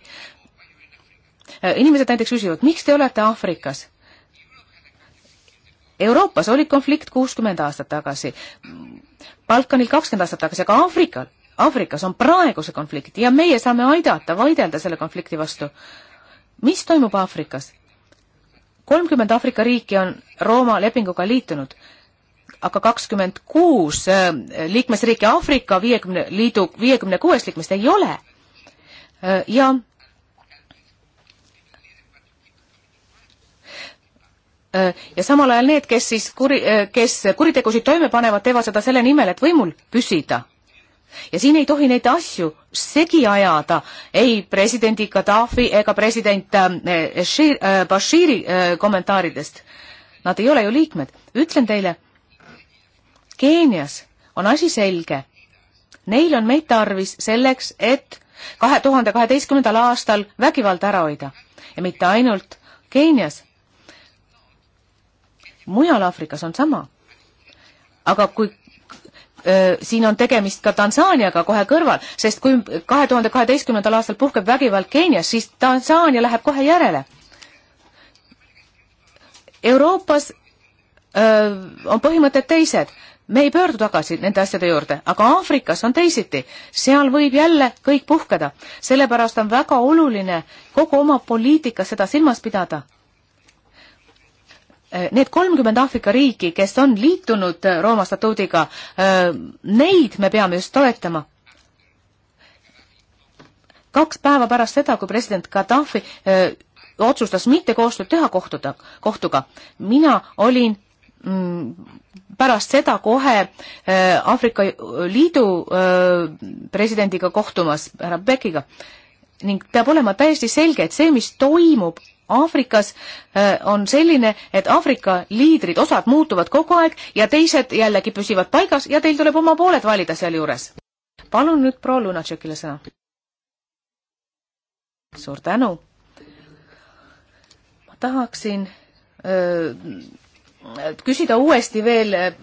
inimesed näiteks küsivad, miks te olete Aafrikas? Euroopas oli konflikt kuuskümmend aastat tagasi, Balkanil kakskümmend aastat tagasi, aga Aafrikal Aafrikas on praeguse konflikti ja meie saame aidata vaidelda selle konflikti vastu. mis toimub Aafrikas? kolmkümmend Aafrika riiki on Rooma lepinguga liitunud, aga kakskümmend kuus äh, liikmesriiki Aafrika viiekümne liidu, viiekümne kuuest liikmest ei ole. Äh, ja äh, ja samal ajal need, kes siis kuri, kes kuritegusid toime panevad, teevad seda selle nimel, et võimul püsida ja siin ei tohi neid asju segi ajada ei presidendi Gaddafi ega president ähm, äh, äh, Bashiri äh, kommentaaridest. Nad ei ole ju liikmed. ütlen teile, Keenias on asi selge. Neil on meid tarvis selleks, et kahe tuhande kaheteistkümnendal aastal vägivalda ära hoida ja mitte ainult Keenias. mujal Aafrikas on sama. aga kui siin on tegemist ka Tansaaniaga kohe kõrval, sest kui kahe tuhande kaheteistkümnendal aastal puhkeb vägivald Keenias, siis Tansaania läheb kohe järele. Euroopas öö, on põhimõtted teised, me ei pöördu tagasi nende asjade juurde, aga Aafrikas on teisiti, seal võib jälle kõik puhkeda, sellepärast on väga oluline kogu oma poliitikas seda silmas pidada Äh, need kolmkümmend Aafrika riiki, kes on liitunud äh, Rooma statuudiga, äh, neid me peame just toetama. kaks päeva pärast seda, kui president Gaddafi otsustas mitte koostööd teha kohtuda, kohtuga, mina olin mm, pärast seda kohe Aafrika Liidu presidendiga kohtumas, härra Bekiga, ning peab olema täiesti selge, et see, mis toimub Aafrikas äh, on selline, et Aafrika liidrid, osad muutuvad kogu aeg ja teised jällegi püsivad paigas ja teil tuleb oma pooled valida sealjuures. palun nüüd proua Lunatšekile sõna. suur tänu. ma tahaksin öö, äh, küsida uuesti veel äh,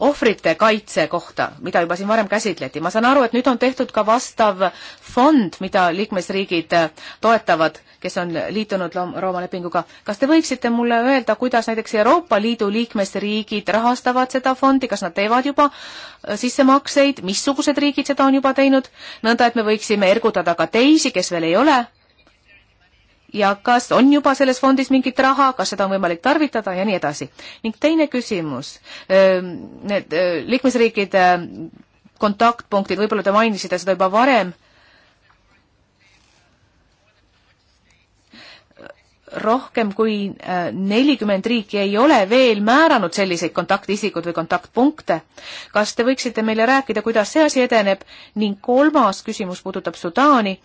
ohvrite kaitse kohta, mida juba siin varem käsitleti. ma saan aru, et nüüd on tehtud ka vastav fond, mida liikmesriigid toetavad, kes on liitunud Rooma lepinguga. kas te võiksite mulle öelda, kuidas näiteks Euroopa Liidu liikmesriigid rahastavad seda fondi, kas nad teevad juba äh, sissemakseid, missugused riigid seda on juba teinud, nõnda et me võiksime ergutada ka teisi, kes veel ei ole ja kas on juba selles fondis mingit raha, kas seda on võimalik tarvitada ja nii edasi. ning teine küsimus, need liikmesriikide kontaktpunktid, võib-olla te mainisite seda juba varem, rohkem kui nelikümmend riiki ei ole veel määranud selliseid kontaktisikud või kontaktpunkte. kas te võiksite meile rääkida, kuidas see asi edeneb ning kolmas küsimus puudutab Sudaani.